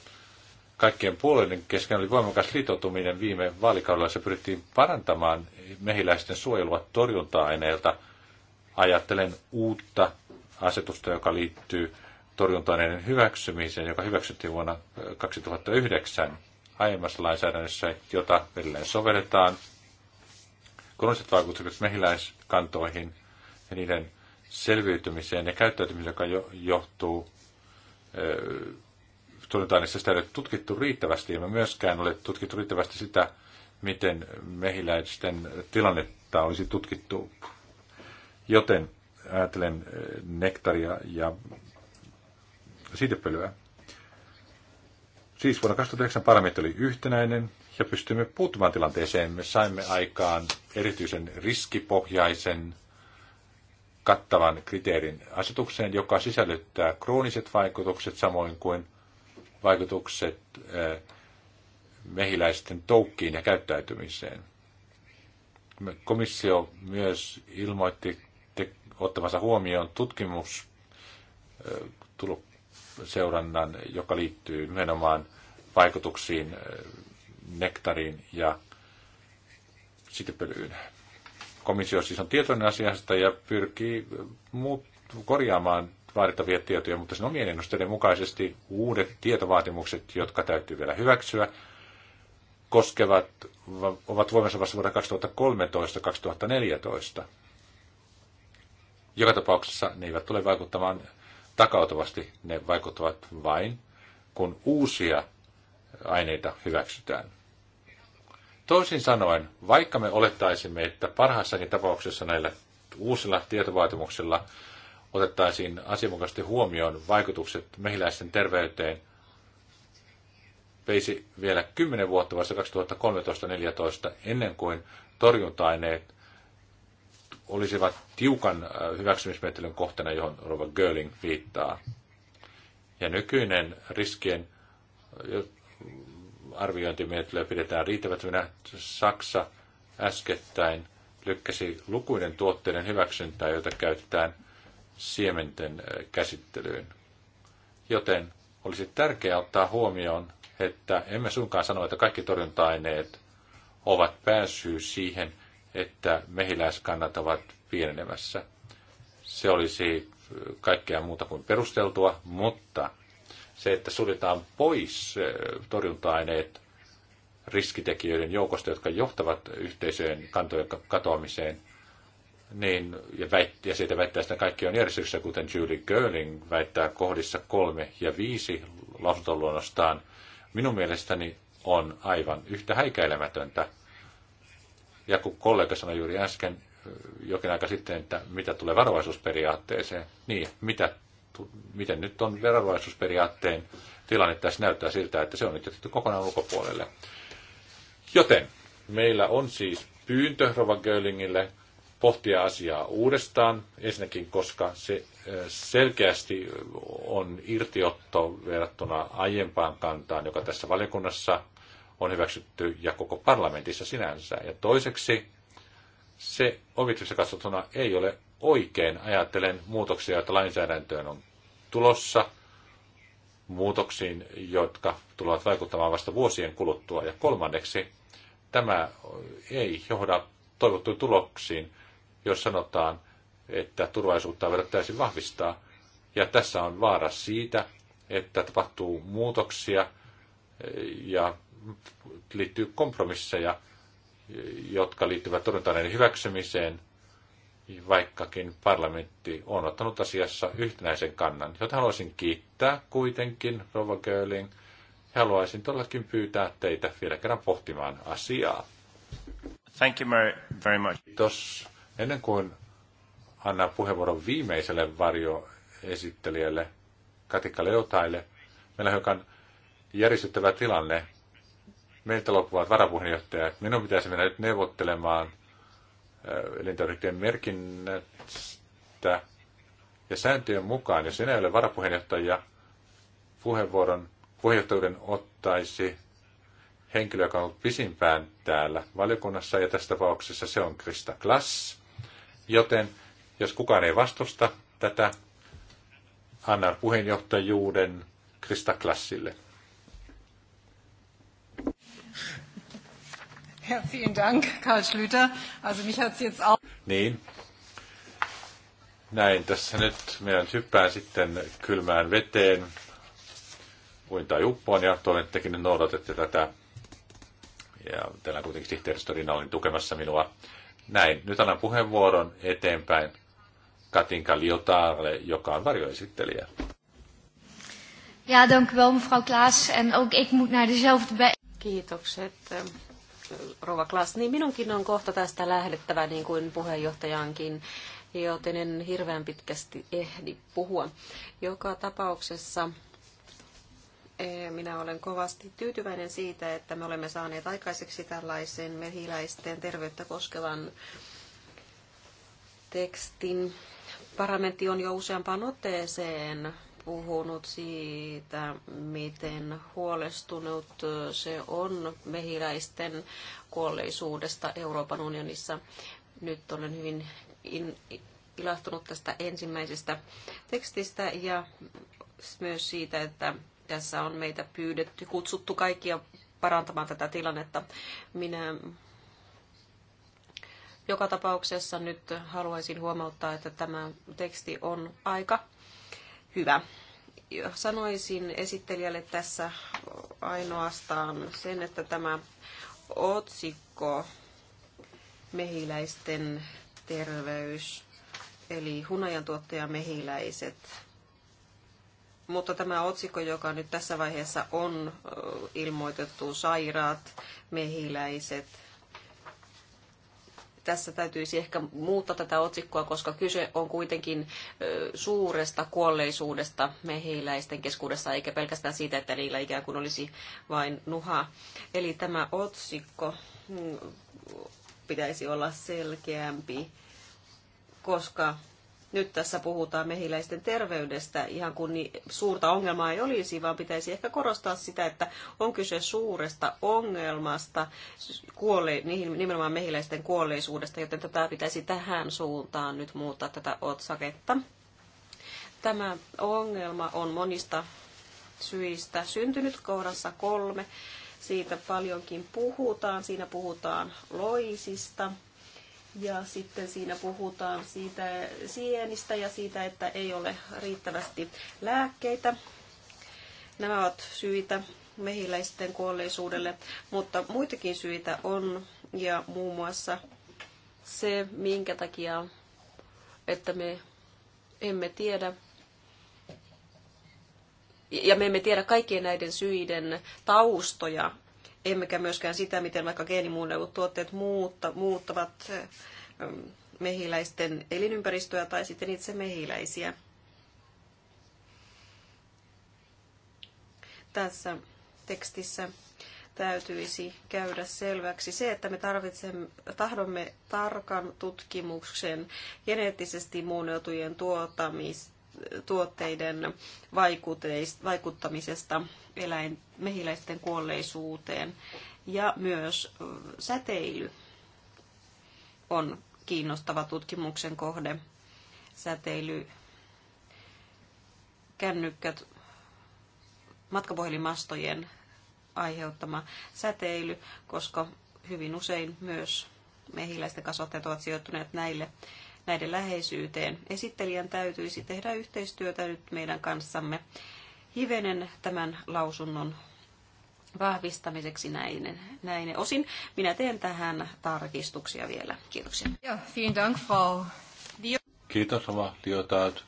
kaikkien puolueiden kesken oli voimakas liitoutuminen viime vaalikaudella. Se pyrittiin parantamaan mehiläisten suojelua torjunta-aineilta. Ajattelen uutta asetusta, joka liittyy torjunta-aineiden hyväksymiseen, joka hyväksyttiin vuonna 2009 aiemmassa lainsäädännössä, jota edelleen sovelletaan kolmiset vaikutukset mehiläiskantoihin ja niiden selviytymiseen ja käyttäytymiseen, joka jo, johtuu niin, sitä ei ole tutkittu riittävästi, ja me myöskään ole tutkittu riittävästi sitä, miten mehiläisten tilannetta olisi tutkittu. Joten ajattelen nektaria ja siitepölyä. Siis vuonna 2009 parametri oli yhtenäinen ja pystymme puuttumaan tilanteeseen. Me saimme aikaan erityisen riskipohjaisen kattavan kriteerin asetukseen, joka sisällyttää krooniset vaikutukset samoin kuin vaikutukset eh, mehiläisten toukkiin ja käyttäytymiseen. Komissio myös ilmoitti ottamansa huomioon tutkimus eh, seurannan, joka liittyy nimenomaan vaikutuksiin eh, nektariin ja sikipölyyn. Komissio siis on tietoinen asiasta ja pyrkii muut, korjaamaan vaadittavia tietoja, mutta sen omien ennusteiden mukaisesti uudet tietovaatimukset, jotka täytyy vielä hyväksyä, koskevat, ovat voimassa vasta vuonna 2013-2014. Joka tapauksessa ne eivät tule vaikuttamaan takautuvasti, ne vaikuttavat vain, kun uusia aineita hyväksytään. Toisin sanoen, vaikka me olettaisimme, että parhaassakin tapauksessa näillä uusilla tietovaatimuksilla otettaisiin asianmukaisesti huomioon vaikutukset mehiläisten terveyteen, veisi vielä 10 vuotta vasta 2013-2014 ennen kuin torjunta-aineet olisivat tiukan äh, hyväksymismenettelyn kohteena, johon Robert Görling viittaa. Ja nykyinen riskien arviointimenettelyä pidetään riittämättöminä. Saksa äskettäin lykkäsi lukuinen tuotteiden hyväksyntää, joita käytetään siementen äh, käsittelyyn. Joten olisi tärkeää ottaa huomioon, että emme suinkaan sano, että kaikki torjunta-aineet ovat pääsyy siihen, että mehiläiskannat ovat pienenemässä. Se olisi äh, kaikkea muuta kuin perusteltua, mutta se, että suljetaan pois eh, torjunta-aineet riskitekijöiden joukosta, jotka johtavat yhteisöjen kantojen katoamiseen, niin, ja, väit, ja siitä väittää että kaikki on järjestyksessä, kuten Julie Görling väittää kohdissa kolme ja viisi lausuntoluonnostaan, minun mielestäni on aivan yhtä häikäilemätöntä. Ja kun kollega sanoi juuri äsken, eh, jokin aika sitten, että mitä tulee varovaisuusperiaatteeseen, niin mitä miten nyt on verovaisuusperiaatteen tilanne tässä näyttää siltä, että se on nyt jätetty kokonaan ulkopuolelle. Joten meillä on siis pyyntö Rova Göllingille pohtia asiaa uudestaan, ensinnäkin koska se selkeästi on irtiotto verrattuna aiempaan kantaan, joka tässä valiokunnassa on hyväksytty ja koko parlamentissa sinänsä. Ja toiseksi se objektiivisesti katsottuna ei ole oikein ajattelen muutoksia, joita lainsäädäntöön on tulossa, muutoksiin, jotka tulevat vaikuttamaan vasta vuosien kuluttua. Ja kolmanneksi, tämä ei johda toivottuihin tuloksiin, jos sanotaan, että turvallisuutta pitäisi vahvistaa. Ja tässä on vaara siitä, että tapahtuu muutoksia ja liittyy kompromisseja, jotka liittyvät torjuntaneiden hyväksymiseen – vaikkakin parlamentti on ottanut asiassa yhtenäisen kannan, jota haluaisin kiittää kuitenkin, Rova Göling. Haluaisin todellakin pyytää teitä vielä kerran pohtimaan asiaa. Thank you very much. Kiitos. Ennen kuin annan puheenvuoron viimeiselle varjoesittelijälle, Katika Leotaille, meillä on hiukan järjestettävä tilanne. Meiltä loppuvat varapuheenjohtajat. Minun pitäisi mennä nyt neuvottelemaan – elintarvikkeiden merkinnästä ja sääntöjen mukaan, jos enää ei ole varapuheenjohtaja, puheenvuoron puheenjohtajuuden ottaisi henkilö, joka on ollut pisimpään täällä valiokunnassa, ja tässä tapauksessa se on Krista Klass. Joten jos kukaan ei vastusta tätä, annan puheenjohtajuuden Krista Klassille. Ja, vielen Dank, Karl Schlüter. Also mich hat es jetzt auch... Niin. Näin, tässä nyt minä hyppään sitten kylmään veteen. Uin tai uppoon ja toivon, että tekin noudatette tätä. Ja teillä on kuitenkin sihteeristö Rina oli tukemassa minua. Näin, nyt annan puheenvuoron eteenpäin Katinka Liotaarelle, joka on varjoesittelijä. Ja, dank wel mevrouw Klaas. En ook ik moet naar dezelfde Kiitokset Rova Klas, niin minunkin on kohta tästä lähdettävä niin kuin puheenjohtajankin, joten en hirveän pitkästi ehdi puhua. Joka tapauksessa e, minä olen kovasti tyytyväinen siitä, että me olemme saaneet aikaiseksi tällaisen mehiläisten terveyttä koskevan tekstin. Parlamentti on jo useampaan otteeseen puhunut siitä, miten huolestunut se on mehiläisten kuolleisuudesta Euroopan unionissa. Nyt olen hyvin ilahtunut tästä ensimmäisestä tekstistä ja myös siitä, että tässä on meitä pyydetty, kutsuttu kaikkia parantamaan tätä tilannetta. Minä joka tapauksessa nyt haluaisin huomauttaa, että tämä teksti on aika hyvä. Sanoisin esittelijälle tässä ainoastaan sen, että tämä otsikko mehiläisten terveys, eli hunajan tuottaja mehiläiset. Mutta tämä otsikko, joka nyt tässä vaiheessa on ilmoitettu, sairaat mehiläiset – tässä täytyisi ehkä muuttaa tätä otsikkoa, koska kyse on kuitenkin suuresta kuolleisuudesta mehiläisten keskuudessa, eikä pelkästään siitä, että niillä ikään kuin olisi vain nuha. Eli tämä otsikko mm, pitäisi olla selkeämpi, koska nyt tässä puhutaan mehiläisten terveydestä ihan kun niin suurta ongelmaa ei olisi, vaan pitäisi ehkä korostaa sitä, että on kyse suuresta ongelmasta, kuole, nimenomaan mehiläisten kuolleisuudesta, joten tätä pitäisi tähän suuntaan nyt muuttaa tätä otsaketta. Tämä ongelma on monista syistä syntynyt kohdassa kolme. Siitä paljonkin puhutaan. Siinä puhutaan loisista ja sitten siinä puhutaan siitä sienistä ja siitä, että ei ole riittävästi lääkkeitä. Nämä ovat syitä mehiläisten kuolleisuudelle, mutta muitakin syitä on ja muun muassa se, minkä takia, että me emme tiedä ja me emme tiedä kaikkien näiden syiden taustoja emmekä myöskään sitä, miten vaikka geenimuunnellut tuotteet muutta, muuttavat ähm, mehiläisten elinympäristöä tai sitten itse mehiläisiä. Tässä tekstissä täytyisi käydä selväksi se, että me tarvitsemme, tahdomme tarkan tutkimuksen geneettisesti muunneltujen tuotamista tuotteiden vaikuttamisesta eläin, mehiläisten kuolleisuuteen. Ja myös säteily on kiinnostava tutkimuksen kohde. Säteily, kännykkät matkapuhelimastojen aiheuttama säteily, koska hyvin usein myös mehiläisten kasvattajat ovat sijoittuneet näille näiden läheisyyteen. Esittelijän täytyisi tehdä yhteistyötä nyt meidän kanssamme hivenen tämän lausunnon vahvistamiseksi näin, näin osin. Minä teen tähän tarkistuksia vielä. Kiitoksia. Ja, vielen dank, Frau Kiitos, Rova Diotaat.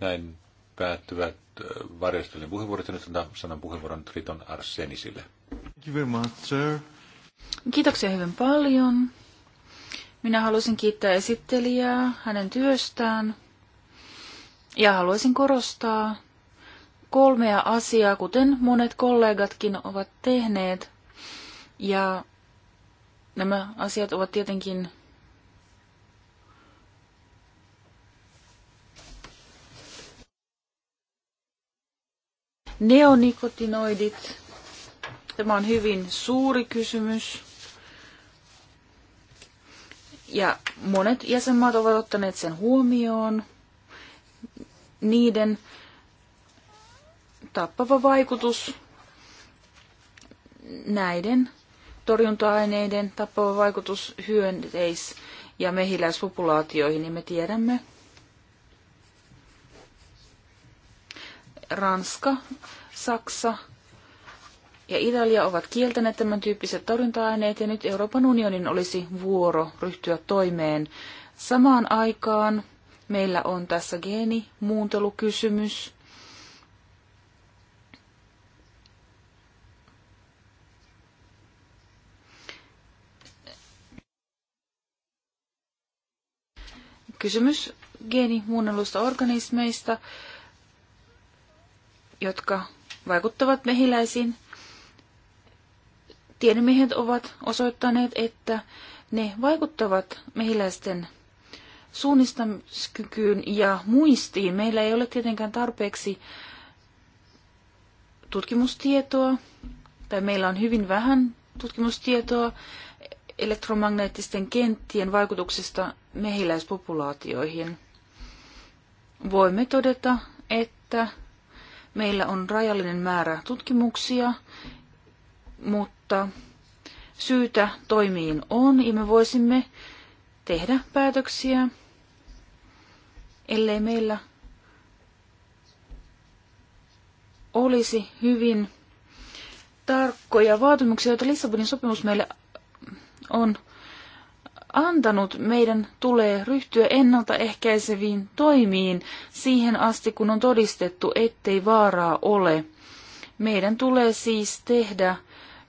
Näin päättyvät äh, varjostelun puheenvuorot. nyt antaa sanan puheenvuoron Triton Arsenisille. Kiitoksia hyvin paljon. Minä haluaisin kiittää esittelijää hänen työstään ja haluaisin korostaa kolmea asiaa, kuten monet kollegatkin ovat tehneet. Ja nämä asiat ovat tietenkin neonikotinoidit. Tämä on hyvin suuri kysymys. Ja monet jäsenmaat ovat ottaneet sen huomioon. Niiden tappava vaikutus näiden torjunta-aineiden tappava vaikutus hyönteis- ja mehiläispopulaatioihin, niin me tiedämme. Ranska, Saksa, ja Italia ovat kieltäneet tämän tyyppiset torjunta-aineet ja nyt Euroopan unionin olisi vuoro ryhtyä toimeen. Samaan aikaan meillä on tässä geenimuuntelukysymys. Kysymys geenimuunnelluista organismeista, jotka vaikuttavat mehiläisiin tiedemiehet ovat osoittaneet, että ne vaikuttavat mehiläisten suunnistamiskykyyn ja muistiin. Meillä ei ole tietenkään tarpeeksi tutkimustietoa, tai meillä on hyvin vähän tutkimustietoa elektromagneettisten kenttien vaikutuksesta mehiläispopulaatioihin. Voimme todeta, että meillä on rajallinen määrä tutkimuksia, mutta mutta syytä toimiin on ja me voisimme tehdä päätöksiä, ellei meillä olisi hyvin tarkkoja vaatimuksia, joita Lissabonin sopimus meille on antanut, meidän tulee ryhtyä ennaltaehkäiseviin toimiin siihen asti, kun on todistettu, ettei vaaraa ole. Meidän tulee siis tehdä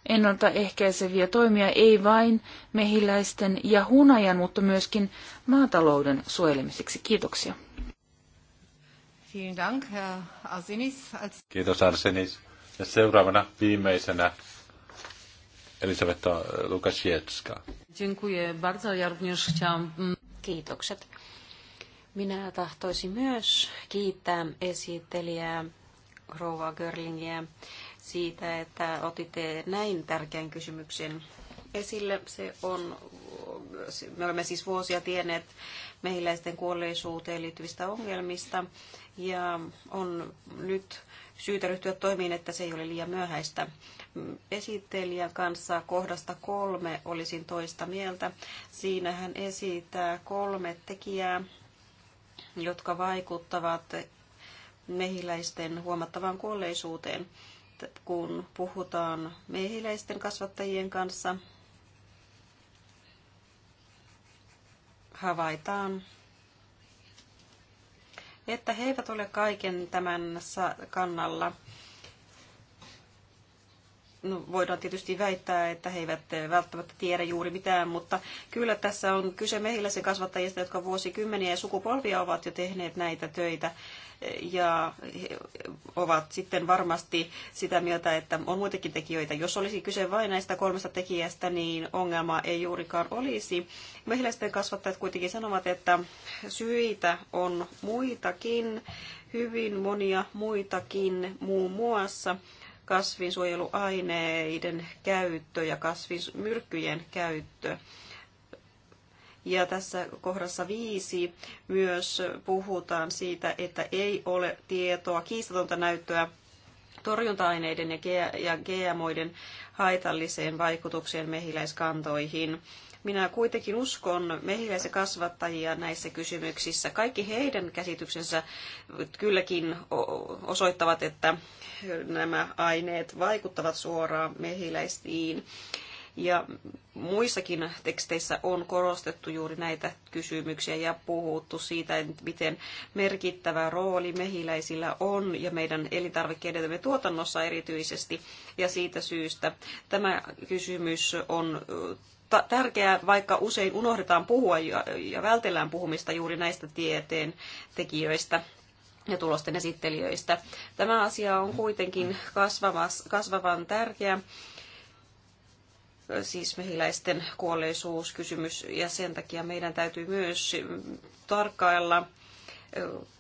ennaltaehkäiseviä toimia ei vain mehiläisten ja hunajan, mutta myöskin maatalouden suojelemiseksi. Kiitoksia. Kiitos Arsenis. Ja seuraavana viimeisenä Elisabetta Lukasiecka. Mm, Kiitokset. Minä tahtoisin myös kiittää esittelijää Rova Görlingiä siitä, että otitte näin tärkeän kysymyksen esille. Se on, me olemme siis vuosia tienneet mehiläisten kuolleisuuteen liittyvistä ongelmista ja on nyt syytä ryhtyä toimiin, että se ei ole liian myöhäistä. Esittelijän kanssa kohdasta kolme olisin toista mieltä. Siinä hän esittää kolme tekijää, jotka vaikuttavat mehiläisten huomattavaan kuolleisuuteen kun puhutaan mehiläisten kasvattajien kanssa, havaitaan, että he eivät ole kaiken tämän kannalla. No, voidaan tietysti väittää, että he eivät välttämättä tiedä juuri mitään, mutta kyllä tässä on kyse mehiläisen kasvattajista, jotka vuosikymmeniä ja sukupolvia ovat jo tehneet näitä töitä ja he ovat sitten varmasti sitä mieltä, että on muitakin tekijöitä. Jos olisi kyse vain näistä kolmesta tekijästä, niin ongelma ei juurikaan olisi. Mehiläisten kasvattajat kuitenkin sanovat, että syitä on muitakin, hyvin monia muitakin muun muassa kasvinsuojeluaineiden käyttö ja kasvismyrkkyjen käyttö ja tässä kohdassa viisi myös puhutaan siitä, että ei ole tietoa, kiistatonta näyttöä torjunta-aineiden ja GMOiden haitalliseen vaikutukseen mehiläiskantoihin. Minä kuitenkin uskon mehiläisen kasvattajia näissä kysymyksissä. Kaikki heidän käsityksensä kylläkin osoittavat, että nämä aineet vaikuttavat suoraan mehiläisiin. Ja muissakin teksteissä on korostettu juuri näitä kysymyksiä ja puhuttu siitä, miten merkittävä rooli mehiläisillä on ja meidän elintarvikkeidemme tuotannossa erityisesti. Ja siitä syystä tämä kysymys on tärkeää, vaikka usein unohdetaan puhua ja, ja vältellään puhumista juuri näistä tieteen tekijöistä ja tulosten esittelijöistä. Tämä asia on kuitenkin kasvavan tärkeä siis mehiläisten kuolleisuuskysymys, ja sen takia meidän täytyy myös tarkkailla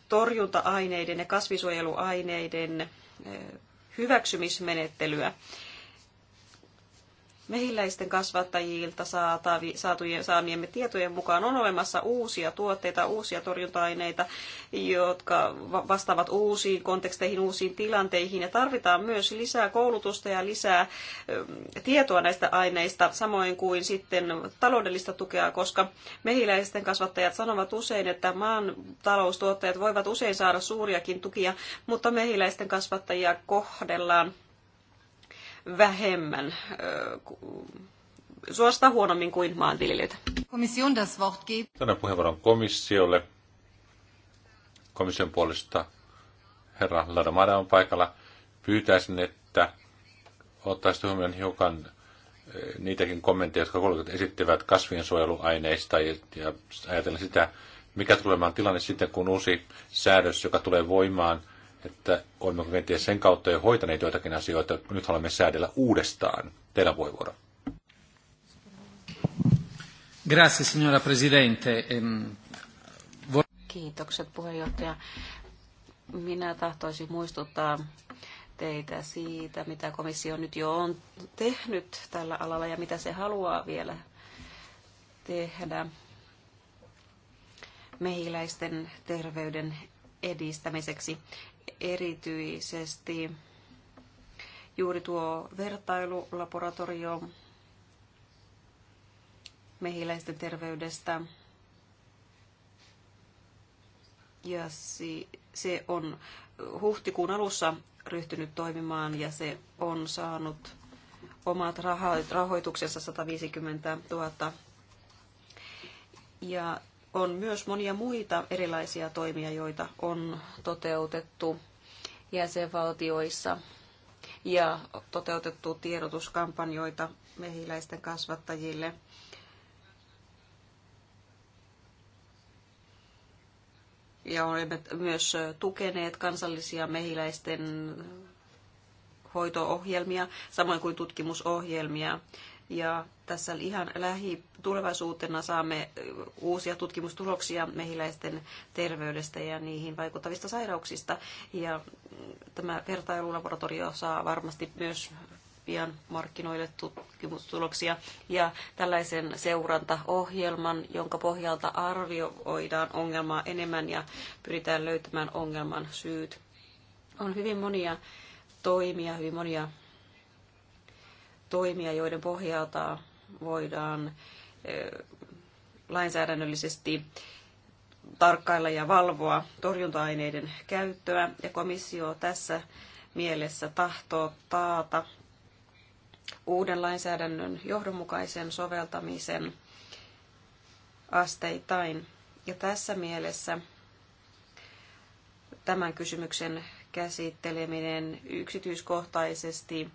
torjunta-aineiden ja kasvisuojeluaineiden hyväksymismenettelyä mehiläisten kasvattajilta saatujen, saamiemme tietojen mukaan on olemassa uusia tuotteita, uusia torjunta-aineita, jotka vastaavat uusiin konteksteihin, uusiin tilanteihin. Ja tarvitaan myös lisää koulutusta ja lisää ähm, tietoa näistä aineista, samoin kuin sitten taloudellista tukea, koska mehiläisten kasvattajat sanovat usein, että maan taloustuottajat voivat usein saada suuriakin tukia, mutta mehiläisten kasvattajia kohdellaan vähemmän suosta huonommin kuin maanviljelijöitä. Komission das Wort gibt. Tänään puheenvuoron komissiolle. Komission puolesta herra Lada on paikalla. Pyytäisin, että ottaisitte huomioon hiukan niitäkin kommentteja, jotka kollegat esittivät kasvien suojeluaineista ja ajatellen sitä, mikä tulee tilanne sitten, kun uusi säädös, joka tulee voimaan – että olemmeko kenties sen kautta jo hoitaneet joitakin asioita, nyt haluamme säädellä uudestaan. Teillä puheenvuoro. Grazie, signora Presidente. Ehm, Kiitokset puheenjohtaja. Minä tahtoisin muistuttaa teitä siitä, mitä komissio nyt jo on tehnyt tällä alalla ja mitä se haluaa vielä tehdä mehiläisten terveyden edistämiseksi erityisesti juuri tuo vertailulaboratorio mehiläisten terveydestä. Ja se on huhtikuun alussa ryhtynyt toimimaan ja se on saanut omat rahoituksensa 150 000. Ja on myös monia muita erilaisia toimia, joita on toteutettu jäsenvaltioissa ja toteutettu tiedotuskampanjoita mehiläisten kasvattajille. Ja olemme myös tukeneet kansallisia mehiläisten hoitoohjelmia, samoin kuin tutkimusohjelmia. Ja tässä ihan lähitulevaisuutena saamme uusia tutkimustuloksia mehiläisten terveydestä ja niihin vaikuttavista sairauksista. Ja mm, tämä vertailulaboratorio saa varmasti myös pian markkinoille tutkimustuloksia ja tällaisen seurantaohjelman, jonka pohjalta arvioidaan ongelmaa enemmän ja pyritään löytämään ongelman syyt. On hyvin monia toimia, hyvin monia toimia, joiden pohjalta voidaan lainsäädännöllisesti tarkkailla ja valvoa torjunta-aineiden käyttöä. Ja komissio tässä mielessä tahtoo taata uuden lainsäädännön johdonmukaisen soveltamisen asteittain. Ja tässä mielessä tämän kysymyksen käsitteleminen yksityiskohtaisesti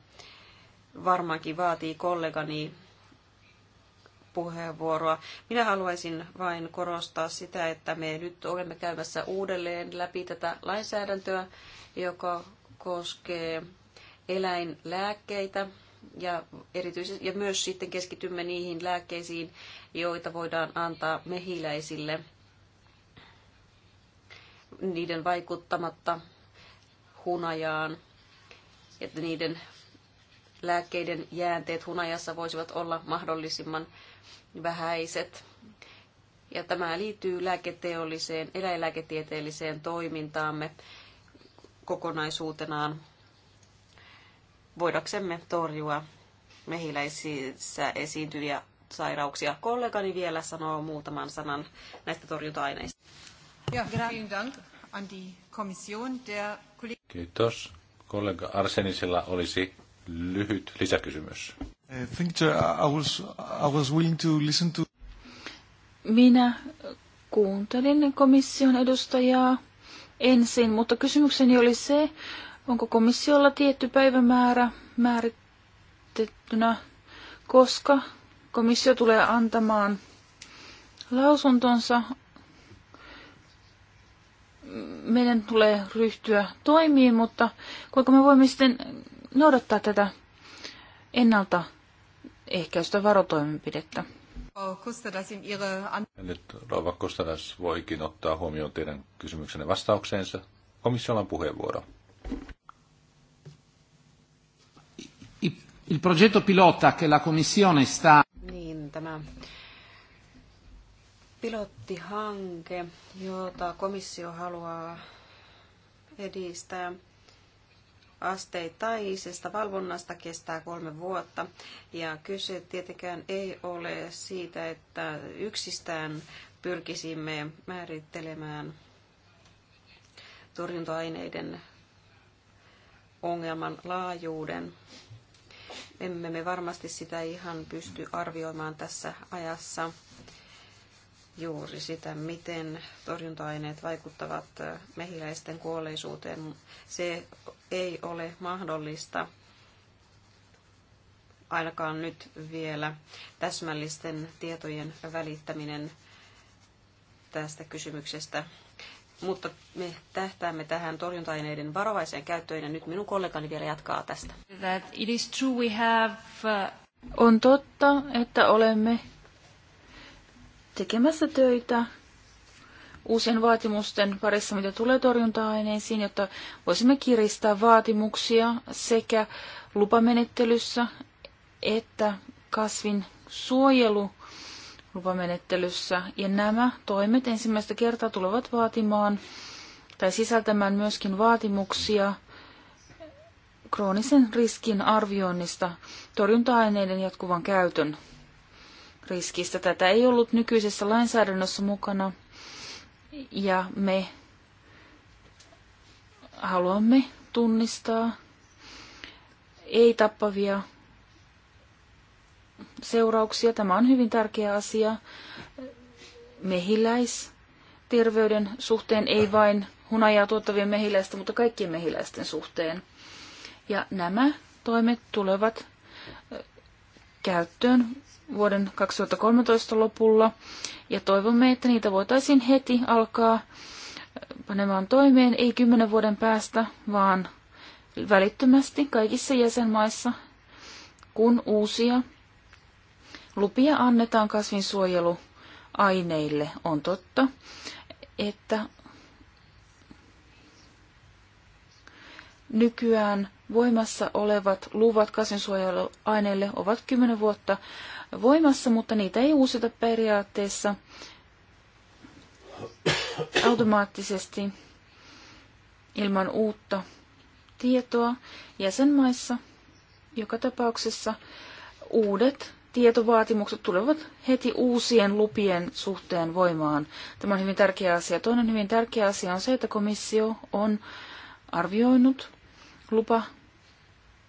varmaankin vaatii kollegani puheenvuoroa. Minä haluaisin vain korostaa sitä, että me nyt olemme käymässä uudelleen läpi tätä lainsäädäntöä, joka koskee eläinlääkkeitä ja, erityisesti, ja myös sitten keskitymme niihin lääkkeisiin, joita voidaan antaa mehiläisille niiden vaikuttamatta hunajaan, että niiden lääkkeiden jäänteet hunajassa voisivat olla mahdollisimman vähäiset. Ja tämä liittyy lääketeolliseen, eläinlääketieteelliseen toimintaamme kokonaisuutenaan voidaksemme torjua mehiläisissä esiintyviä sairauksia. Kollegani vielä sanoo muutaman sanan näistä torjunta-aineista. Kiitos. Kollega Arsenisella olisi lyhyt lisäkysymys. Minä kuuntelin komission edustajaa ensin, mutta kysymykseni oli se, onko komissiolla tietty päivämäärä määritettynä, koska komissio tulee antamaan lausuntonsa. Meidän tulee ryhtyä toimiin, mutta kuinka me voimme sitten noudattaa tätä ennalta ehkäistä varotoimenpidettä. Nyt Rova Kostadas voikin ottaa huomioon teidän kysymyksenne vastaukseensa. Komissiolla on puheenvuoro. Il progetto pilota che la Commissione sta... Niin, tämä pilottihanke, jota komissio haluaa edistää, asteittaisesta valvonnasta kestää kolme vuotta. Ja kyse tietenkään ei ole siitä, että yksistään pyrkisimme määrittelemään torjuntoaineiden ongelman laajuuden. Emme me varmasti sitä ihan pysty arvioimaan tässä ajassa juuri sitä, miten torjunta-aineet vaikuttavat mehiläisten kuolleisuuteen. Se ei ole mahdollista ainakaan nyt vielä täsmällisten tietojen välittäminen tästä kysymyksestä. Mutta me tähtäämme tähän torjunta-aineiden varovaiseen käyttöön ja nyt minun kollegani vielä jatkaa tästä. That it is true we have... On totta, että olemme tekemässä töitä uusien vaatimusten parissa, mitä tulee torjunta-aineisiin, jotta voisimme kiristää vaatimuksia sekä lupamenettelyssä että kasvin suojelu lupamenettelyssä. Ja nämä toimet ensimmäistä kertaa tulevat vaatimaan tai sisältämään myöskin vaatimuksia kroonisen riskin arvioinnista torjunta-aineiden jatkuvan käytön riskistä. Tätä ei ollut nykyisessä lainsäädännössä mukana ja me haluamme tunnistaa ei-tappavia seurauksia. Tämä on hyvin tärkeä asia mehiläisterveyden suhteen, ei vain hunajaa tuottavien mehiläisten, mutta kaikkien mehiläisten suhteen. Ja nämä toimet tulevat käyttöön vuoden 2013 lopulla ja toivomme, että niitä voitaisiin heti alkaa panemaan toimeen, ei kymmenen vuoden päästä, vaan välittömästi kaikissa jäsenmaissa, kun uusia lupia annetaan kasvinsuojeluaineille. On totta, että Nykyään voimassa olevat luvat kasvinsuojeluaineille ovat 10 vuotta voimassa, mutta niitä ei uusita periaatteessa automaattisesti ilman uutta tietoa jäsenmaissa. Joka tapauksessa uudet tietovaatimukset tulevat heti uusien lupien suhteen voimaan. Tämä on hyvin tärkeä asia. Toinen hyvin tärkeä asia on se, että komissio on arvioinut lupa,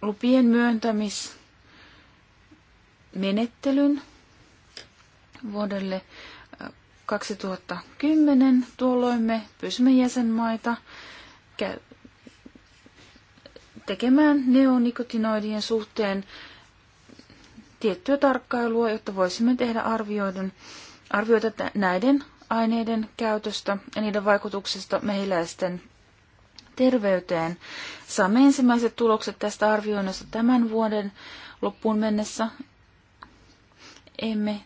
lupien myöntämismenettelyn vuodelle 2010. Äh, Tuolloin me pyysimme jäsenmaita tekemään neonikotinoidien suhteen tiettyä tarkkailua, jotta voisimme tehdä arvioiden, arvioita näiden aineiden käytöstä ja niiden vaikutuksesta mehiläisten terveyteen. Saamme ensimmäiset tulokset tästä arvioinnista tämän vuoden loppuun mennessä. Emme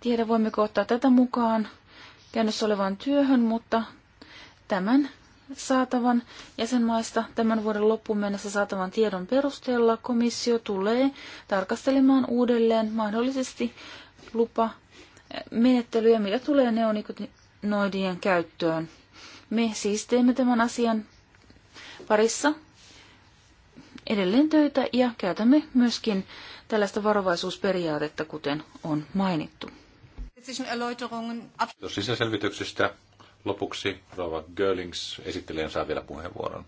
tiedä, voimmeko ottaa tätä mukaan käynnissä olevaan työhön, mutta tämän saatavan jäsenmaista tämän vuoden loppuun mennessä saatavan tiedon perusteella komissio tulee tarkastelemaan uudelleen mahdollisesti lupa menettelyjä, mitä tulee neonikotinoidien käyttöön. Me siis teemme tämän asian parissa edelleen töitä ja käytämme myöskin tällaista varovaisuusperiaatetta, kuten on mainittu. Kiitos sisäselvityksistä Lopuksi Rova Görlings esittelijän saa vielä puheenvuoron.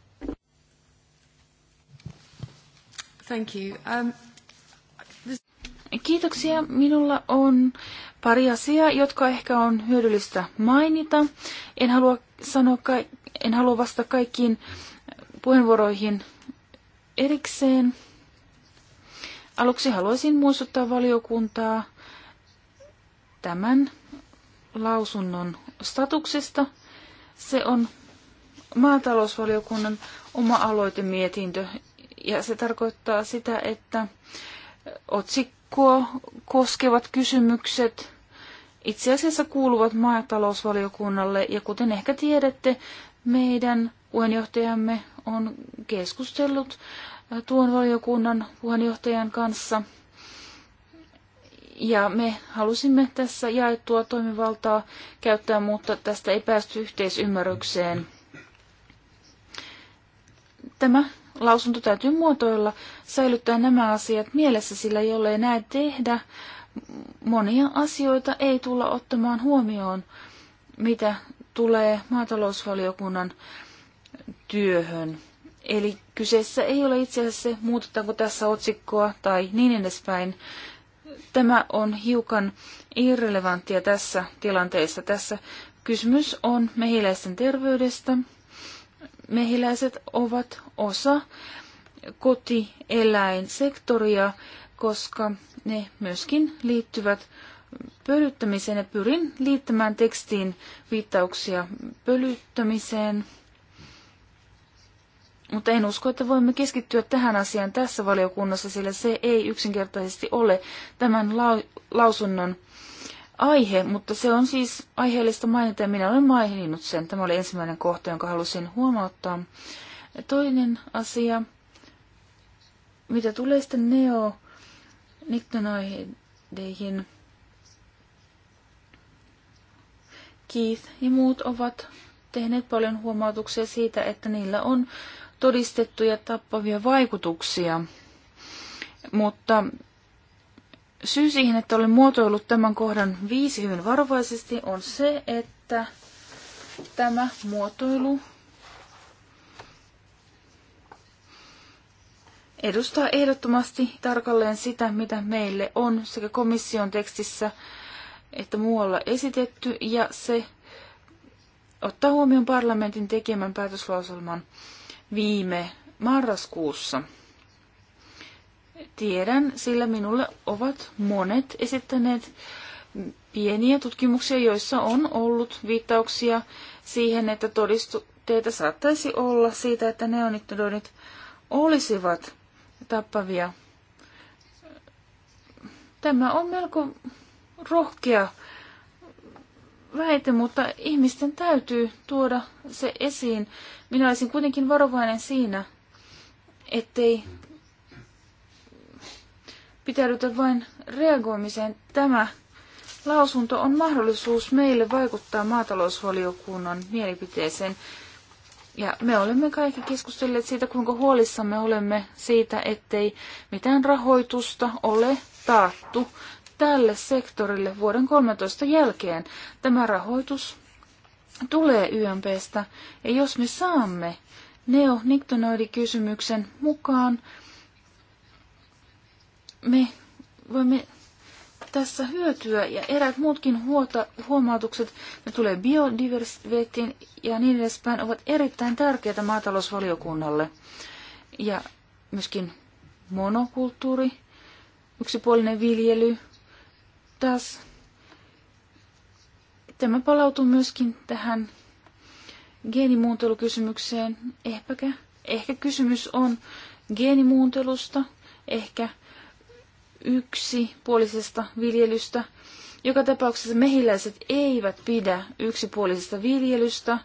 Thank you. Um, Kiitoksia. Minulla on pari asiaa, jotka ehkä on hyödyllistä mainita. En halua, sanoa, en halua vastata kaikkiin puheenvuoroihin erikseen. Aluksi haluaisin muistuttaa valiokuntaa tämän lausunnon statuksesta. Se on maatalousvaliokunnan oma aloitemietintö ja se tarkoittaa sitä, että otsikko koskevat kysymykset itse asiassa kuuluvat maatalousvaliokunnalle ja kuten ehkä tiedätte, meidän puheenjohtajamme on keskustellut tuon valiokunnan puheenjohtajan kanssa. Ja me halusimme tässä jaettua toimivaltaa käyttää, mutta tästä ei päästy yhteisymmärrykseen. Tämä lausunto täytyy muotoilla, säilyttää nämä asiat mielessä, sillä jollei näin tehdä, monia asioita ei tulla ottamaan huomioon, mitä tulee maatalousvaliokunnan työhön. Eli kyseessä ei ole itse asiassa se, muutetaanko tässä otsikkoa tai niin edespäin. Tämä on hiukan irrelevanttia tässä tilanteessa. Tässä kysymys on mehiläisten terveydestä, mehiläiset ovat osa kotieläinsektoria, koska ne myöskin liittyvät pölyttämiseen ja pyrin liittämään tekstiin viittauksia pölyttämiseen. Mutta en usko, että voimme keskittyä tähän asiaan tässä valiokunnassa, sillä se ei yksinkertaisesti ole tämän lausunnon aihe, mutta se on siis aiheellista mainita ja minä olen maininnut sen. Tämä oli ensimmäinen kohta, jonka halusin huomauttaa. Toinen asia, mitä tulee sitten neo niktonoideihin, Keith ja muut ovat tehneet paljon huomautuksia siitä, että niillä on todistettuja tappavia vaikutuksia. Mutta Syy siihen, että olen muotoillut tämän kohdan viisi hyvin varovaisesti, on se, että tämä muotoilu edustaa ehdottomasti tarkalleen sitä, mitä meille on sekä komission tekstissä että muualla esitetty, ja se ottaa huomioon parlamentin tekemän päätöslauselman viime marraskuussa. Tiedän, sillä minulle ovat monet esittäneet pieniä tutkimuksia, joissa on ollut viittauksia siihen, että todisteita saattaisi olla siitä, että neonitodonit olisivat tappavia. Tämä on melko rohkea väite, mutta ihmisten täytyy tuoda se esiin. Minä olisin kuitenkin varovainen siinä, ettei pitäydytä vain reagoimiseen. Tämä lausunto on mahdollisuus meille vaikuttaa maatalousvaliokunnan mielipiteeseen. Ja me olemme kaikki keskustelleet siitä, kuinka huolissamme olemme siitä, ettei mitään rahoitusta ole taattu tälle sektorille vuoden 13 jälkeen. Tämä rahoitus tulee YMPstä, ja jos me saamme neoniktonoidikysymyksen mukaan, me voimme tässä hyötyä ja eräät muutkin huota, huomautukset, ne tulee biodiversiteettiin ja niin edespäin, ovat erittäin tärkeitä maatalousvaliokunnalle. Ja myöskin monokulttuuri, yksipuolinen viljely, taas tämä palautuu myöskin tähän geenimuuntelukysymykseen. Ehkäkä, ehkä kysymys on geenimuuntelusta, ehkä yksipuolisesta viljelystä. Joka tapauksessa mehiläiset eivät pidä yksipuolisesta viljelystä.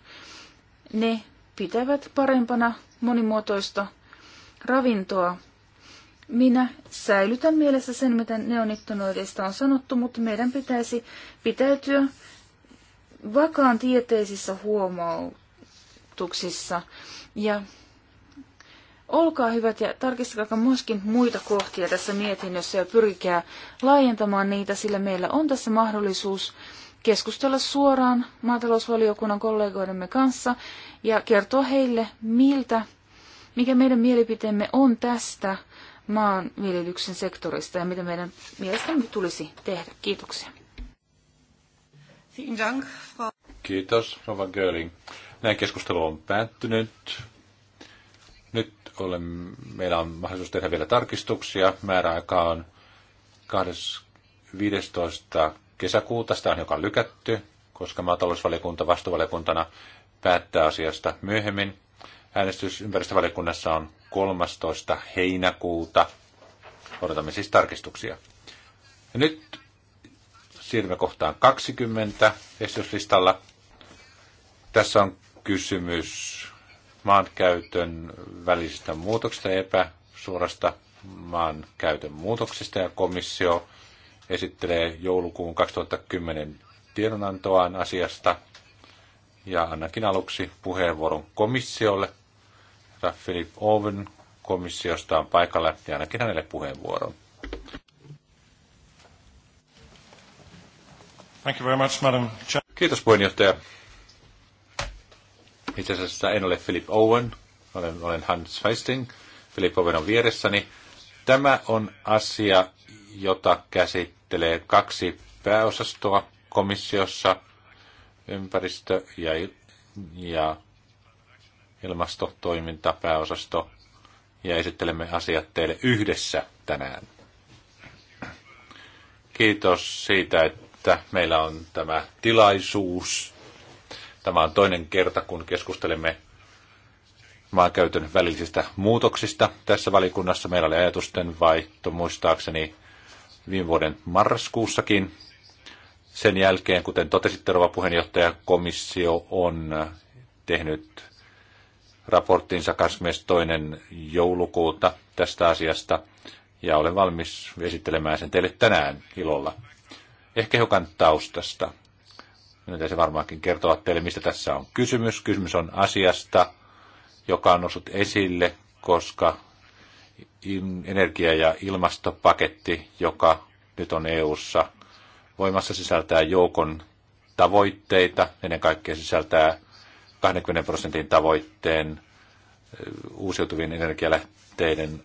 Ne pitävät parempana monimuotoista ravintoa. Minä säilytän mielessä sen, mitä neonittonoideista on sanottu, mutta meidän pitäisi pitäytyä vakaan tieteisissä huomautuksissa ja Olkaa hyvät ja tarkistakaa myöskin muita kohtia tässä mietinnössä ja pyrkikää laajentamaan niitä, sillä meillä on tässä mahdollisuus keskustella suoraan maatalousvaliokunnan kollegoidemme kanssa ja kertoa heille, miltä, mikä meidän mielipiteemme on tästä maanviljelyksen sektorista ja mitä meidän mielestämme tulisi tehdä. Kiitoksia. Kiitos, Rova Göring. Näin keskustelu on päättynyt. Nyt olemme, meillä on mahdollisuus tehdä vielä tarkistuksia. Määräaika on 15. kesäkuuta. Sitä on hiukan lykätty, koska maatalousvaliokunta vastuvaliokuntana päättää asiasta myöhemmin. Äänestys ympäristövaliokunnassa on 13. heinäkuuta. Odotamme siis tarkistuksia. Ja nyt siirrymme kohtaan 20 esityslistalla. Tässä on kysymys maankäytön välisistä muutoksista ja epäsuorasta maankäytön muutoksista ja komissio esittelee joulukuun 2010 tiedonantoaan asiasta. Ja annakin aluksi puheenvuoron komissiolle. Philip Owen komissiosta on paikalla ja annakin hänelle puheenvuoron. Thank you very much, Madam Kiitos puheenjohtaja. Itse asiassa en ole Philip Owen, olen, olen Hans Feisting. Philip Owen on vieressäni. Tämä on asia, jota käsittelee kaksi pääosastoa komissiossa, ympäristö ja, ja ilmastotoiminta pääosasto, ja esittelemme asiat teille yhdessä tänään. Kiitos siitä, että meillä on tämä tilaisuus Tämä on toinen kerta, kun keskustelemme maankäytön välisistä muutoksista. Tässä valikunnassa meillä oli ajatusten vaihto muistaakseni viime vuoden marraskuussakin. Sen jälkeen, kuten totesitte, rouva puheenjohtaja, komissio on tehnyt raporttinsa 22. joulukuuta tästä asiasta ja olen valmis esittelemään sen teille tänään ilolla. Ehkä hiukan taustasta. Minun täytyy varmaankin kertoa teille, mistä tässä on kysymys. Kysymys on asiasta, joka on noussut esille, koska energia- ja ilmastopaketti, joka nyt on EU:ssa voimassa, sisältää joukon tavoitteita. Ennen kaikkea sisältää 20 prosentin tavoitteen uusiutuvien energialähteiden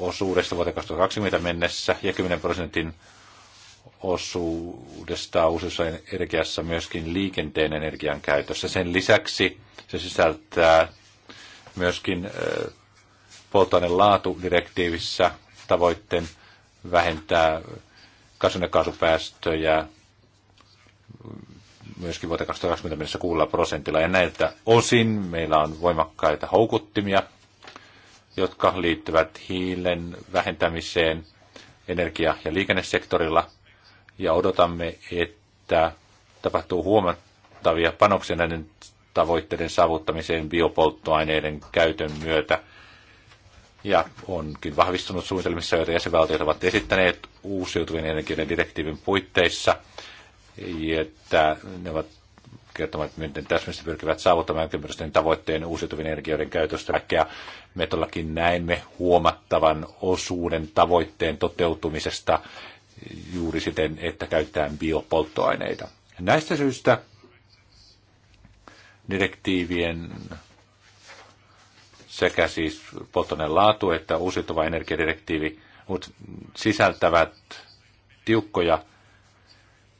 osuudesta vuoteen 2020 mennessä ja 10 prosentin osuudesta uusissa energiassa myöskin liikenteen energian käytössä. Sen lisäksi se sisältää myöskin polttoaineen laatudirektiivissä tavoitteen vähentää kasvihuonekaasupäästöjä myöskin vuoteen 2020 mennessä kuulla prosentilla. Ja näiltä osin meillä on voimakkaita houkuttimia, jotka liittyvät hiilen vähentämiseen energia- ja liikennesektorilla – ja odotamme, että tapahtuu huomattavia panoksia näiden tavoitteiden saavuttamiseen biopolttoaineiden käytön myötä. Ja onkin vahvistunut suunnitelmissa, joita jäsenvaltiot ovat esittäneet uusiutuvien energioiden direktiivin puitteissa, että ne ovat kertomaan, miten täsmällisesti pyrkivät saavuttamaan ympäristöjen tavoitteen uusiutuvien energioiden käytöstä. ja me todellakin näemme huomattavan osuuden tavoitteen toteutumisesta juuri siten, että käyttää biopolttoaineita. Näistä syistä direktiivien sekä siis polttoaineen laatu että uusiutuva energiadirektiivi sisältävät tiukkoja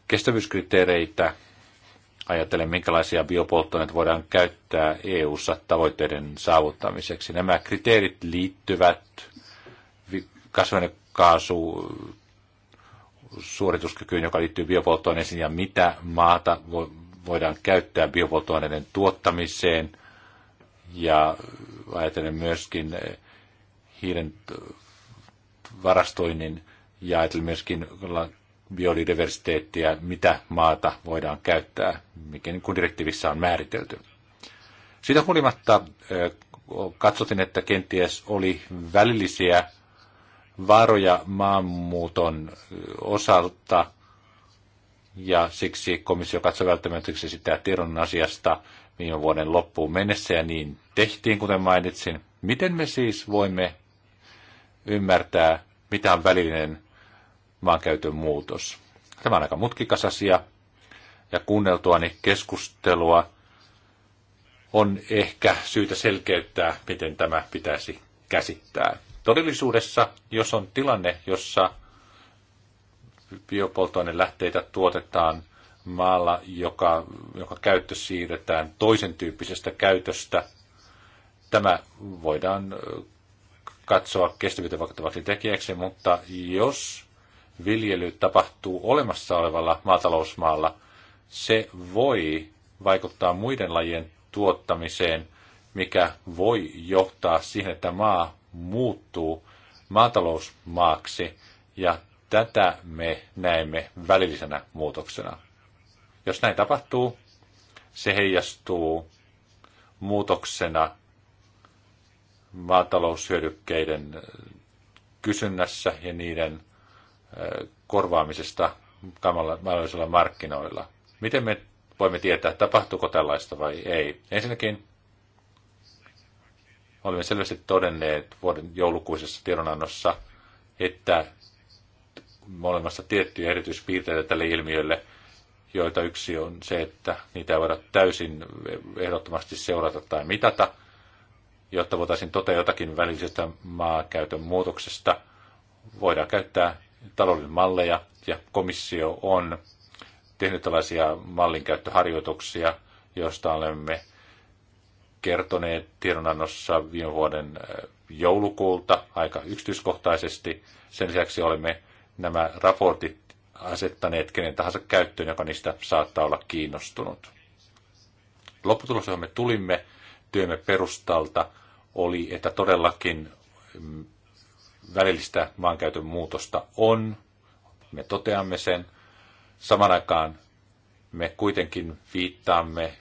kestävyyskriteereitä. Ajattelen, minkälaisia biopolttoaineita voidaan käyttää EU-ssa tavoitteiden saavuttamiseksi. Nämä kriteerit liittyvät kasvainekaasu suorituskykyyn, joka liittyy biopolttoaineisiin ja mitä maata voidaan käyttää biopolttoaineiden tuottamiseen ja ajatellen myöskin eh, hiilen varastoinnin ja ajatellen myöskin biodiversiteettiä, mitä maata voidaan käyttää, mikä niin kuin direktiivissä on määritelty. Siitä huolimatta eh, katsotin, että kenties oli välillisiä varoja maanmuuton osalta, ja siksi komissio katsoi välttämättömäksi sitä tiedon asiasta viime vuoden loppuun mennessä, ja niin tehtiin, kuten mainitsin. Miten me siis voimme ymmärtää, mitä on välinen maankäytön muutos? Tämä on aika mutkikas asia, ja kuunneltuani keskustelua on ehkä syytä selkeyttää, miten tämä pitäisi käsittää. Todellisuudessa, jos on tilanne, jossa biopolttoainelähteitä tuotetaan maalla, joka, joka käyttö siirretään toisen tyyppisestä käytöstä, tämä voidaan katsoa kestävyyttä vaikuttavaksi tekijäksi, mutta jos viljely tapahtuu olemassa olevalla maatalousmaalla, se voi vaikuttaa muiden lajien tuottamiseen, mikä voi johtaa siihen, että maa muuttuu maatalousmaaksi ja tätä me näemme välillisenä muutoksena. Jos näin tapahtuu, se heijastuu muutoksena maataloushyödykkeiden äh, kysynnässä ja niiden äh, korvaamisesta maailmallisilla markkinoilla. Miten me voimme tietää, tapahtuuko tällaista vai ei? Ensinnäkin olemme selvästi todenneet vuoden joulukuisessa tiedonannossa, että on olemassa tiettyjä erityispiirteitä tälle ilmiölle, joita yksi on se, että niitä ei voida täysin ehdottomasti seurata tai mitata, jotta voitaisiin totea jotakin välisestä maakäytön muutoksesta. Voidaan käyttää talouden malleja, ja komissio on tehnyt tällaisia mallinkäyttöharjoituksia, joista olemme kertoneet tiedonannossa viime vuoden joulukuulta aika yksityiskohtaisesti. Sen lisäksi olemme nämä raportit asettaneet kenen tahansa käyttöön, joka niistä saattaa olla kiinnostunut. Lopputulos, johon me tulimme työmme perustalta, oli, että todellakin mm, välillistä maankäytön muutosta on. Me toteamme sen. Saman aikaan me kuitenkin viittaamme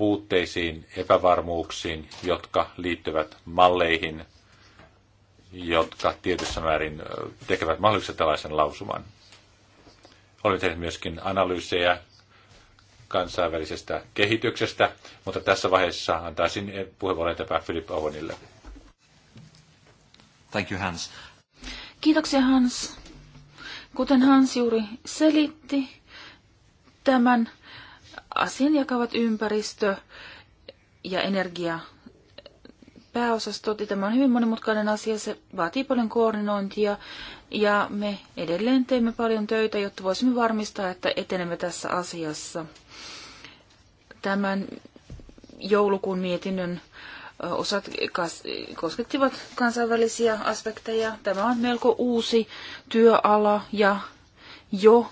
puutteisiin, epävarmuuksiin, jotka liittyvät malleihin, jotka tietyssä määrin tekevät mahdollisesti tällaisen lausuman. Olen tehnyt myöskin analyysejä kansainvälisestä kehityksestä, mutta tässä vaiheessa antaisin puheenvuoron eteenpäin Philip Owenille. Thank you, Hans. Kiitoksia, Hans. Kuten Hans juuri selitti, tämän asian jakavat ympäristö ja energia pääosastot. Tämä on hyvin monimutkainen asia, se vaatii paljon koordinointia ja me edelleen teemme paljon töitä, jotta voisimme varmistaa, että etenemme tässä asiassa. Tämän joulukuun mietinnön osat koskettivat kansainvälisiä aspekteja. Tämä on melko uusi työala ja jo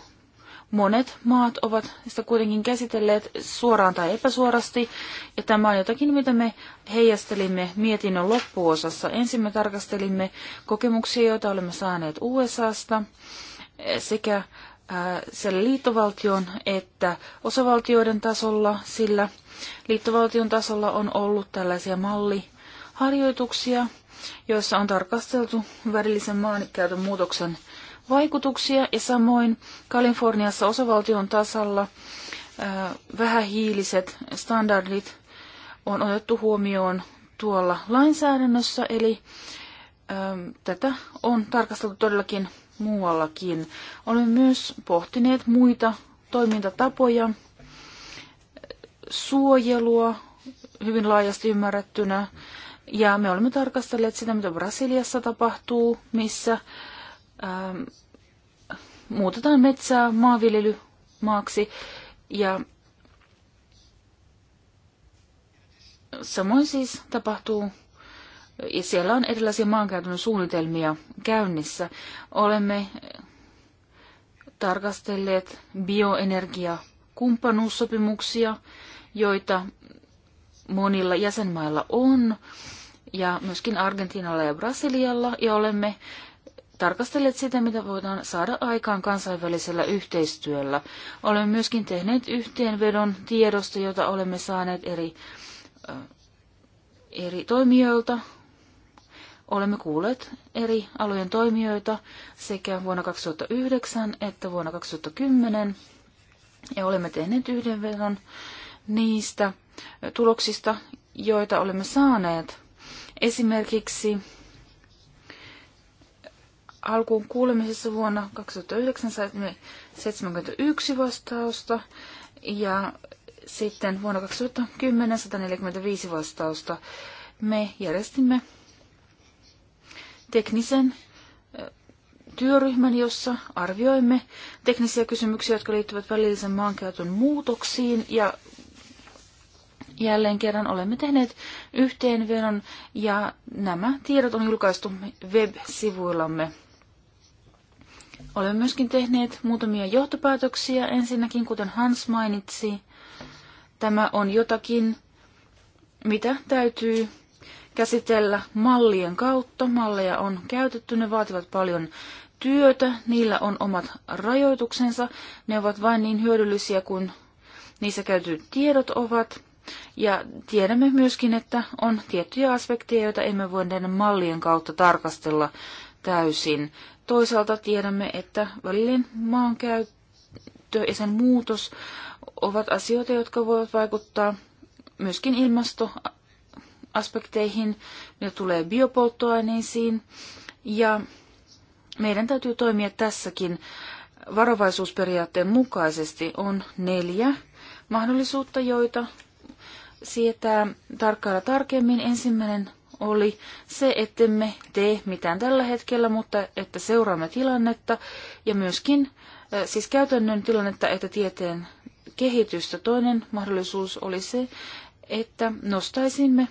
monet maat ovat sitä kuitenkin käsitelleet suoraan tai epäsuorasti, ja tämä on jotakin, mitä me heijastelimme mietinnön loppuosassa. Ensin me tarkastelimme kokemuksia, joita olemme saaneet USAsta eh, sekä eh, siellä liittovaltion että osavaltioiden tasolla, sillä liittovaltion tasolla on ollut tällaisia malliharjoituksia, joissa on tarkasteltu välillisen maankäytön muutoksen vaikutuksia ja samoin Kaliforniassa osavaltion tasalla vähähiiliset standardit on otettu huomioon tuolla lainsäädännössä, eli tätä on tarkasteltu todellakin muuallakin. Olemme myös pohtineet muita toimintatapoja, suojelua hyvin laajasti ymmärrettynä, ja me olemme tarkastelleet sitä, mitä Brasiliassa tapahtuu, missä ähm, muutetaan metsää maanviljelymaaksi ja samoin siis tapahtuu ja siellä on erilaisia maankäytön suunnitelmia käynnissä. Olemme tarkastelleet bioenergiakumppanuussopimuksia, joita monilla jäsenmailla on, ja myöskin Argentiinalla ja Brasilialla, ja olemme tarkastelleet sitä, mitä voidaan saada aikaan kansainvälisellä yhteistyöllä. Olemme myöskin tehneet yhteenvedon tiedosta, jota olemme saaneet eri, äh, eri toimijoilta. Olemme kuulleet eri alojen toimijoita sekä vuonna 2009 että vuonna 2010 ja olemme tehneet yhdenvedon niistä tuloksista, joita olemme saaneet. Esimerkiksi alkuun kuulemisessa vuonna 2009 saimme 71 vastausta ja sitten vuonna 2010 145 vastausta. Me järjestimme teknisen työryhmän, jossa arvioimme teknisiä kysymyksiä, jotka liittyvät välillisen maankäytön muutoksiin ja jälleen kerran olemme tehneet yhteenvedon ja nämä tiedot on julkaistu web-sivuillamme. Olemme myöskin tehneet muutamia johtopäätöksiä. Ensinnäkin, kuten Hans mainitsi, tämä on jotakin, mitä täytyy käsitellä mallien kautta. Malleja on käytetty, ne vaativat paljon työtä, niillä on omat rajoituksensa, ne ovat vain niin hyödyllisiä kuin niissä käytetyt tiedot ovat. Ja tiedämme myöskin, että on tiettyjä aspekteja, joita emme voi näiden mallien kautta tarkastella täysin. Toisaalta tiedämme, että välillinen maankäyttö ja sen muutos ovat asioita, jotka voivat vaikuttaa myöskin ilmastoaspekteihin, mitä tulee biopolttoaineisiin. Ja meidän täytyy toimia tässäkin varovaisuusperiaatteen mukaisesti. On neljä mahdollisuutta, joita sietää tarkkailla tarkemmin. Ensimmäinen oli se, ettemme tee mitään tällä hetkellä, mutta että seuraamme tilannetta ja myöskin äh, siis käytännön tilannetta, että tieteen kehitystä. Toinen mahdollisuus oli se, että nostaisimme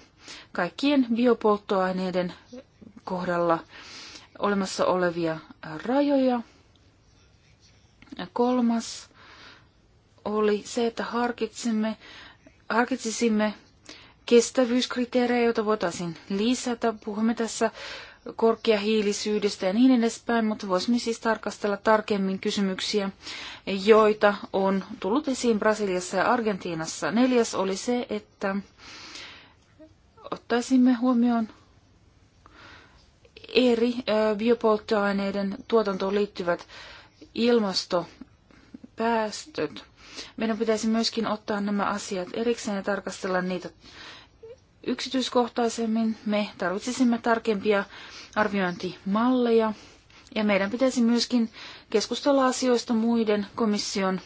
kaikkien biopolttoaineiden kohdalla olemassa olevia rajoja. Kolmas oli se, että harkitsimme, harkitsisimme kestävyyskriteerejä, joita voitaisiin lisätä. Puhumme tässä korkeahiilisyydestä ja niin edespäin, mutta voisimme siis tarkastella tarkemmin kysymyksiä, joita on tullut esiin Brasiliassa ja Argentiinassa. Neljäs oli se, että ottaisimme huomioon eri biopolttoaineiden tuotantoon liittyvät ilmastopäästöt. Meidän pitäisi myöskin ottaa nämä asiat erikseen ja tarkastella niitä yksityiskohtaisemmin. Me tarvitsisimme tarkempia arviointimalleja ja meidän pitäisi myöskin keskustella asioista muiden komission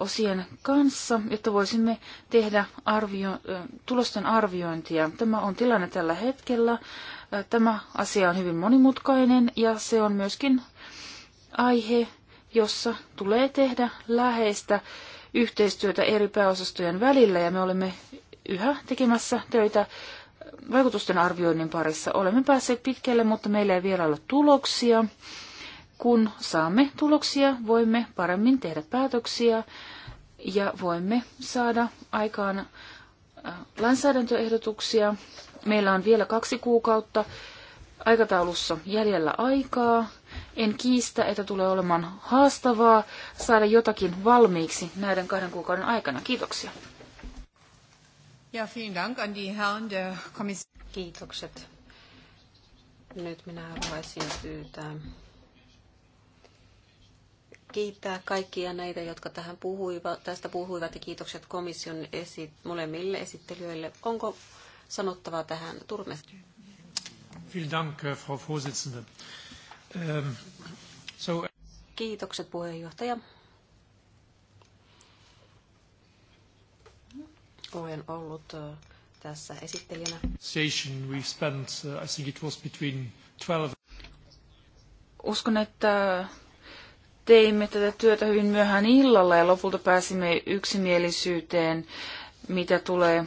osien kanssa, jotta voisimme tehdä arvio, tulosten arviointia. Tämä on tilanne tällä hetkellä. Tämä asia on hyvin monimutkainen ja se on myöskin aihe, jossa tulee tehdä läheistä yhteistyötä eri pääosastojen välillä ja me olemme yhä tekemässä töitä vaikutusten arvioinnin parissa. Olemme päässeet pitkälle, mutta meillä ei vielä ole tuloksia. Kun saamme tuloksia, voimme paremmin tehdä päätöksiä ja voimme saada aikaan äh, lainsäädäntöehdotuksia. Meillä on vielä kaksi kuukautta aikataulussa jäljellä aikaa. En kiistä, että tulee olemaan haastavaa saada jotakin valmiiksi näiden kahden kuukauden aikana. Kiitoksia. Ja, vielen Dank an die Herren der Kommission. Kiitokset. Nyt minä haluaisin pyytää kiittää kaikkia näitä, jotka tähän puhuivat, tästä puhuivat ja kiitokset komission esi- molemmille esittelijöille. Onko sanottavaa tähän Turmes? Vielen Dank, äh, Frau Vorsitzende. Ähm, so... Kiitokset puheenjohtaja. Olen ollut tässä esittelijänä. We spent, uh, I think it was between 12... Uskon, että teimme tätä työtä hyvin myöhään illalla ja lopulta pääsimme yksimielisyyteen, mitä tulee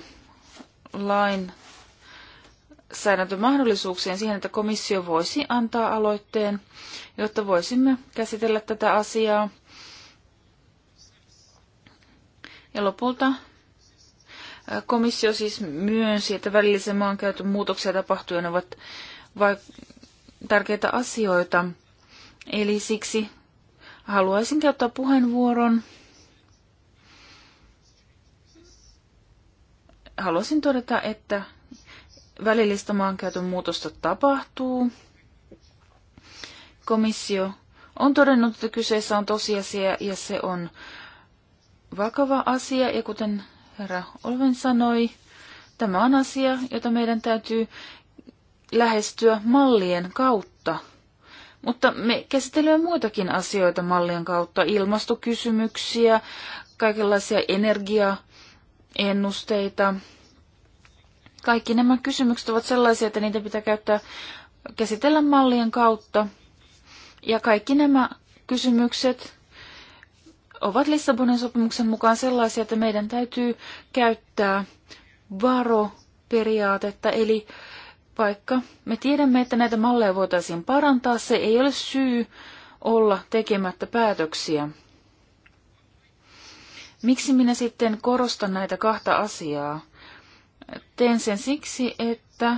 lain säädäntömahdollisuuksien siihen, että komissio voisi antaa aloitteen, jotta voisimme käsitellä tätä asiaa. Ja lopulta Komissio siis myönsi, että välillisen maankäytön muutoksia tapahtuu ja ne ovat vaik- tärkeitä asioita. Eli siksi haluaisin käyttää puheenvuoron. Haluaisin todeta, että välillistä maankäytön muutosta tapahtuu. Komissio on todennut, että kyseessä on tosiasia ja se on vakava asia. Ja kuten herra Olven sanoi, tämä on asia, jota meidän täytyy lähestyä mallien kautta. Mutta me käsitellään muitakin asioita mallien kautta, ilmastokysymyksiä, kaikenlaisia energiaennusteita. Kaikki nämä kysymykset ovat sellaisia, että niitä pitää käyttää käsitellä mallien kautta. Ja kaikki nämä kysymykset ovat Lissabonin sopimuksen mukaan sellaisia, että meidän täytyy käyttää varoperiaatetta, eli vaikka me tiedämme, että näitä malleja voitaisiin parantaa, se ei ole syy olla tekemättä päätöksiä. Miksi minä sitten korostan näitä kahta asiaa? Teen sen siksi, että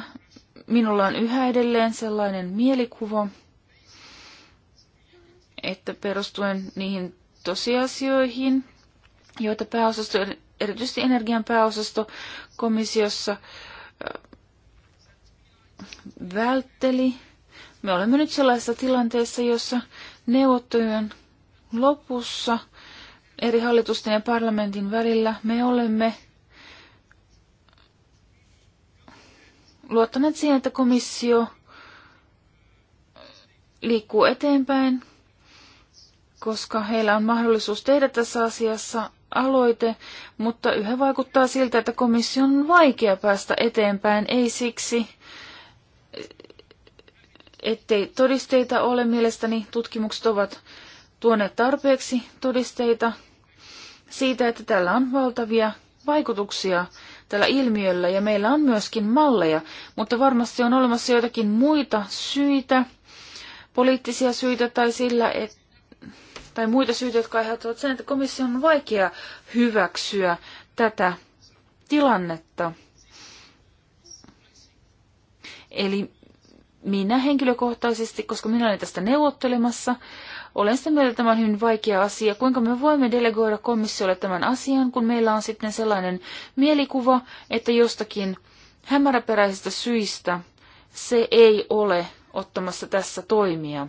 minulla on yhä edelleen sellainen mielikuva, että perustuen niihin tosiasioihin, joita pääosasto, erityisesti energian pääosasto komissiossa vältteli. Me olemme nyt sellaisessa tilanteessa, jossa neuvottelujen lopussa eri hallitusten ja parlamentin välillä me olemme luottaneet siihen, että komissio liikkuu eteenpäin koska heillä on mahdollisuus tehdä tässä asiassa aloite, mutta yhä vaikuttaa siltä, että komission on vaikea päästä eteenpäin, ei siksi, ettei todisteita ole. Mielestäni tutkimukset ovat tuoneet tarpeeksi todisteita siitä, että tällä on valtavia vaikutuksia tällä ilmiöllä ja meillä on myöskin malleja, mutta varmasti on olemassa joitakin muita syitä, poliittisia syitä tai sillä, että tai muita syitä, jotka aiheuttavat sen, että komission on vaikea hyväksyä tätä tilannetta. Eli minä henkilökohtaisesti, koska minä olen tästä neuvottelemassa, olen sitä mieltä, että tämä on hyvin vaikea asia. Kuinka me voimme delegoida komissiolle tämän asian, kun meillä on sitten sellainen mielikuva, että jostakin hämäräperäisistä syistä se ei ole ottamassa tässä toimia.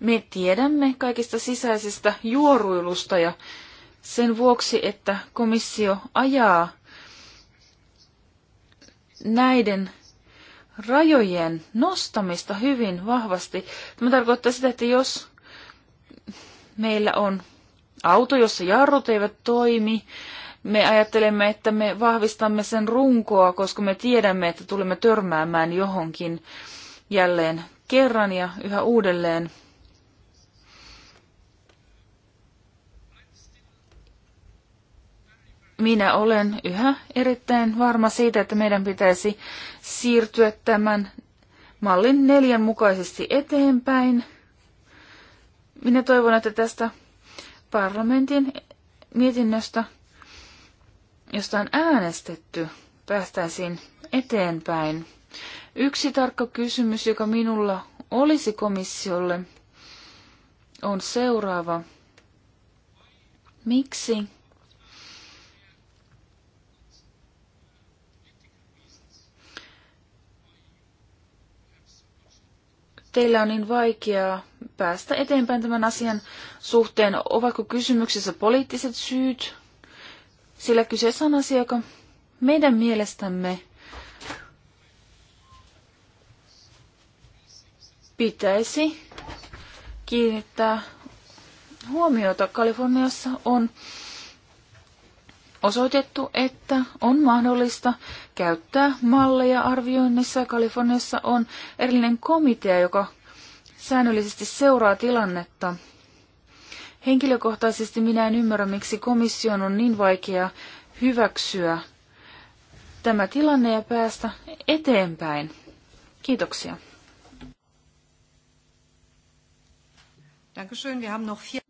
Me tiedämme kaikista sisäisestä juoruilusta ja sen vuoksi, että komissio ajaa näiden rajojen nostamista hyvin vahvasti. Tämä tarkoittaa sitä, että jos meillä on auto, jossa jarrut eivät toimi, me ajattelemme, että me vahvistamme sen runkoa, koska me tiedämme, että tulemme törmäämään johonkin jälleen kerran ja yhä uudelleen. minä olen yhä erittäin varma siitä, että meidän pitäisi siirtyä tämän mallin neljän mukaisesti eteenpäin. Minä toivon, että tästä parlamentin mietinnöstä, josta on äänestetty, päästäisiin eteenpäin. Yksi tarkka kysymys, joka minulla olisi komissiolle, on seuraava. Miksi teillä on niin vaikeaa päästä eteenpäin tämän asian suhteen? Ovatko kysymyksessä poliittiset syyt? Sillä kyseessä on asia, joka meidän mielestämme pitäisi kiinnittää huomiota. Kaliforniassa on osoitettu, että on mahdollista käyttää malleja arvioinnissa. Kaliforniassa on erillinen komitea, joka säännöllisesti seuraa tilannetta. Henkilökohtaisesti minä en ymmärrä, miksi komission on niin vaikea hyväksyä tämä tilanne ja päästä eteenpäin. Kiitoksia.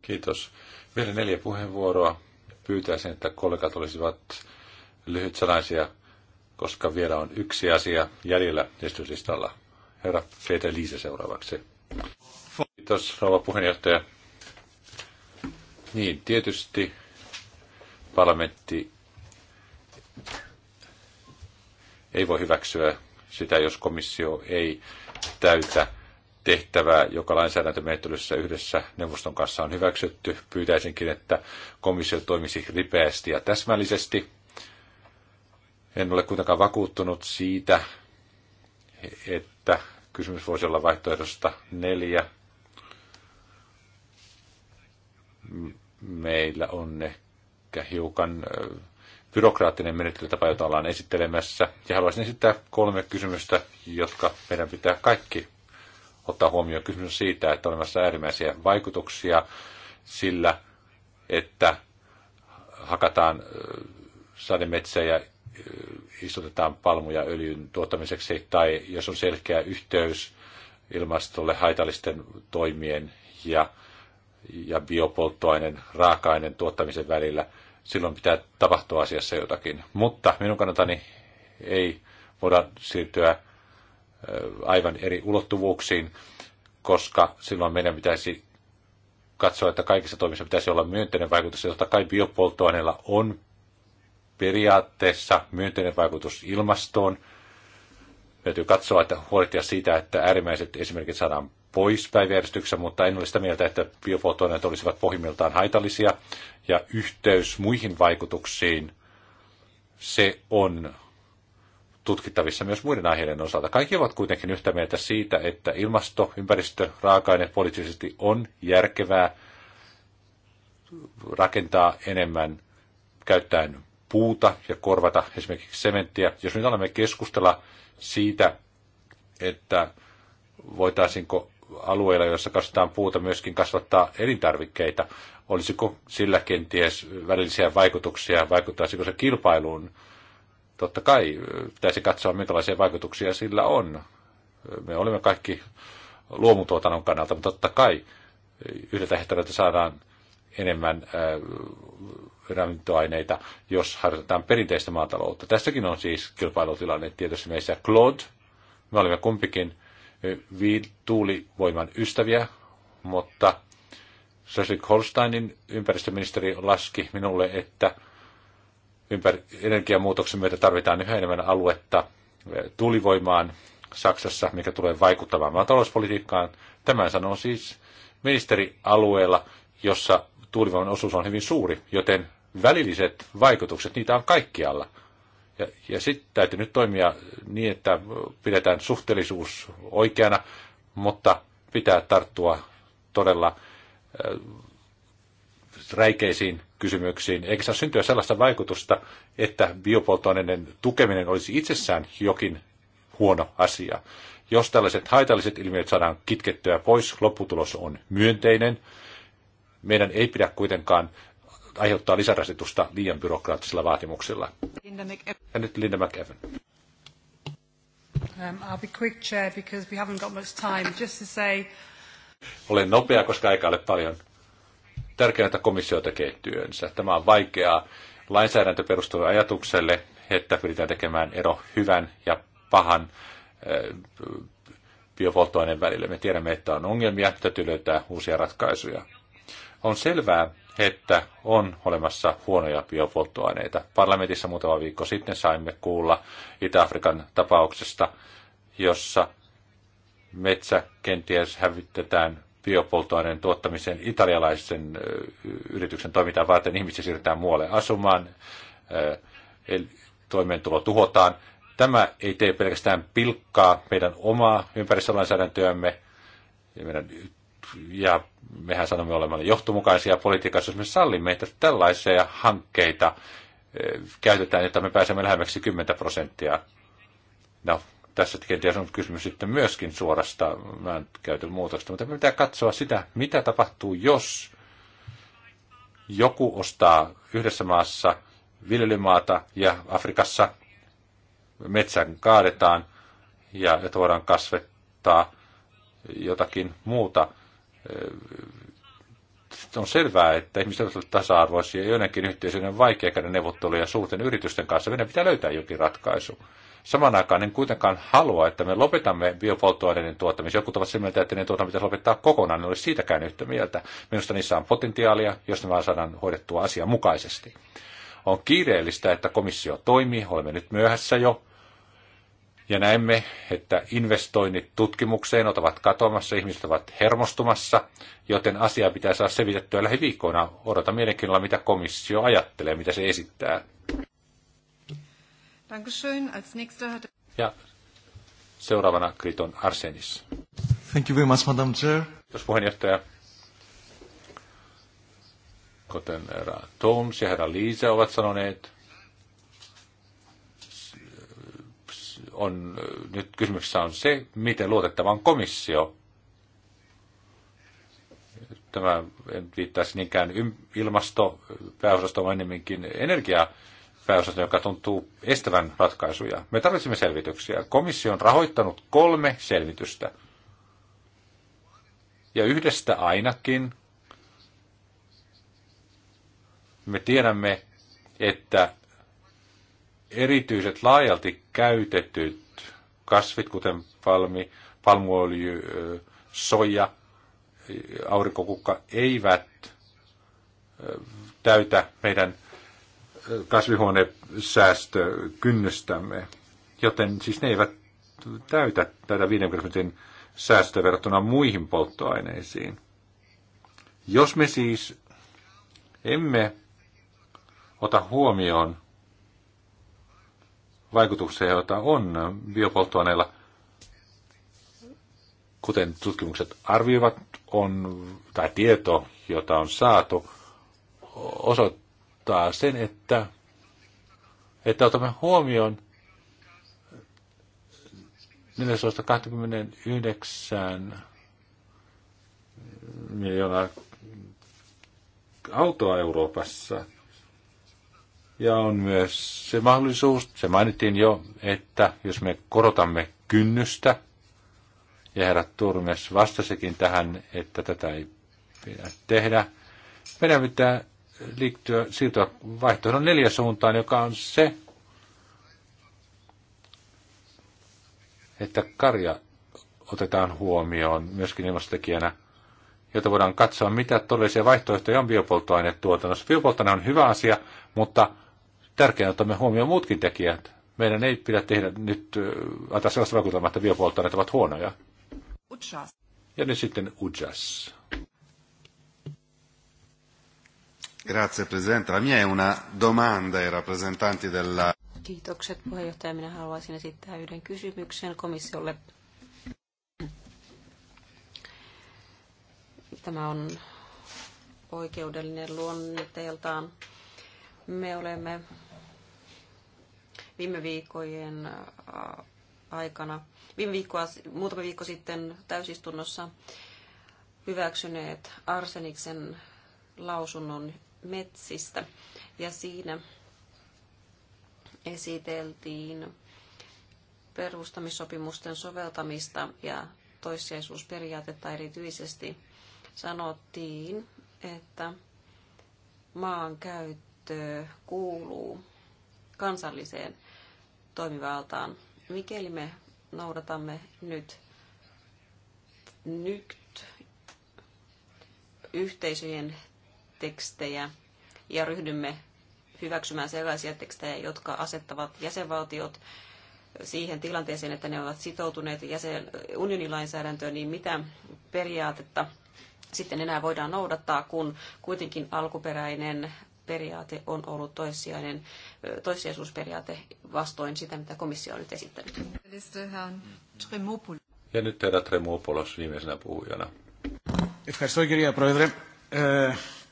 Kiitos. Vielä neljä puheenvuoroa pyytäisin, että kollegat olisivat lyhytsanaisia, koska vielä on yksi asia jäljellä esityslistalla. Herra Peter Liise seuraavaksi. Kiitos, rouva puheenjohtaja. Niin, tietysti parlamentti ei voi hyväksyä sitä, jos komissio ei täytä tehtävää, joka lainsäädäntömenettelyssä yhdessä neuvoston kanssa on hyväksytty. Pyytäisinkin, että komissio toimisi ripeästi ja täsmällisesti. En ole kuitenkaan vakuuttunut siitä, että kysymys voisi olla vaihtoehdosta neljä. Meillä on ehkä hiukan byrokraattinen menettelytapa, jota ollaan esittelemässä. Ja haluaisin esittää kolme kysymystä, jotka meidän pitää kaikki ottaa huomioon kysymys siitä, että on olemassa äärimmäisiä vaikutuksia sillä, että hakataan sademetsejä, istutetaan palmuja öljyn tuottamiseksi, tai jos on selkeä yhteys ilmastolle haitallisten toimien ja, ja biopolttoaineen raaka-aineen tuottamisen välillä, silloin pitää tapahtua asiassa jotakin. Mutta minun kannatani ei voida siirtyä aivan eri ulottuvuuksiin, koska silloin meidän pitäisi katsoa, että kaikissa toimissa pitäisi olla myönteinen vaikutus. Ja totta kai biopolttoaineella on periaatteessa myönteinen vaikutus ilmastoon. Täytyy katsoa, että huolehtia siitä, että äärimmäiset esimerkiksi saadaan pois päiväjärjestyksessä, mutta en ole sitä mieltä, että biopolttoaineet olisivat pohjimmiltaan haitallisia. Ja yhteys muihin vaikutuksiin, se on tutkittavissa myös muiden aiheiden osalta. Kaikki ovat kuitenkin yhtä mieltä siitä, että ilmasto, ympäristö, raaka-aine poliittisesti on järkevää rakentaa enemmän käyttäen puuta ja korvata esimerkiksi sementtiä. Jos nyt alamme keskustella siitä, että voitaisiinko alueilla, joissa kasvataan puuta, myöskin kasvattaa elintarvikkeita, olisiko sillä kenties välillisiä vaikutuksia, vaikuttaisiko se kilpailuun Totta kai pitäisi katsoa, minkälaisia vaikutuksia sillä on. Me olemme kaikki luomutuotannon kannalta, mutta totta kai yhdeltä hehtaarilta saadaan enemmän ravintoaineita, jos harjoitetaan perinteistä maataloutta. Tässäkin on siis kilpailutilanne tietysti meissä. Claude, me olimme kumpikin tuulivoiman ystäviä, mutta Schleswig-Holsteinin ympäristöministeri laski minulle, että ympär- energiamuutoksen myötä tarvitaan yhä enemmän aluetta eh, tulivoimaan Saksassa, mikä tulee vaikuttamaan maatalouspolitiikkaan. Tämän sanoo siis ministerialueella, jossa tuulivoiman osuus on hyvin suuri, joten välilliset vaikutukset, niitä on kaikkialla. Ja, ja sitten täytyy nyt toimia niin, että pidetään suhteellisuus oikeana, mutta pitää tarttua todella eh, räikeisiin kysymyksiin, eikä saa syntyä sellaista vaikutusta, että biopolttoaineiden tukeminen olisi itsessään jokin huono asia. Jos tällaiset haitalliset ilmiöt saadaan kitkettyä pois, lopputulos on myönteinen. Meidän ei pidä kuitenkaan aiheuttaa lisärasitusta liian byrokraattisilla vaatimuksilla. Linda ja nyt Linda McEvan. Um, I'll be quick, Chair, because we haven't got much time. Just to say... Olen nopea, koska aikaa ole paljon tärkeää, että komissio tekee työnsä. Tämä on vaikeaa. Lainsäädäntö perustuu ajatukselle, että pyritään tekemään ero hyvän ja pahan eh, biopolttoaineen välillä. Me tiedämme, että on ongelmia, täytyy löytää uusia ratkaisuja. On selvää, että on olemassa huonoja biopolttoaineita. Parlamentissa muutama viikko sitten saimme kuulla Itä-Afrikan tapauksesta, jossa metsä kenties hävitetään biopolttoaineen tuottamisen italialaisen yrityksen toimintaa varten ihmisiä siirretään muualle asumaan, toimeentulo tuhotaan. Tämä ei tee pelkästään pilkkaa meidän omaa ympäristölainsäädäntöämme ja, meidän, ja mehän sanomme olemalla johtomukaisia politiikassa, jos me sallimme, että tällaisia hankkeita käytetään, jotta me pääsemme lähemmäksi 10 prosenttia. No, tässä kenties on kysymys sitten myöskin suorasta mä käyty muutosta, mutta pitää katsoa sitä, mitä tapahtuu, jos joku ostaa yhdessä maassa viljelymaata ja Afrikassa metsän kaadetaan ja että voidaan kasvettaa jotakin muuta. On selvää, että ihmiset ovat tasa-arvoisia ja joidenkin yhteisöiden on vaikea käydä neuvotteluja suurten yritysten kanssa. Meidän pitää löytää jokin ratkaisu. Samaan aikaan en kuitenkaan halua, että me lopetamme biopolttoaineiden tuottamisen. Jotkut ovat sitä mieltä, että ne tuotamme pitäisi lopettaa kokonaan, en ole siitäkään yhtä mieltä. Minusta niissä on potentiaalia, jos ne vaan saadaan hoidettua mukaisesti. On kiireellistä, että komissio toimii, olemme nyt myöhässä jo. Ja näemme, että investoinnit tutkimukseen ovat katoamassa, ihmiset ovat hermostumassa, joten asia pitää saada selvitettyä lähiviikkoina. Odota mielenkiinnolla, mitä komissio ajattelee, mitä se esittää. Ja seuraavana Kriton Arsenis. Thank you very much, Madam Chair. Kiitos puheenjohtaja. Kuten herra Toms ja herra Liisa ovat sanoneet, on, nyt kysymyksessä on se, miten luotettava on komissio. Tämä en viittaisi niinkään ilmastopääosastoon, vaan enemmänkin energiaa pääosasta, joka tuntuu estävän ratkaisuja. Me tarvitsemme selvityksiä. Komissio on rahoittanut kolme selvitystä. Ja yhdestä ainakin me tiedämme, että erityiset laajalti käytetyt kasvit, kuten palmi, palmuöljy, soja, aurinkokukka, eivät täytä meidän kasvihuonesäästökynnystämme, joten siis ne eivät täytä tätä 50 prosentin säästöä verrattuna muihin polttoaineisiin. Jos me siis emme ota huomioon vaikutuksia, joita on biopolttoaineilla, kuten tutkimukset arvioivat, on, tai tieto, jota on saatu, osoittaa, osoittaa sen, että, että otamme huomioon 429 miljoonaa autoa Euroopassa. Ja on myös se mahdollisuus, se mainittiin jo, että jos me korotamme kynnystä, ja herra Turmes vastasikin tähän, että tätä ei pidä tehdä, meidän pitää liittyä, siirtyä vaihtoehdon neljä suuntaan, joka on se, että karja otetaan huomioon myöskin ilmastotekijänä, jota voidaan katsoa, mitä todellisia vaihtoehtoja on biopolttoainetuotannossa. Biopolttoaine on hyvä asia, mutta tärkeää on, että me huomioon muutkin tekijät. Meidän ei pidä tehdä nyt, äh, antaa sellaista vaikutelmaa, että biopolttoaineet ovat huonoja. Ja nyt sitten Ujas. Grazie Presidente. La mia è una domanda ai rappresentanti della... Kiitokset puheenjohtaja. Minä haluaisin esittää yhden kysymyksen komissiolle. Tämä on oikeudellinen luonteeltaan. Me olemme viime viikkojen äh, aikana, viime viikkoa, muutama viikko sitten täysistunnossa hyväksyneet Arseniksen lausunnon metsistä. Ja siinä esiteltiin perustamissopimusten soveltamista ja toissijaisuusperiaatetta erityisesti sanottiin, että maan käyttö kuuluu kansalliseen toimivaltaan. Mikäli me noudatamme nyt, nyt yhteisöjen tekstejä ja ryhdymme hyväksymään sellaisia tekstejä, jotka asettavat jäsenvaltiot siihen tilanteeseen, että ne ovat sitoutuneet jäsen, unionilainsäädäntöön, niin mitä periaatetta sitten enää voidaan noudattaa, kun kuitenkin alkuperäinen periaate on ollut toissijainen, toissijaisuusperiaate vastoin sitä, mitä komissio on nyt esittänyt. Ja nyt herra Tremopoulos viimeisenä puhujana. Ευχαριστώ κυρία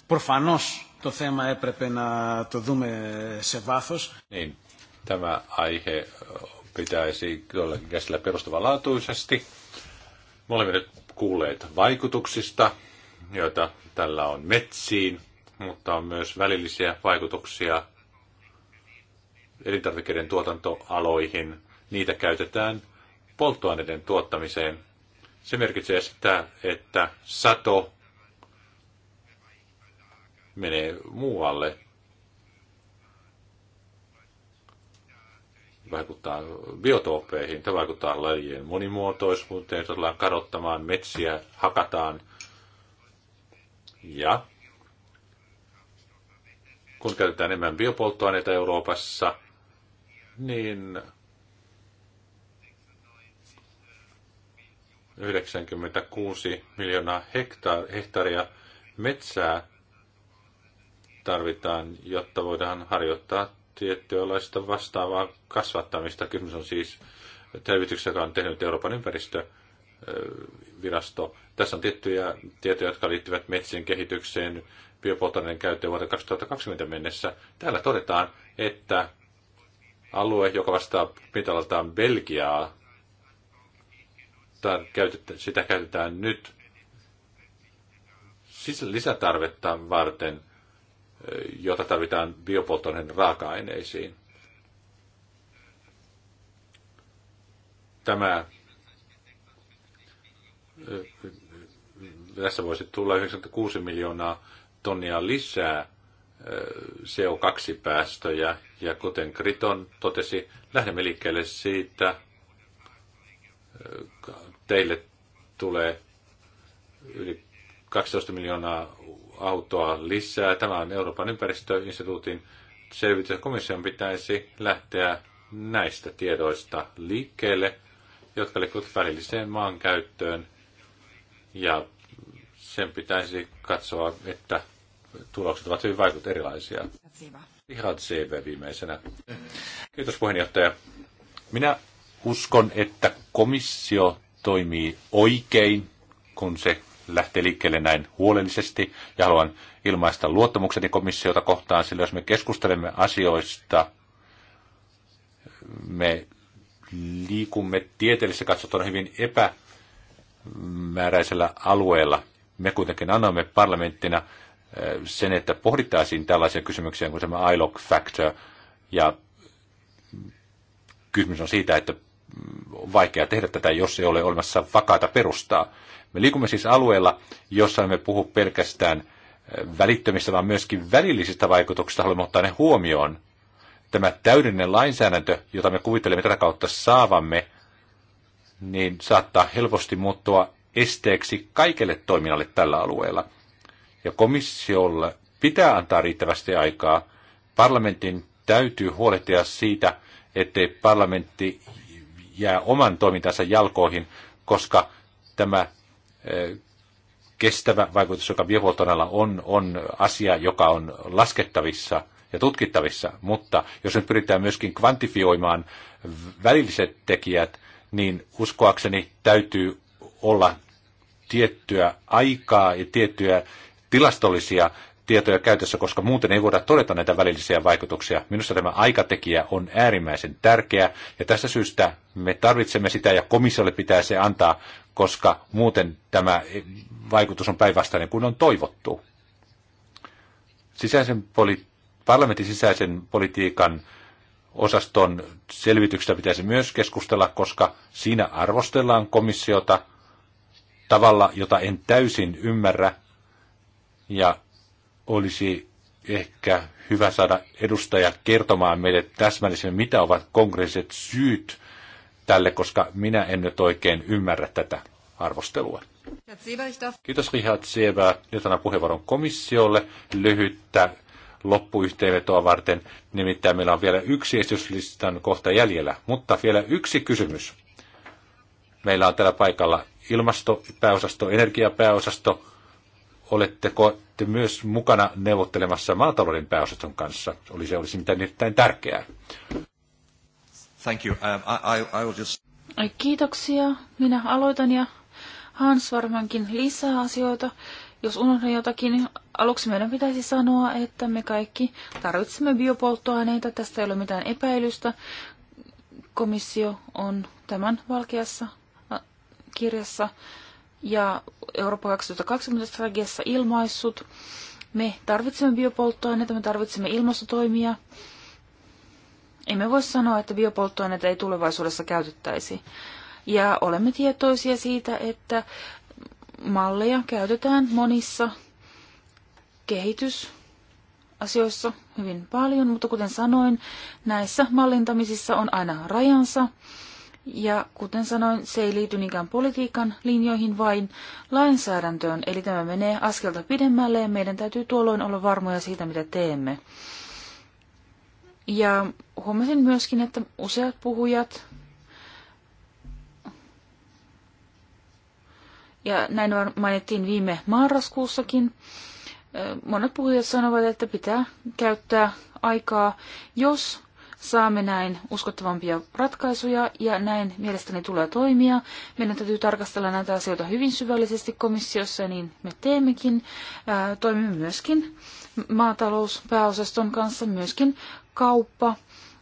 Προφανώς το θέμα έπρεπε να το δούμε σε βάθος. Niin, tämä aihe pitäisi todellakin käsitellä perustavanlaatuisesti. Me olemme nyt kuulleet vaikutuksista, joita tällä on metsiin, mutta on myös välillisiä vaikutuksia elintarvikkeiden tuotantoaloihin. Niitä käytetään polttoaineiden tuottamiseen. Se merkitsee sitä, että sato menee muualle. Vaikuttaa biotoopeihin, tämä vaikuttaa lajien monimuotoisuuteen, tullaan kadottamaan metsiä, hakataan. Ja kun käytetään enemmän biopolttoaineita Euroopassa, niin 96 miljoonaa hektaria hehtaaria metsää tarvitaan, jotta voidaan harjoittaa tiettyä vastaavaa kasvattamista. Kysymys on siis selvityksestä, joka on tehnyt Euroopan ympäristövirasto. Tässä on tiettyjä tietoja, jotka liittyvät metsien kehitykseen, biopolttoaineiden käyttöön vuoteen 2020 mennessä. Täällä todetaan, että alue, joka vastaa pinta Belgiaa, sitä käytetään nyt lisätarvetta varten Eh, jota tarvitaan biopolttoaineen raaka-aineisiin. Tämä eh, tässä voisi tulla 96 miljoonaa tonnia lisää eh, CO2-päästöjä. Ja kuten Kriton totesi, lähdemme liikkeelle siitä, teille tulee yli 12 miljoonaa autoa lisää. Tämä on Euroopan ympäristöinstituutin selvitys. Komission pitäisi lähteä näistä tiedoista liikkeelle, jotka liittyvät välilliseen maankäyttöön. Ja sen pitäisi katsoa, että tulokset ovat hyvin vaikut erilaisia. Ihan CV viimeisenä. Kiitos puheenjohtaja. Minä uskon, että komissio toimii oikein, kun se lähtee liikkeelle näin huolellisesti ja haluan ilmaista luottamukseni komissiota kohtaan, sillä jos me keskustelemme asioista, me liikumme tieteellisesti katsottuna hyvin epämääräisellä alueella. Me kuitenkin annamme parlamenttina äh, sen, että pohdittaisiin tällaisia kysymyksiä kuin tämä ILOC factor. Ja kysymys on siitä, että on vaikea tehdä tätä, jos ei ole olemassa vakaata perustaa. Me liikumme siis alueella, jossa me puhu pelkästään eh, välittömistä, vaan myöskin välillisistä vaikutuksista haluamme ottaa ne huomioon. Tämä täydellinen lainsäädäntö, jota me kuvittelemme tätä kautta saavamme, niin saattaa helposti muuttua esteeksi kaikelle toiminnalle tällä alueella. Ja komissiolle pitää antaa riittävästi aikaa. Parlamentin täytyy huolehtia siitä, ettei parlamentti jää oman toimintansa jalkoihin, koska tämä kestävä vaikutus, joka biohuoltonalla on, on asia, joka on laskettavissa ja tutkittavissa, mutta jos nyt pyritään myöskin kvantifioimaan välilliset tekijät, niin uskoakseni täytyy olla tiettyä aikaa ja tiettyjä tilastollisia tietoja käytössä, koska muuten ei voida todeta näitä välillisiä vaikutuksia. Minusta tämä aikatekijä on äärimmäisen tärkeä ja tästä syystä me tarvitsemme sitä ja komissiolle pitää se antaa, koska muuten tämä vaikutus on päinvastainen kuin on toivottu. Sisäisen poli- parlamentin sisäisen politiikan osaston selvityksestä pitäisi myös keskustella, koska siinä arvostellaan komissiota tavalla, jota en täysin ymmärrä, ja olisi ehkä hyvä saada edustaja kertomaan meille täsmällisemmin, mitä ovat konkreettiset syyt tälle, koska minä en nyt oikein ymmärrä tätä arvostelua. Kiitos Richard Sievää. Nyt annan puheenvuoron komissiolle lyhyttä loppuyhteenvetoa varten. Nimittäin meillä on vielä yksi esityslistan kohta jäljellä, mutta vielä yksi kysymys. Meillä on täällä paikalla ilmastopääosasto, energiapääosasto, Oletteko te myös mukana neuvottelemassa maatalouden pääosaston kanssa? Oli se olisi mitään erittäin tärkeää. Thank you. Um, I, I, I will just... Kiitoksia. Minä aloitan ja Hans varmaankin lisää asioita. Jos unohdan jotakin, niin aluksi meidän pitäisi sanoa, että me kaikki tarvitsemme biopolttoaineita. Tästä ei ole mitään epäilystä. Komissio on tämän valkeassa äh, kirjassa ja Eurooppa 2020 strategiassa ilmaissut. Me tarvitsemme biopolttoaineita, me tarvitsemme ilmastotoimia. Emme voi sanoa, että biopolttoaineita ei tulevaisuudessa käytettäisi. Ja olemme tietoisia siitä, että malleja käytetään monissa kehitysasioissa hyvin paljon, mutta kuten sanoin, näissä mallintamisissa on aina rajansa. Ja kuten sanoin, se ei liity niinkään politiikan linjoihin, vain lainsäädäntöön. Eli tämä menee askelta pidemmälle ja meidän täytyy tuolloin olla varmoja siitä, mitä teemme. Ja huomasin myöskin, että useat puhujat, ja näin mainittiin viime marraskuussakin, eh, monet puhujat sanovat, että pitää käyttää aikaa, jos saamme näin uskottavampia ratkaisuja ja näin mielestäni tulee toimia. Meidän täytyy tarkastella näitä asioita hyvin syvällisesti komissiossa niin me teemmekin. Toimimme myöskin maatalouspääosaston kanssa, myöskin kauppa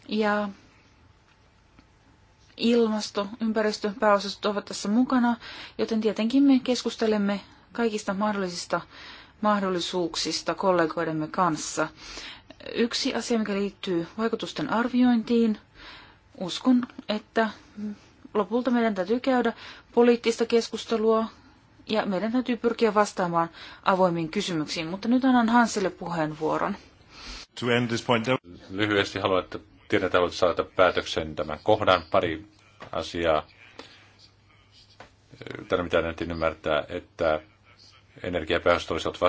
ja ilmasto, ympäristöpääosastot ovat tässä mukana, joten tietenkin me keskustelemme kaikista mahdollisista mahdollisuuksista kollegoidemme kanssa. Yksi asia, mikä liittyy vaikutusten arviointiin, uskon, että lopulta meidän täytyy käydä poliittista keskustelua ja meidän täytyy pyrkiä vastaamaan avoimiin kysymyksiin, mutta nyt annan Hansille puheenvuoron. To end this point. Lyhyesti haluan, että tiedetään, että saada päätöksen tämän kohdan pari asiaa. Tänä mitä näytin ymmärtää, että energiapäästöt olisivat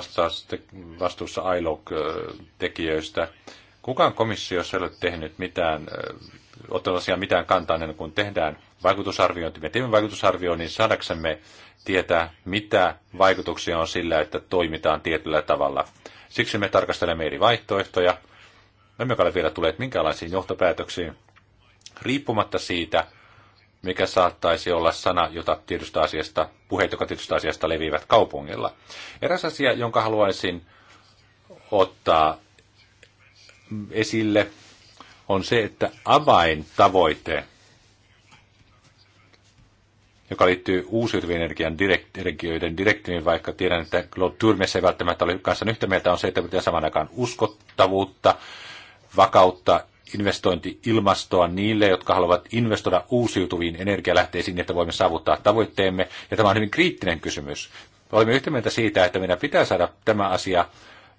vastuussa ILOC-tekijöistä. Kukaan komissiossa ei ole tehnyt mitään, ottanut asiaan mitään kantaa ennen kuin tehdään vaikutusarviointi. Me teemme vaikutusarvioinnin saadaksemme tietää, mitä vaikutuksia on sillä, että toimitaan tietyllä tavalla. Siksi me tarkastelemme eri vaihtoehtoja. Me emme ole vielä tulleet minkäänlaisiin johtopäätöksiin, riippumatta siitä, mikä saattaisi olla sana, jota tietystä asiasta, puheet, joka tietystä asiasta leviivät kaupungilla. Eräs asia, jonka haluaisin ottaa esille, on se, että avaintavoite, joka liittyy uusiutuvien energian direkt, direktiiviin, vaikka tiedän, että Claude Turmes ei välttämättä ole kanssa yhtä mieltä, on se, että pitää saman aikaan uskottavuutta, vakautta investointi ilmastoa niille, jotka haluavat investoida uusiutuviin energialähteisiin, niin että voimme saavuttaa tavoitteemme. Ja tämä on hyvin kriittinen kysymys. Olemme yhtä mieltä siitä, että meidän pitää saada tämä asia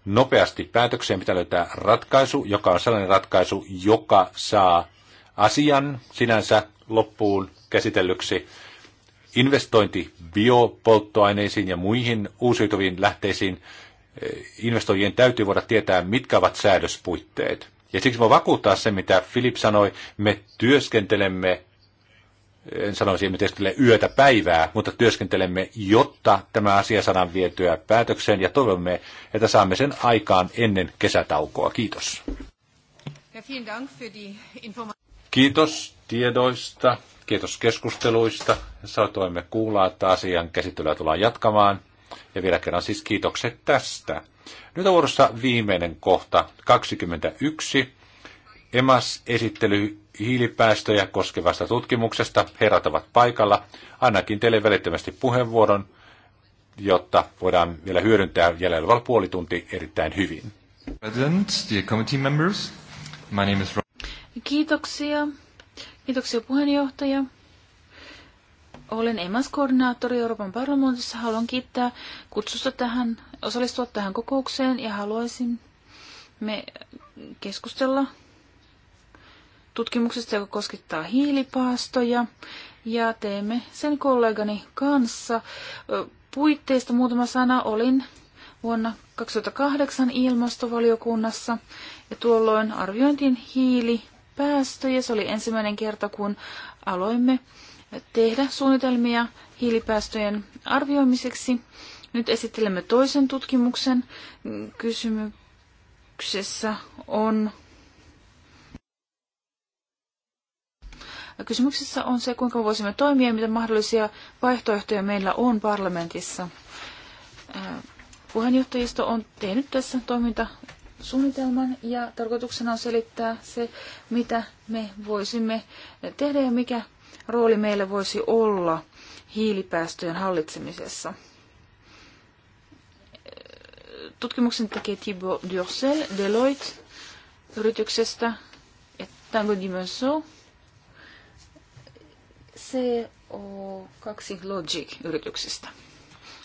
nopeasti päätökseen, pitää löytää ratkaisu, joka on sellainen ratkaisu, joka saa asian sinänsä loppuun käsitellyksi. Investointi biopolttoaineisiin ja muihin uusiutuviin lähteisiin investoijien täytyy voida tietää, mitkä ovat säädöspuitteet. Ja siksi voi vakuuttaa se, mitä Filip sanoi, me työskentelemme, en sanoisi, että me työskentelemme yötä päivää, mutta työskentelemme, jotta tämä asia saadaan vietyä päätökseen ja toivomme, että saamme sen aikaan ennen kesätaukoa. Kiitos. Kiitos tiedoista, kiitos keskusteluista. Saatoimme kuulla, että asian käsittelyä tullaan jatkamaan. Ja vielä kerran siis kiitokset tästä. Nyt on vuorossa viimeinen kohta, 21. Emas esittely hiilipäästöjä koskevasta tutkimuksesta. Herrat ovat paikalla. Annakin teille välittömästi puheenvuoron, jotta voidaan vielä hyödyntää jäljellä oleva puoli tunti erittäin hyvin. Kiitoksia. Kiitoksia puheenjohtaja. Olen EMAS-koordinaattori Euroopan parlamentissa. Haluan kiittää kutsusta tähän osallistua tähän kokoukseen ja haluaisin me keskustella tutkimuksesta, joka koskettaa hiilipaastoja. Ja teemme sen kollegani kanssa. Puitteista muutama sana olin vuonna 2008 ilmastovaliokunnassa ja tuolloin arviointiin hiilipäästöjä. Se oli ensimmäinen kerta, kun aloimme tehdä suunnitelmia hiilipäästöjen arvioimiseksi nyt esittelemme toisen tutkimuksen. Kysymyksessä on Kysymyksessä on se, kuinka voisimme toimia ja mitä mahdollisia vaihtoehtoja meillä on parlamentissa. Puheenjohtajisto on tehnyt tässä toimintasuunnitelman ja tarkoituksena on selittää se, mitä me voisimme tehdä ja mikä rooli meillä voisi olla hiilipäästöjen hallitsemisessa. Tutkimuksen tekee Thibaut Dursel Deloitte-yrityksestä ja Tango Dimenso CO2 Logic-yrityksestä.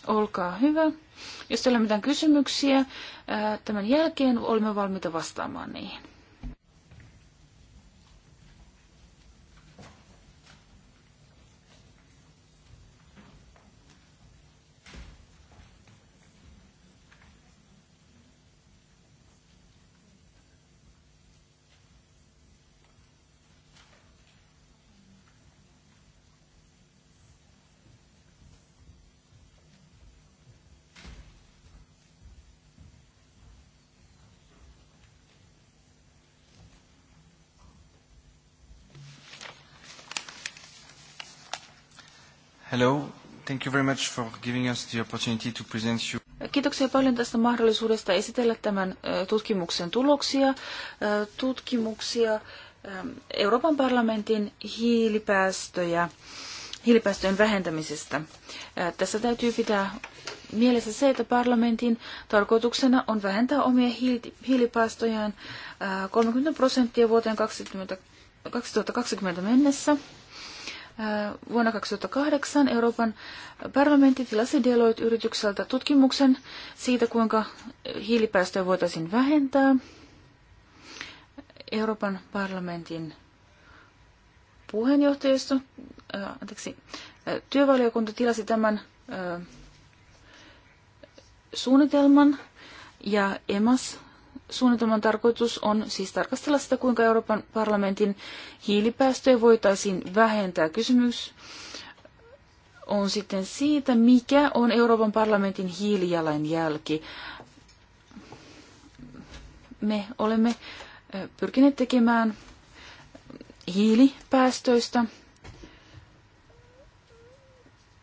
Olkaa hyvä. Jos teillä on mitään kysymyksiä, tämän jälkeen olemme valmiita vastaamaan niihin. Hello. Thank you very much for giving us the opportunity to present you. Kiitoksia paljon tästä mahdollisuudesta esitellä tämän tutkimuksen tuloksia. Tutkimuksia Euroopan parlamentin hiilipäästöjä, hiilipäästöjen vähentämisestä. Tässä täytyy pitää mielessä se, että parlamentin tarkoituksena on vähentää omia hiilipäästöjään 30 prosenttia vuoteen 2020 mennessä. Äh, vuonna 2008 Euroopan parlamentti tilasi Deloitte-yritykseltä tutkimuksen siitä, kuinka hiilipäästöjä voitaisiin vähentää. Euroopan parlamentin puheenjohtajisto, äh, anteeksi, äh, työvaliokunta tilasi tämän suunnitelman ja EMAS suunnitelman tarkoitus on siis tarkastella sitä, kuinka Euroopan parlamentin hiilipäästöjä voitaisiin vähentää. Kysymys on sitten siitä, mikä on Euroopan parlamentin hiilijalanjälki. Me olemme pyrkineet tekemään hiilipäästöistä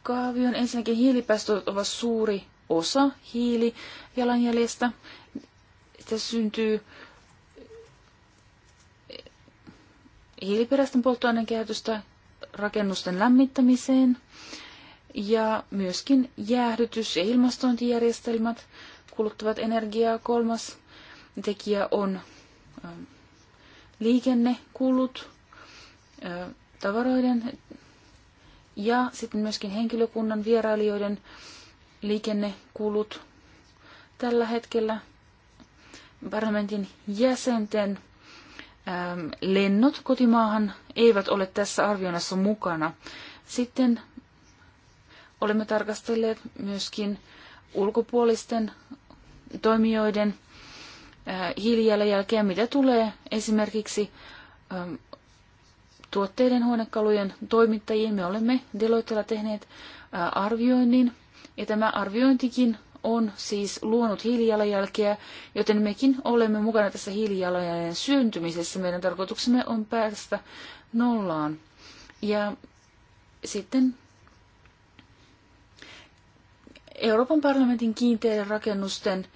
kaavion. Ensinnäkin hiilipäästöt ovat suuri osa hiilijalanjäljestä tässä syntyy hiiliperäisten polttoaineen käytöstä rakennusten lämmittämiseen ja myöskin jäähdytys- ja ilmastointijärjestelmät kuluttavat energiaa. Kolmas tekijä on ähm, liikennekulut äh, tavaroiden ja sitten myöskin henkilökunnan vierailijoiden liikennekulut tällä hetkellä parlamentin jäsenten ähm, lennot kotimaahan eivät ole tässä arvioinnassa mukana. Sitten olemme tarkastelleet myöskin ulkopuolisten toimijoiden äh, hiilijalanjälkeä, mitä tulee esimerkiksi ähm, tuotteiden huonekalujen toimittajiin. Me olemme Deloittella tehneet äh, arvioinnin, ja tämä arviointikin on siis luonut hiilijalanjälkeä, joten mekin olemme mukana tässä hiilijalanjäljen syntymisessä. Meidän tarkoituksemme on päästä nollaan. Ja sitten Euroopan parlamentin kiinteiden rakennusten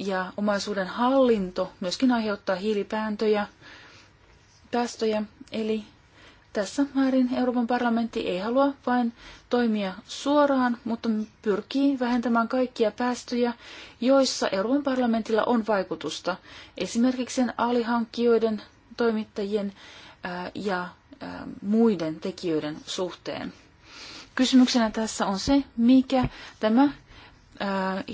ja omaisuuden hallinto myöskin aiheuttaa hiilipääntöjä, päästöjä, eli tässä määrin Euroopan parlamentti ei halua vain toimia suoraan, mutta pyrkii vähentämään kaikkia päästöjä, joissa Euroopan parlamentilla on vaikutusta, esimerkiksi sen alihankkijoiden, toimittajien ja muiden tekijöiden suhteen. Kysymyksenä tässä on se, mikä tämä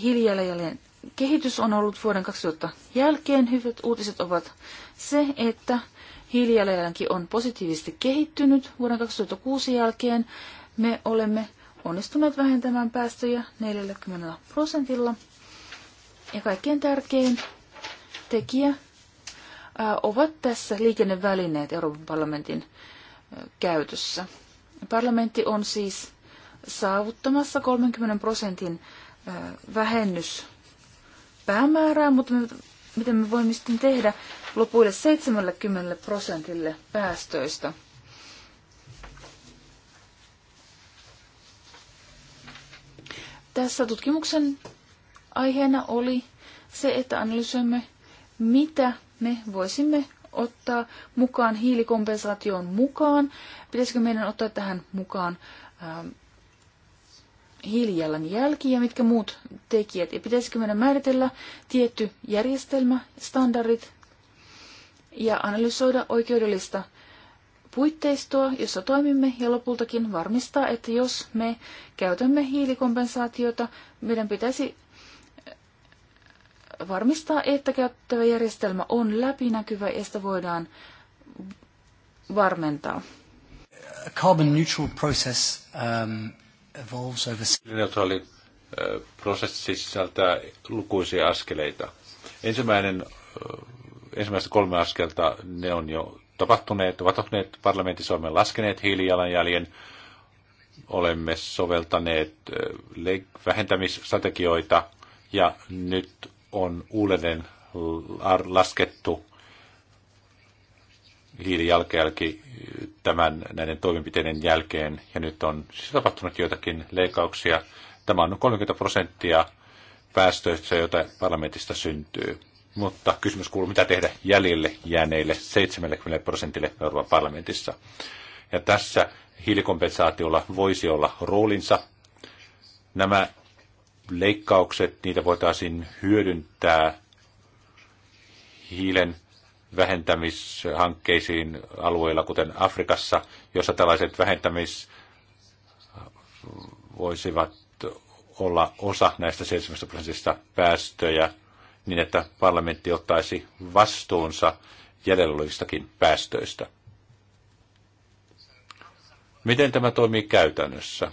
hiljalleen kehitys on ollut vuoden 2000 jälkeen. Hyvät uutiset ovat se, että hiilijalanjälki on positiivisesti kehittynyt vuoden 2006 jälkeen. Me olemme onnistuneet vähentämään päästöjä 40 prosentilla. Ja kaikkein tärkein tekijä ovat tässä liikennevälineet Euroopan parlamentin käytössä. Parlamentti on siis saavuttamassa 30 prosentin vähennys päämäärää, mutta miten me voimme sitten tehdä lopuille 70 prosentille päästöistä. Tässä tutkimuksen aiheena oli se, että analysoimme, mitä me voisimme ottaa mukaan hiilikompensaatioon mukaan. Pitäisikö meidän ottaa tähän mukaan ähm, hiilijalanjälki ja mitkä muut tekijät. Ja pitäisikö meidän määritellä tietty järjestelmä, standardit ja analysoida oikeudellista puitteistoa, jossa toimimme ja lopultakin varmistaa, että jos me käytämme hiilikompensaatiota, meidän pitäisi äh, varmistaa, että käyttävä järjestelmä on läpinäkyvä ja sitä voidaan varmentaa. carbon neutral process um, evolves over... Neutraali äh, prosessi sisältää lukuisia askeleita. Ensimmäinen äh, ensimmäistä kolme askelta ne on jo tapahtuneet, ovat tapahtuneet parlamentissa, olemme laskeneet hiilijalanjäljen, olemme soveltaneet vähentämisstrategioita ja nyt on uudelleen laskettu hiilijalkajälki tämän näiden toimenpiteiden jälkeen, ja nyt on siis tapahtunut joitakin leikauksia. Tämä on 30 prosenttia päästöistä, joita parlamentista syntyy. Mutta kysymys kuuluu, mitä tehdä jäljelle jääneille 70 prosentille Euroopan parlamentissa. Ja tässä hiilikompensaatiolla voisi olla roolinsa. Nämä leikkaukset, niitä voitaisiin hyödyntää hiilen vähentämishankkeisiin alueilla, kuten Afrikassa, jossa tällaiset vähentämis voisivat olla osa näistä 70 prosentista päästöjä niin että parlamentti ottaisi vastuunsa jäljellä olevistakin päästöistä. Miten tämä toimii käytännössä?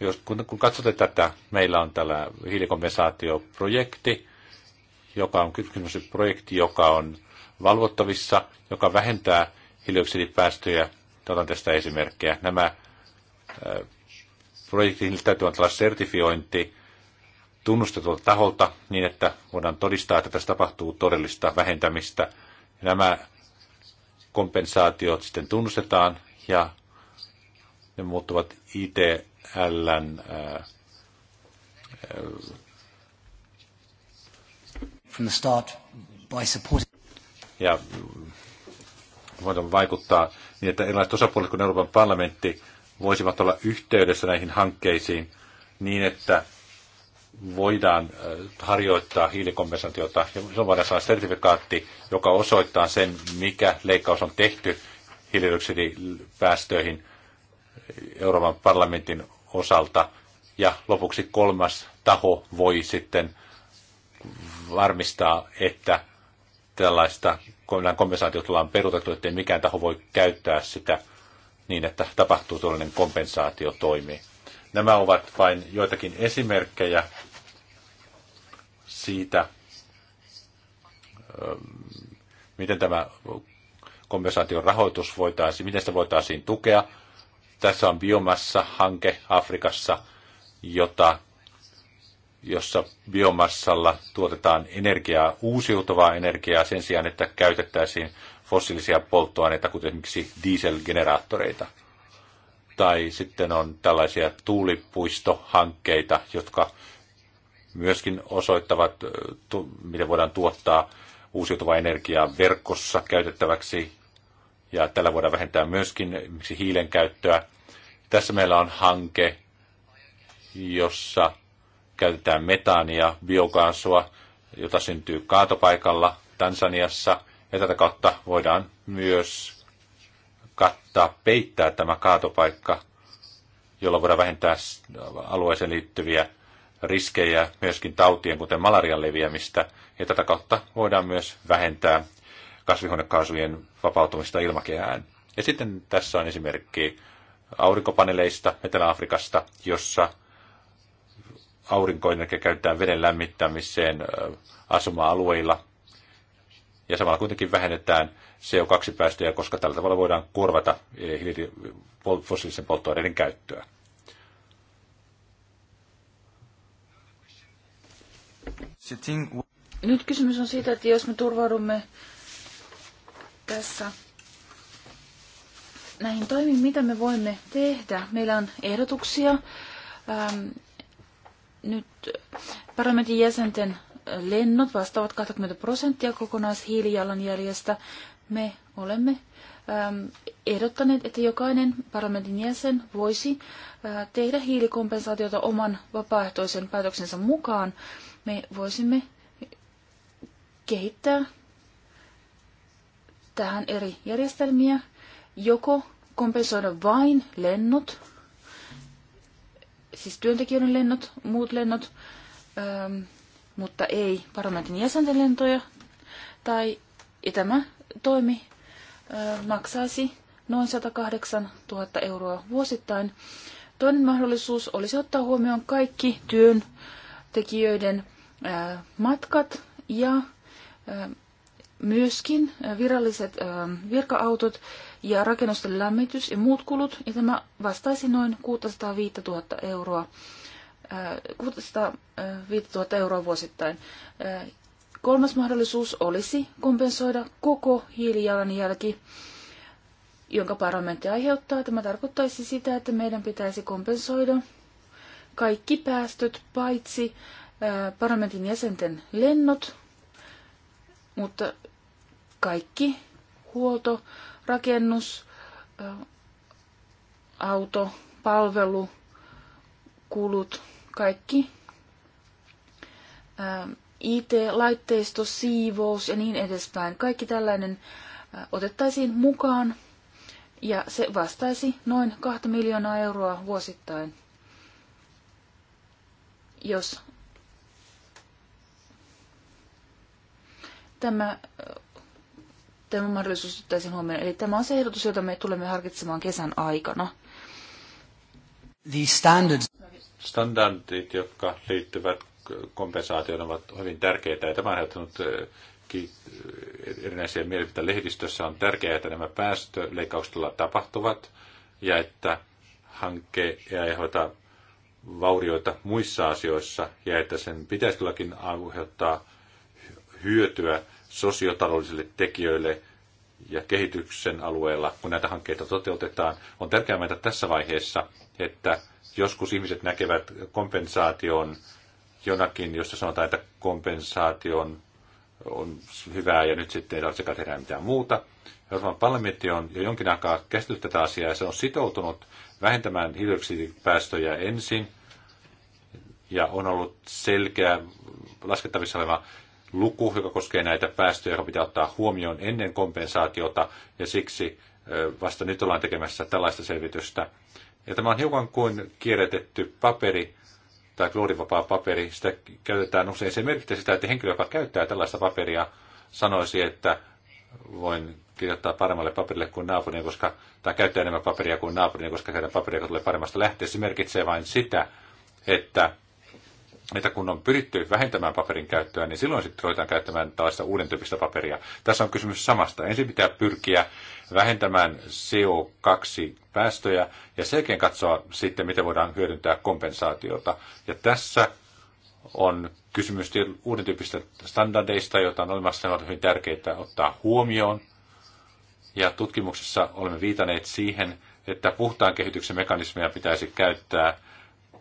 Jos, kun, kun katsotte tätä, meillä on tällä hiilikompensaatioprojekti, joka on kysymys projekti, joka on valvottavissa, joka vähentää hiilidioksidipäästöjä. Otan tästä esimerkkejä. Nämä äh, projektiin täytyy antaa sertifiointi tunnustetulta taholta niin, että voidaan todistaa, että tässä tapahtuu todellista vähentämistä. Nämä kompensaatiot sitten tunnustetaan ja ne muuttuvat ITLn äh, from the start by supporting. Ja voidaan vaikuttaa niin, että erilaiset osapuolet kuin Euroopan parlamentti voisivat olla yhteydessä näihin hankkeisiin niin, että voidaan äh, harjoittaa hiilikompensaatiota ja silloin voidaan saada sertifikaatti, joka osoittaa sen, mikä leikkaus on tehty hiilidioksidipäästöihin Euroopan parlamentin osalta. Ja lopuksi kolmas taho voi sitten varmistaa, että tällaista kompensaatiota ollaan peruutettu, ettei mikään taho voi käyttää sitä niin, että tapahtuu tuollainen kompensaatiotoimi. Nämä ovat vain joitakin esimerkkejä siitä, miten tämä kompensaation rahoitus voitaisiin, miten sitä voitaisiin tukea. Tässä on biomassa-hanke Afrikassa, jota, jossa biomassalla tuotetaan energiaa, uusiutuvaa energiaa sen sijaan, että käytettäisiin fossiilisia polttoaineita, kuten esimerkiksi dieselgeneraattoreita tai sitten on tällaisia tuulipuistohankkeita, jotka myöskin osoittavat, miten voidaan tuottaa uusiutuvaa energiaa verkossa käytettäväksi, ja tällä voidaan vähentää myöskin hiilen käyttöä. Tässä meillä on hanke, jossa käytetään metaania, biokaasua, jota syntyy kaatopaikalla Tansaniassa, ja tätä kautta voidaan myös kattaa, peittää tämä kaatopaikka, jolla voidaan vähentää alueeseen liittyviä riskejä myöskin tautien, kuten malarian leviämistä, ja tätä kautta voidaan myös vähentää kasvihuonekaasujen vapautumista ilmakehään. Ja sitten tässä on esimerkki aurinkopaneeleista Etelä-Afrikasta, jossa aurinkoenergia käytetään veden lämmittämiseen asuma-alueilla, ja samalla kuitenkin vähennetään CO2-päästöjä, koska tällä tavalla voidaan korvata e, fossiilisen polttoaineiden käyttöä. Nyt kysymys on siitä, että jos me turvaudumme tässä näihin toimiin, mitä me voimme tehdä. Meillä on ehdotuksia ähm, nyt parlamentin jäsenten lennot vastaavat 20 prosenttia kokonaishiilijalanjäljestä me olemme ähm, ehdottaneet, että jokainen parlamentin jäsen voisi äh, tehdä hiilikompensaatiota oman vapaaehtoisen päätöksensä mukaan. Me voisimme kehittää tähän eri järjestelmiä, joko kompensoida vain lennot, siis työntekijöiden lennot, muut lennot, ähm, mutta ei parlamentin jäsenten lentoja, tai ja tämä toimi maksaisi noin 108 000 euroa vuosittain. Toinen mahdollisuus olisi ottaa huomioon kaikki työntekijöiden matkat ja myöskin viralliset virka-autot ja rakennusten lämmitys ja muut kulut, ja tämä vastaisi noin 605 000 euroa, 605 000 euroa vuosittain. Kolmas mahdollisuus olisi kompensoida koko hiilijalanjälki, jonka parlamentti aiheuttaa. Tämä tarkoittaisi sitä, että meidän pitäisi kompensoida kaikki päästöt paitsi parlamentin jäsenten lennot, mutta kaikki huolto, rakennus, auto, palvelu, kulut, kaikki IT-laitteisto, siivous ja niin edespäin. Kaikki tällainen äh, otettaisiin mukaan ja se vastaisi noin 2 miljoonaa euroa vuosittain, jos tämä, äh, tämä mahdollisuus otettaisiin huomioon. Eli tämä on se ehdotus, jota me tulemme harkitsemaan kesän aikana. The standards. Standardit, jotka liittyvät kompensaatioita ovat hyvin tärkeitä. Ja tämä on aiheuttanut erinäisiä mielipiteitä lehdistössä. On tärkeää, että nämä päästöleikkaukset tapahtuvat ja että hanke ei aiheuta vaurioita muissa asioissa ja että sen pitäisi kylläkin aiheuttaa hyötyä sosiotaloudellisille tekijöille ja kehityksen alueella, kun näitä hankkeita toteutetaan. On tärkeää mainita tässä vaiheessa, että joskus ihmiset näkevät kompensaation jonakin, josta sanotaan, että kompensaatio on, on hyvää ja nyt sitten ei tarvitsekaan tehdä mitään muuta. Euroopan parlamentti on jo jonkin aikaa käsitellyt tätä asiaa ja se on sitoutunut vähentämään hiilidioksidipäästöjä ensin ja on ollut selkeä laskettavissa oleva luku, joka koskee näitä päästöjä, joka pitää ottaa huomioon ennen kompensaatiota ja siksi vasta nyt ollaan tekemässä tällaista selvitystä. Ja tämä on hiukan kuin kierrätetty paperi, tai kloorivapaa paperi, sitä käytetään usein. Se merkitsee sitä, että henkilö, joka käyttää tällaista paperia, sanoisi, että voin kirjoittaa paremmalle paperille kuin naapurin, koska, tai käyttää enemmän paperia kuin naapurin, koska heidän paperia tulee paremmasta lähteestä. Se merkitsee vain sitä, että että kun on pyritty vähentämään paperin käyttöä, niin silloin sitten ruvetaan käyttämään taas uuden tyyppistä paperia. Tässä on kysymys samasta. Ensin pitää pyrkiä vähentämään CO2-päästöjä ja sen katsoa sitten, miten voidaan hyödyntää kompensaatiota. Ja tässä on kysymys uuden tyyppistä standardeista, joita on olemassa, ne ovat hyvin tärkeää ottaa huomioon. Ja tutkimuksessa olemme viitaneet siihen, että puhtaan kehityksen mekanismeja pitäisi käyttää,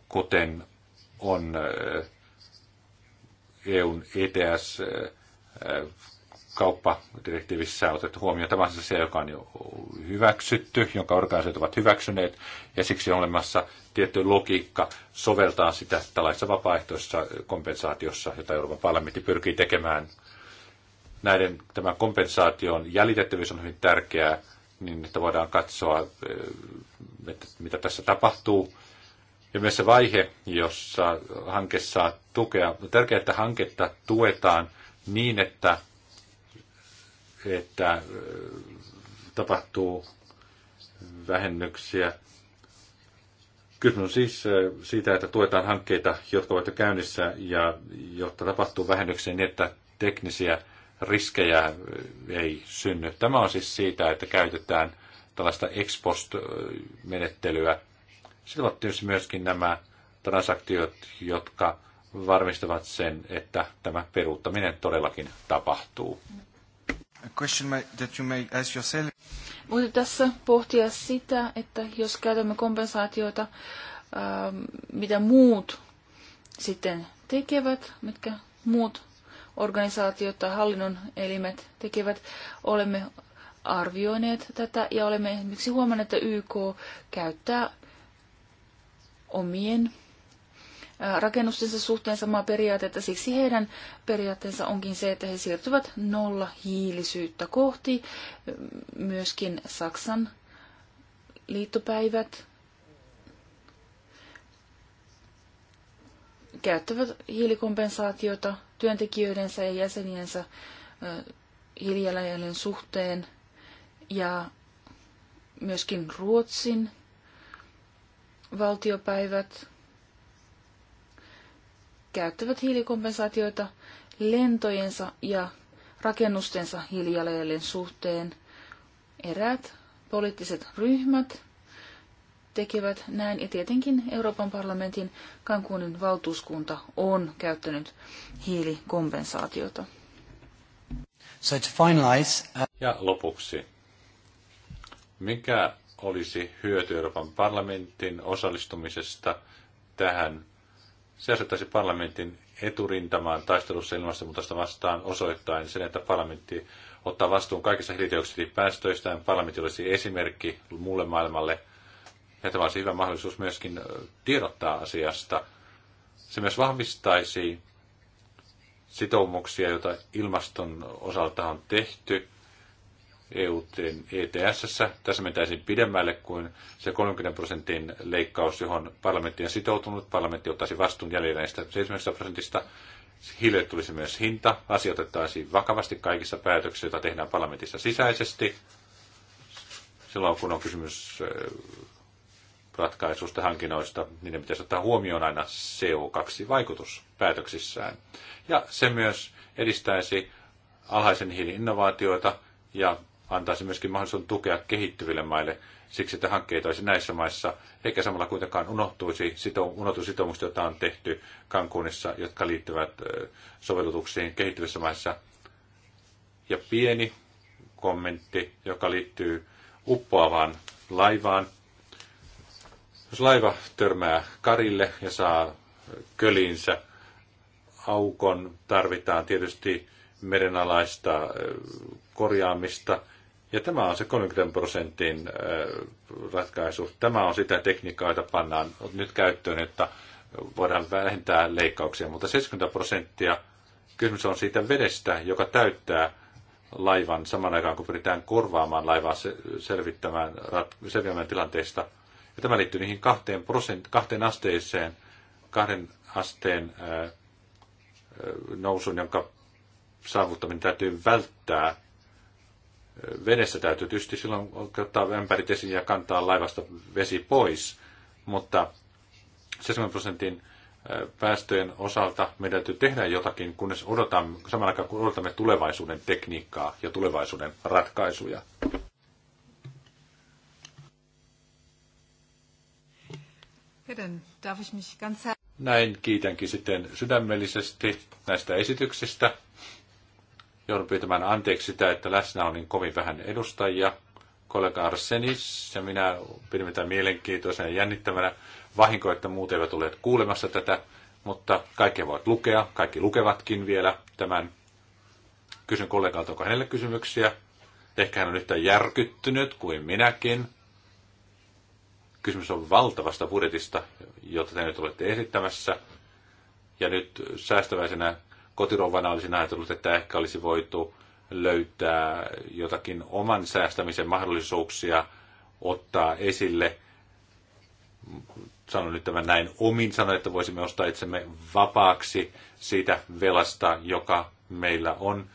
kuten on EUn ETS kauppadirektiivissä otettu huomioon. Tämä on siis se, joka on jo hyväksytty, jonka organisaatiot ovat hyväksyneet, ja siksi on olemassa tietty logiikka soveltaa sitä tällaisessa vapaaehtoisessa kompensaatiossa, jota Euroopan parlamentti pyrkii tekemään. Näiden, tämän kompensaation jäljitettävyys on hyvin tärkeää, niin että voidaan katsoa, että mitä tässä tapahtuu, ja myös se vaihe, jossa hanke saa tukea. On tärkeää, että hanketta tuetaan niin, että, että tapahtuu vähennyksiä. Kysymys on siis siitä, että tuetaan hankkeita, jotka ovat jo käynnissä ja jotta tapahtuu vähennyksiä niin, että teknisiä riskejä ei synny. Tämä on siis siitä, että käytetään tällaista ex menettelyä sitten ovat tietysti myöskin nämä transaktiot, jotka varmistavat sen, että tämä peruuttaminen todellakin tapahtuu. Voitte tässä pohtia sitä, että jos käytämme kompensaatioita, ähm, mitä muut sitten tekevät, mitkä muut organisaatiot tai hallinnon elimet tekevät, olemme arvioineet tätä ja olemme esimerkiksi huomanneet, että YK käyttää omien rakennustensa suhteen samaa periaatetta. Siksi heidän periaatteensa onkin se, että he siirtyvät nolla hiilisyyttä kohti. Myöskin Saksan liittopäivät käyttävät hiilikompensaatiota työntekijöidensä ja jäseniensä hiilijalanjäljen suhteen. Ja myöskin Ruotsin valtiopäivät käyttävät hiilikompensaatioita lentojensa ja rakennustensa hiilijalanjäljen suhteen. Eräät poliittiset ryhmät tekevät näin ja tietenkin Euroopan parlamentin Cancunin valtuuskunta on käyttänyt hiilikompensaatiota. So to finalize, uh... Ja lopuksi, mikä olisi hyöty Euroopan parlamentin osallistumisesta tähän. Se asettaisi parlamentin eturintamaan taistelussa ilmastonmuutosta vastaan osoittain sen, että parlamentti ottaa vastuun kaikista hiilidioksidipäästöistään. Parlamentti olisi esimerkki muulle maailmalle. Ja tämä olisi hyvä mahdollisuus myöskin tiedottaa asiasta. Se myös vahvistaisi sitoumuksia, joita ilmaston osalta on tehty – EUT e ETS. Tässä mentäisiin pidemmälle kuin se 30 prosentin leikkaus, johon parlamentti on sitoutunut. Parlamentti ottaisi vastuun jäljellä näistä 70 prosentista. Hiilille tulisi myös hinta. Asia otettaisiin vakavasti kaikissa päätöksissä, joita tehdään parlamentissa sisäisesti. Silloin kun on kysymys ratkaisusta hankinnoista, niin ne pitäisi ottaa huomioon aina CO2-vaikutus päätöksissään. Ja se myös edistäisi alhaisen hiilin innovaatioita ja antaisi myöskin mahdollisuuden tukea kehittyville maille siksi, että hankkeita olisi näissä maissa, eikä samalla kuitenkaan unohtuisi, sito, unohtuisi sitoumukset, joita on tehty Cancunissa, jotka liittyvät sovellutuksiin kehittyvissä maissa. Ja pieni kommentti, joka liittyy uppoavaan laivaan. Jos laiva törmää karille ja saa kölinsä aukon, tarvitaan tietysti merenalaista korjaamista – ja tämä on se 30 prosentin äh, ratkaisu. Tämä on sitä tekniikkaa, jota pannaan nyt käyttöön, että voidaan vähentää leikkauksia, mutta 70 prosenttia kysymys on siitä vedestä, joka täyttää laivan saman aikaan, kun pyritään korvaamaan laivaa selvittämään, selviämään tilanteesta. Ja tämä liittyy niihin kahteen, prosent, kahteen asteeseen, kahden asteen äh, äh, nousun, jonka saavuttaminen täytyy välttää Venessä täytyy tietysti silloin ottaa ämpärit esiin ja kantaa laivasta vesi pois, mutta 70 prosentin päästöjen osalta meidän täytyy tehdä jotakin, kunnes odotamme, samalla aikaan kun odotamme tulevaisuuden tekniikkaa ja tulevaisuuden ratkaisuja. Näin kiitänkin sitten sydämellisesti näistä esityksistä joudun pyytämään anteeksi sitä, että läsnä on niin kovin vähän edustajia. Kollega Arsenis ja minä pidimme tämän mielenkiintoisen ja jännittävänä. Vahinko, että muut eivät olleet kuulemassa tätä, mutta kaikki voivat lukea, kaikki lukevatkin vielä tämän. Kysyn kollegalta, onko hänelle kysymyksiä. Ehkä hän on yhtä järkyttynyt kuin minäkin. Kysymys on valtavasta budjetista, jota te nyt olette esittämässä. Ja nyt säästäväisenä kotirovana olisin ajatellut, että ehkä olisi voitu löytää jotakin oman säästämisen mahdollisuuksia ottaa esille. Sanon nyt tämän näin omin sanoin, että voisimme ostaa itsemme vapaaksi siitä velasta, joka meillä on,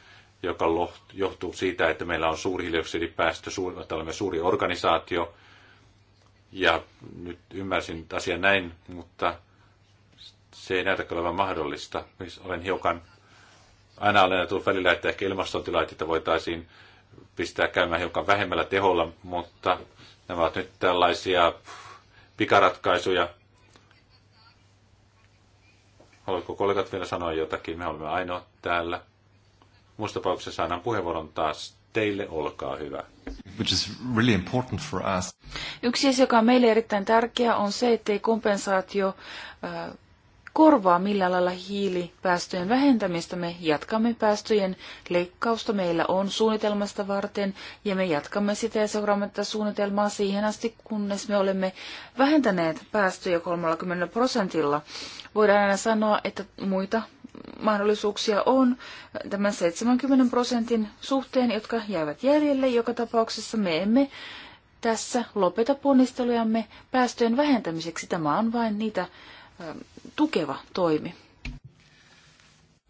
joka johtuu siitä, että meillä on suuri hiilidioksidipäästö, että olemme suuri organisaatio. Ja nyt ymmärsin asian näin, mutta se ei näytä olevan mahdollista. Siis olen hiukan, aina olen tullut välillä, että ehkä ilmastotilaitteita voitaisiin pistää käymään hiukan vähemmällä teholla, mutta nämä ovat nyt tällaisia pikaratkaisuja. Haluatko kollegat vielä sanoa jotakin? Me olemme ainoa täällä. Muussa tapauksessa saadaan puheenvuoron taas teille, olkaa hyvä. Which is really important for us. Yksi asia, joka on meille erittäin tärkeä, on se, ettei kompensaatio äh, korvaa millään lailla hiilipäästöjen vähentämistä. Me jatkamme päästöjen leikkausta. Meillä on suunnitelmasta varten ja me jatkamme sitä ja seuraamme tätä suunnitelmaa siihen asti, kunnes me olemme vähentäneet päästöjä 30 prosentilla. Voidaan aina sanoa, että muita mahdollisuuksia on tämän 70 prosentin suhteen, jotka jäävät jäljelle. Joka tapauksessa me emme tässä lopeta ponnistelujamme päästöjen vähentämiseksi. Tämä on vain niitä tukeva toimi.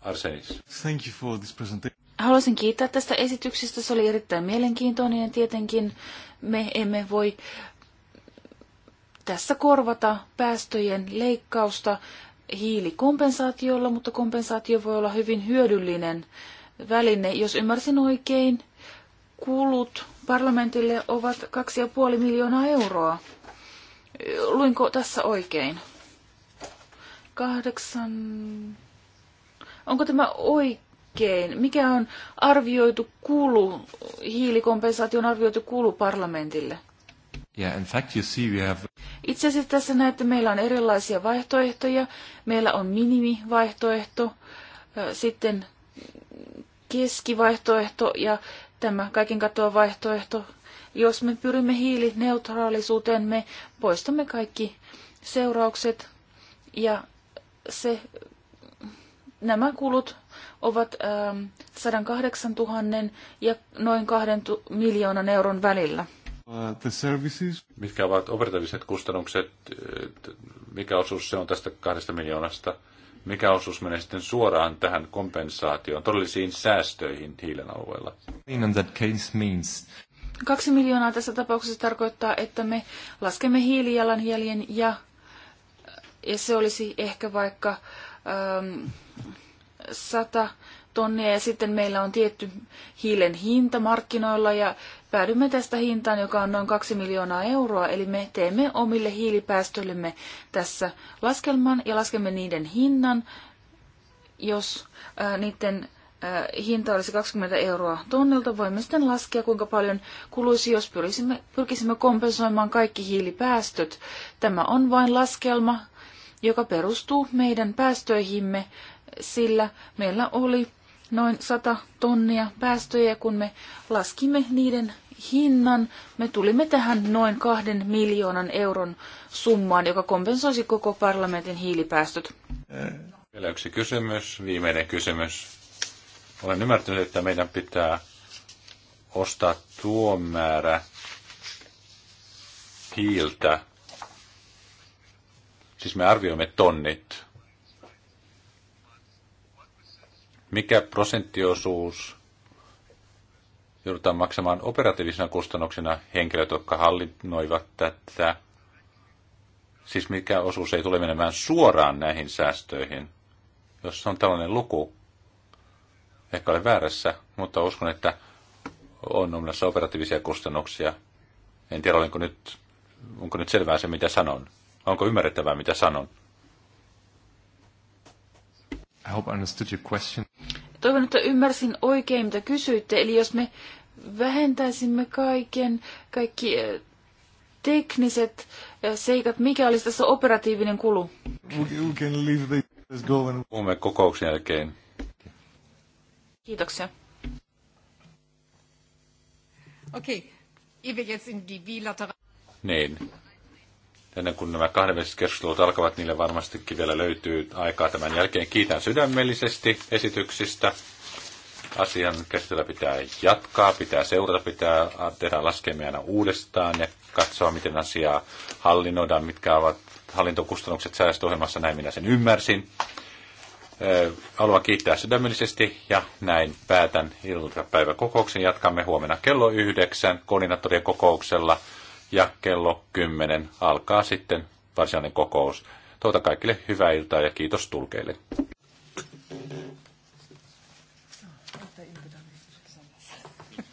Arsenis. Thank you for this presentation. Haluaisin kiittää tästä esityksestä. Se oli erittäin mielenkiintoinen ja tietenkin me emme voi tässä korvata päästöjen leikkausta hiilikompensaatiolla, mutta kompensaatio voi olla hyvin hyödyllinen väline. Jos ymmärsin oikein, kulut parlamentille ovat 2,5 miljoonaa euroa. Luinko tässä oikein? Kahdeksan... Onko tämä oikein? Mikä on arvioitu kulu, hiilikompensaation arvioitu kulu parlamentille? Yeah, in fact, you see we have... Itse asiassa tässä näette, meillä on erilaisia vaihtoehtoja. Meillä on minimivaihtoehto, sitten keskivaihtoehto ja tämä kaiken katoa vaihtoehto. Jos me pyrimme hiilineutraalisuuteen, me poistamme kaikki seuraukset ja se, nämä kulut ovat 108 ähm, 000 ja noin 2 miljoonan euron välillä. Uh, the services. Mitkä ovat operatiiviset kustannukset, äh, mikä osuus se on tästä kahdesta miljoonasta? Mikä osuus menee sitten suoraan tähän kompensaatioon, todellisiin säästöihin hiilen alueella? Kaksi miljoonaa tässä tapauksessa tarkoittaa, että me laskemme hiilijalanjäljen ja ja se olisi ehkä vaikka ähm, 100 tonnia ja sitten meillä on tietty hiilen hinta markkinoilla ja päädymme tästä hintaan, joka on noin 2 miljoonaa euroa, eli me teemme omille hiilipäästöillemme tässä laskelman ja laskemme niiden hinnan, jos äh, niiden äh, hinta olisi 20 euroa tonnilta, voimme sitten laskea, kuinka paljon kuluisi, jos pyrkisimme, pyrkisimme kompensoimaan kaikki hiilipäästöt. Tämä on vain laskelma, joka perustuu meidän päästöihimme, sillä meillä oli noin 100 tonnia päästöjä, kun me laskimme niiden hinnan, me tulimme tähän noin kahden miljoonan euron summaan, joka kompensoisi koko parlamentin hiilipäästöt. Vielä yksi kysymys, viimeinen kysymys. Olen ymmärtänyt, että meidän pitää ostaa tuo määrä hiiltä Siis me arvioimme tonnit. Mikä prosenttiosuus joudutaan maksamaan operatiivisena kustannuksena henkilöt, jotka hallinnoivat tätä? Siis mikä osuus ei tule menemään suoraan näihin säästöihin? Jos on tällainen luku, ehkä olen väärässä, mutta uskon, että on olemassa operatiivisia kustannuksia. En tiedä, olenko nyt, onko nyt selvää se, mitä sanon. Onko ymmärrettävää, mitä sanon? I hope I understood your question. Toivon, että ymmärsin oikein, mitä kysyitte. Eli jos me vähentäisimme kaiken, kaikki eh, tekniset eh, seikat, mikä olisi tässä operatiivinen kulu? Puhumme kokouksen jälkeen. Kiitoksia. Okei, okay. Niin, ennen kuin nämä kahdenväliset keskustelut alkavat, niille varmastikin vielä löytyy aikaa tämän jälkeen. Kiitän sydämellisesti esityksistä. Asian käsitellä pitää jatkaa, pitää seurata, pitää tehdä laskemia aina uudestaan ja katsoa, miten asiaa hallinnoidaan, mitkä ovat hallintokustannukset säästöohjelmassa, näin minä sen ymmärsin. Haluan kiittää sydämellisesti ja näin päätän iltapäiväkokouksen. Jatkamme huomenna kello yhdeksän koordinaattorien kokouksella ja kello 10 alkaa sitten varsinainen kokous. Tuota kaikille hyvää iltaa ja kiitos tulkeille.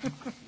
Thank you.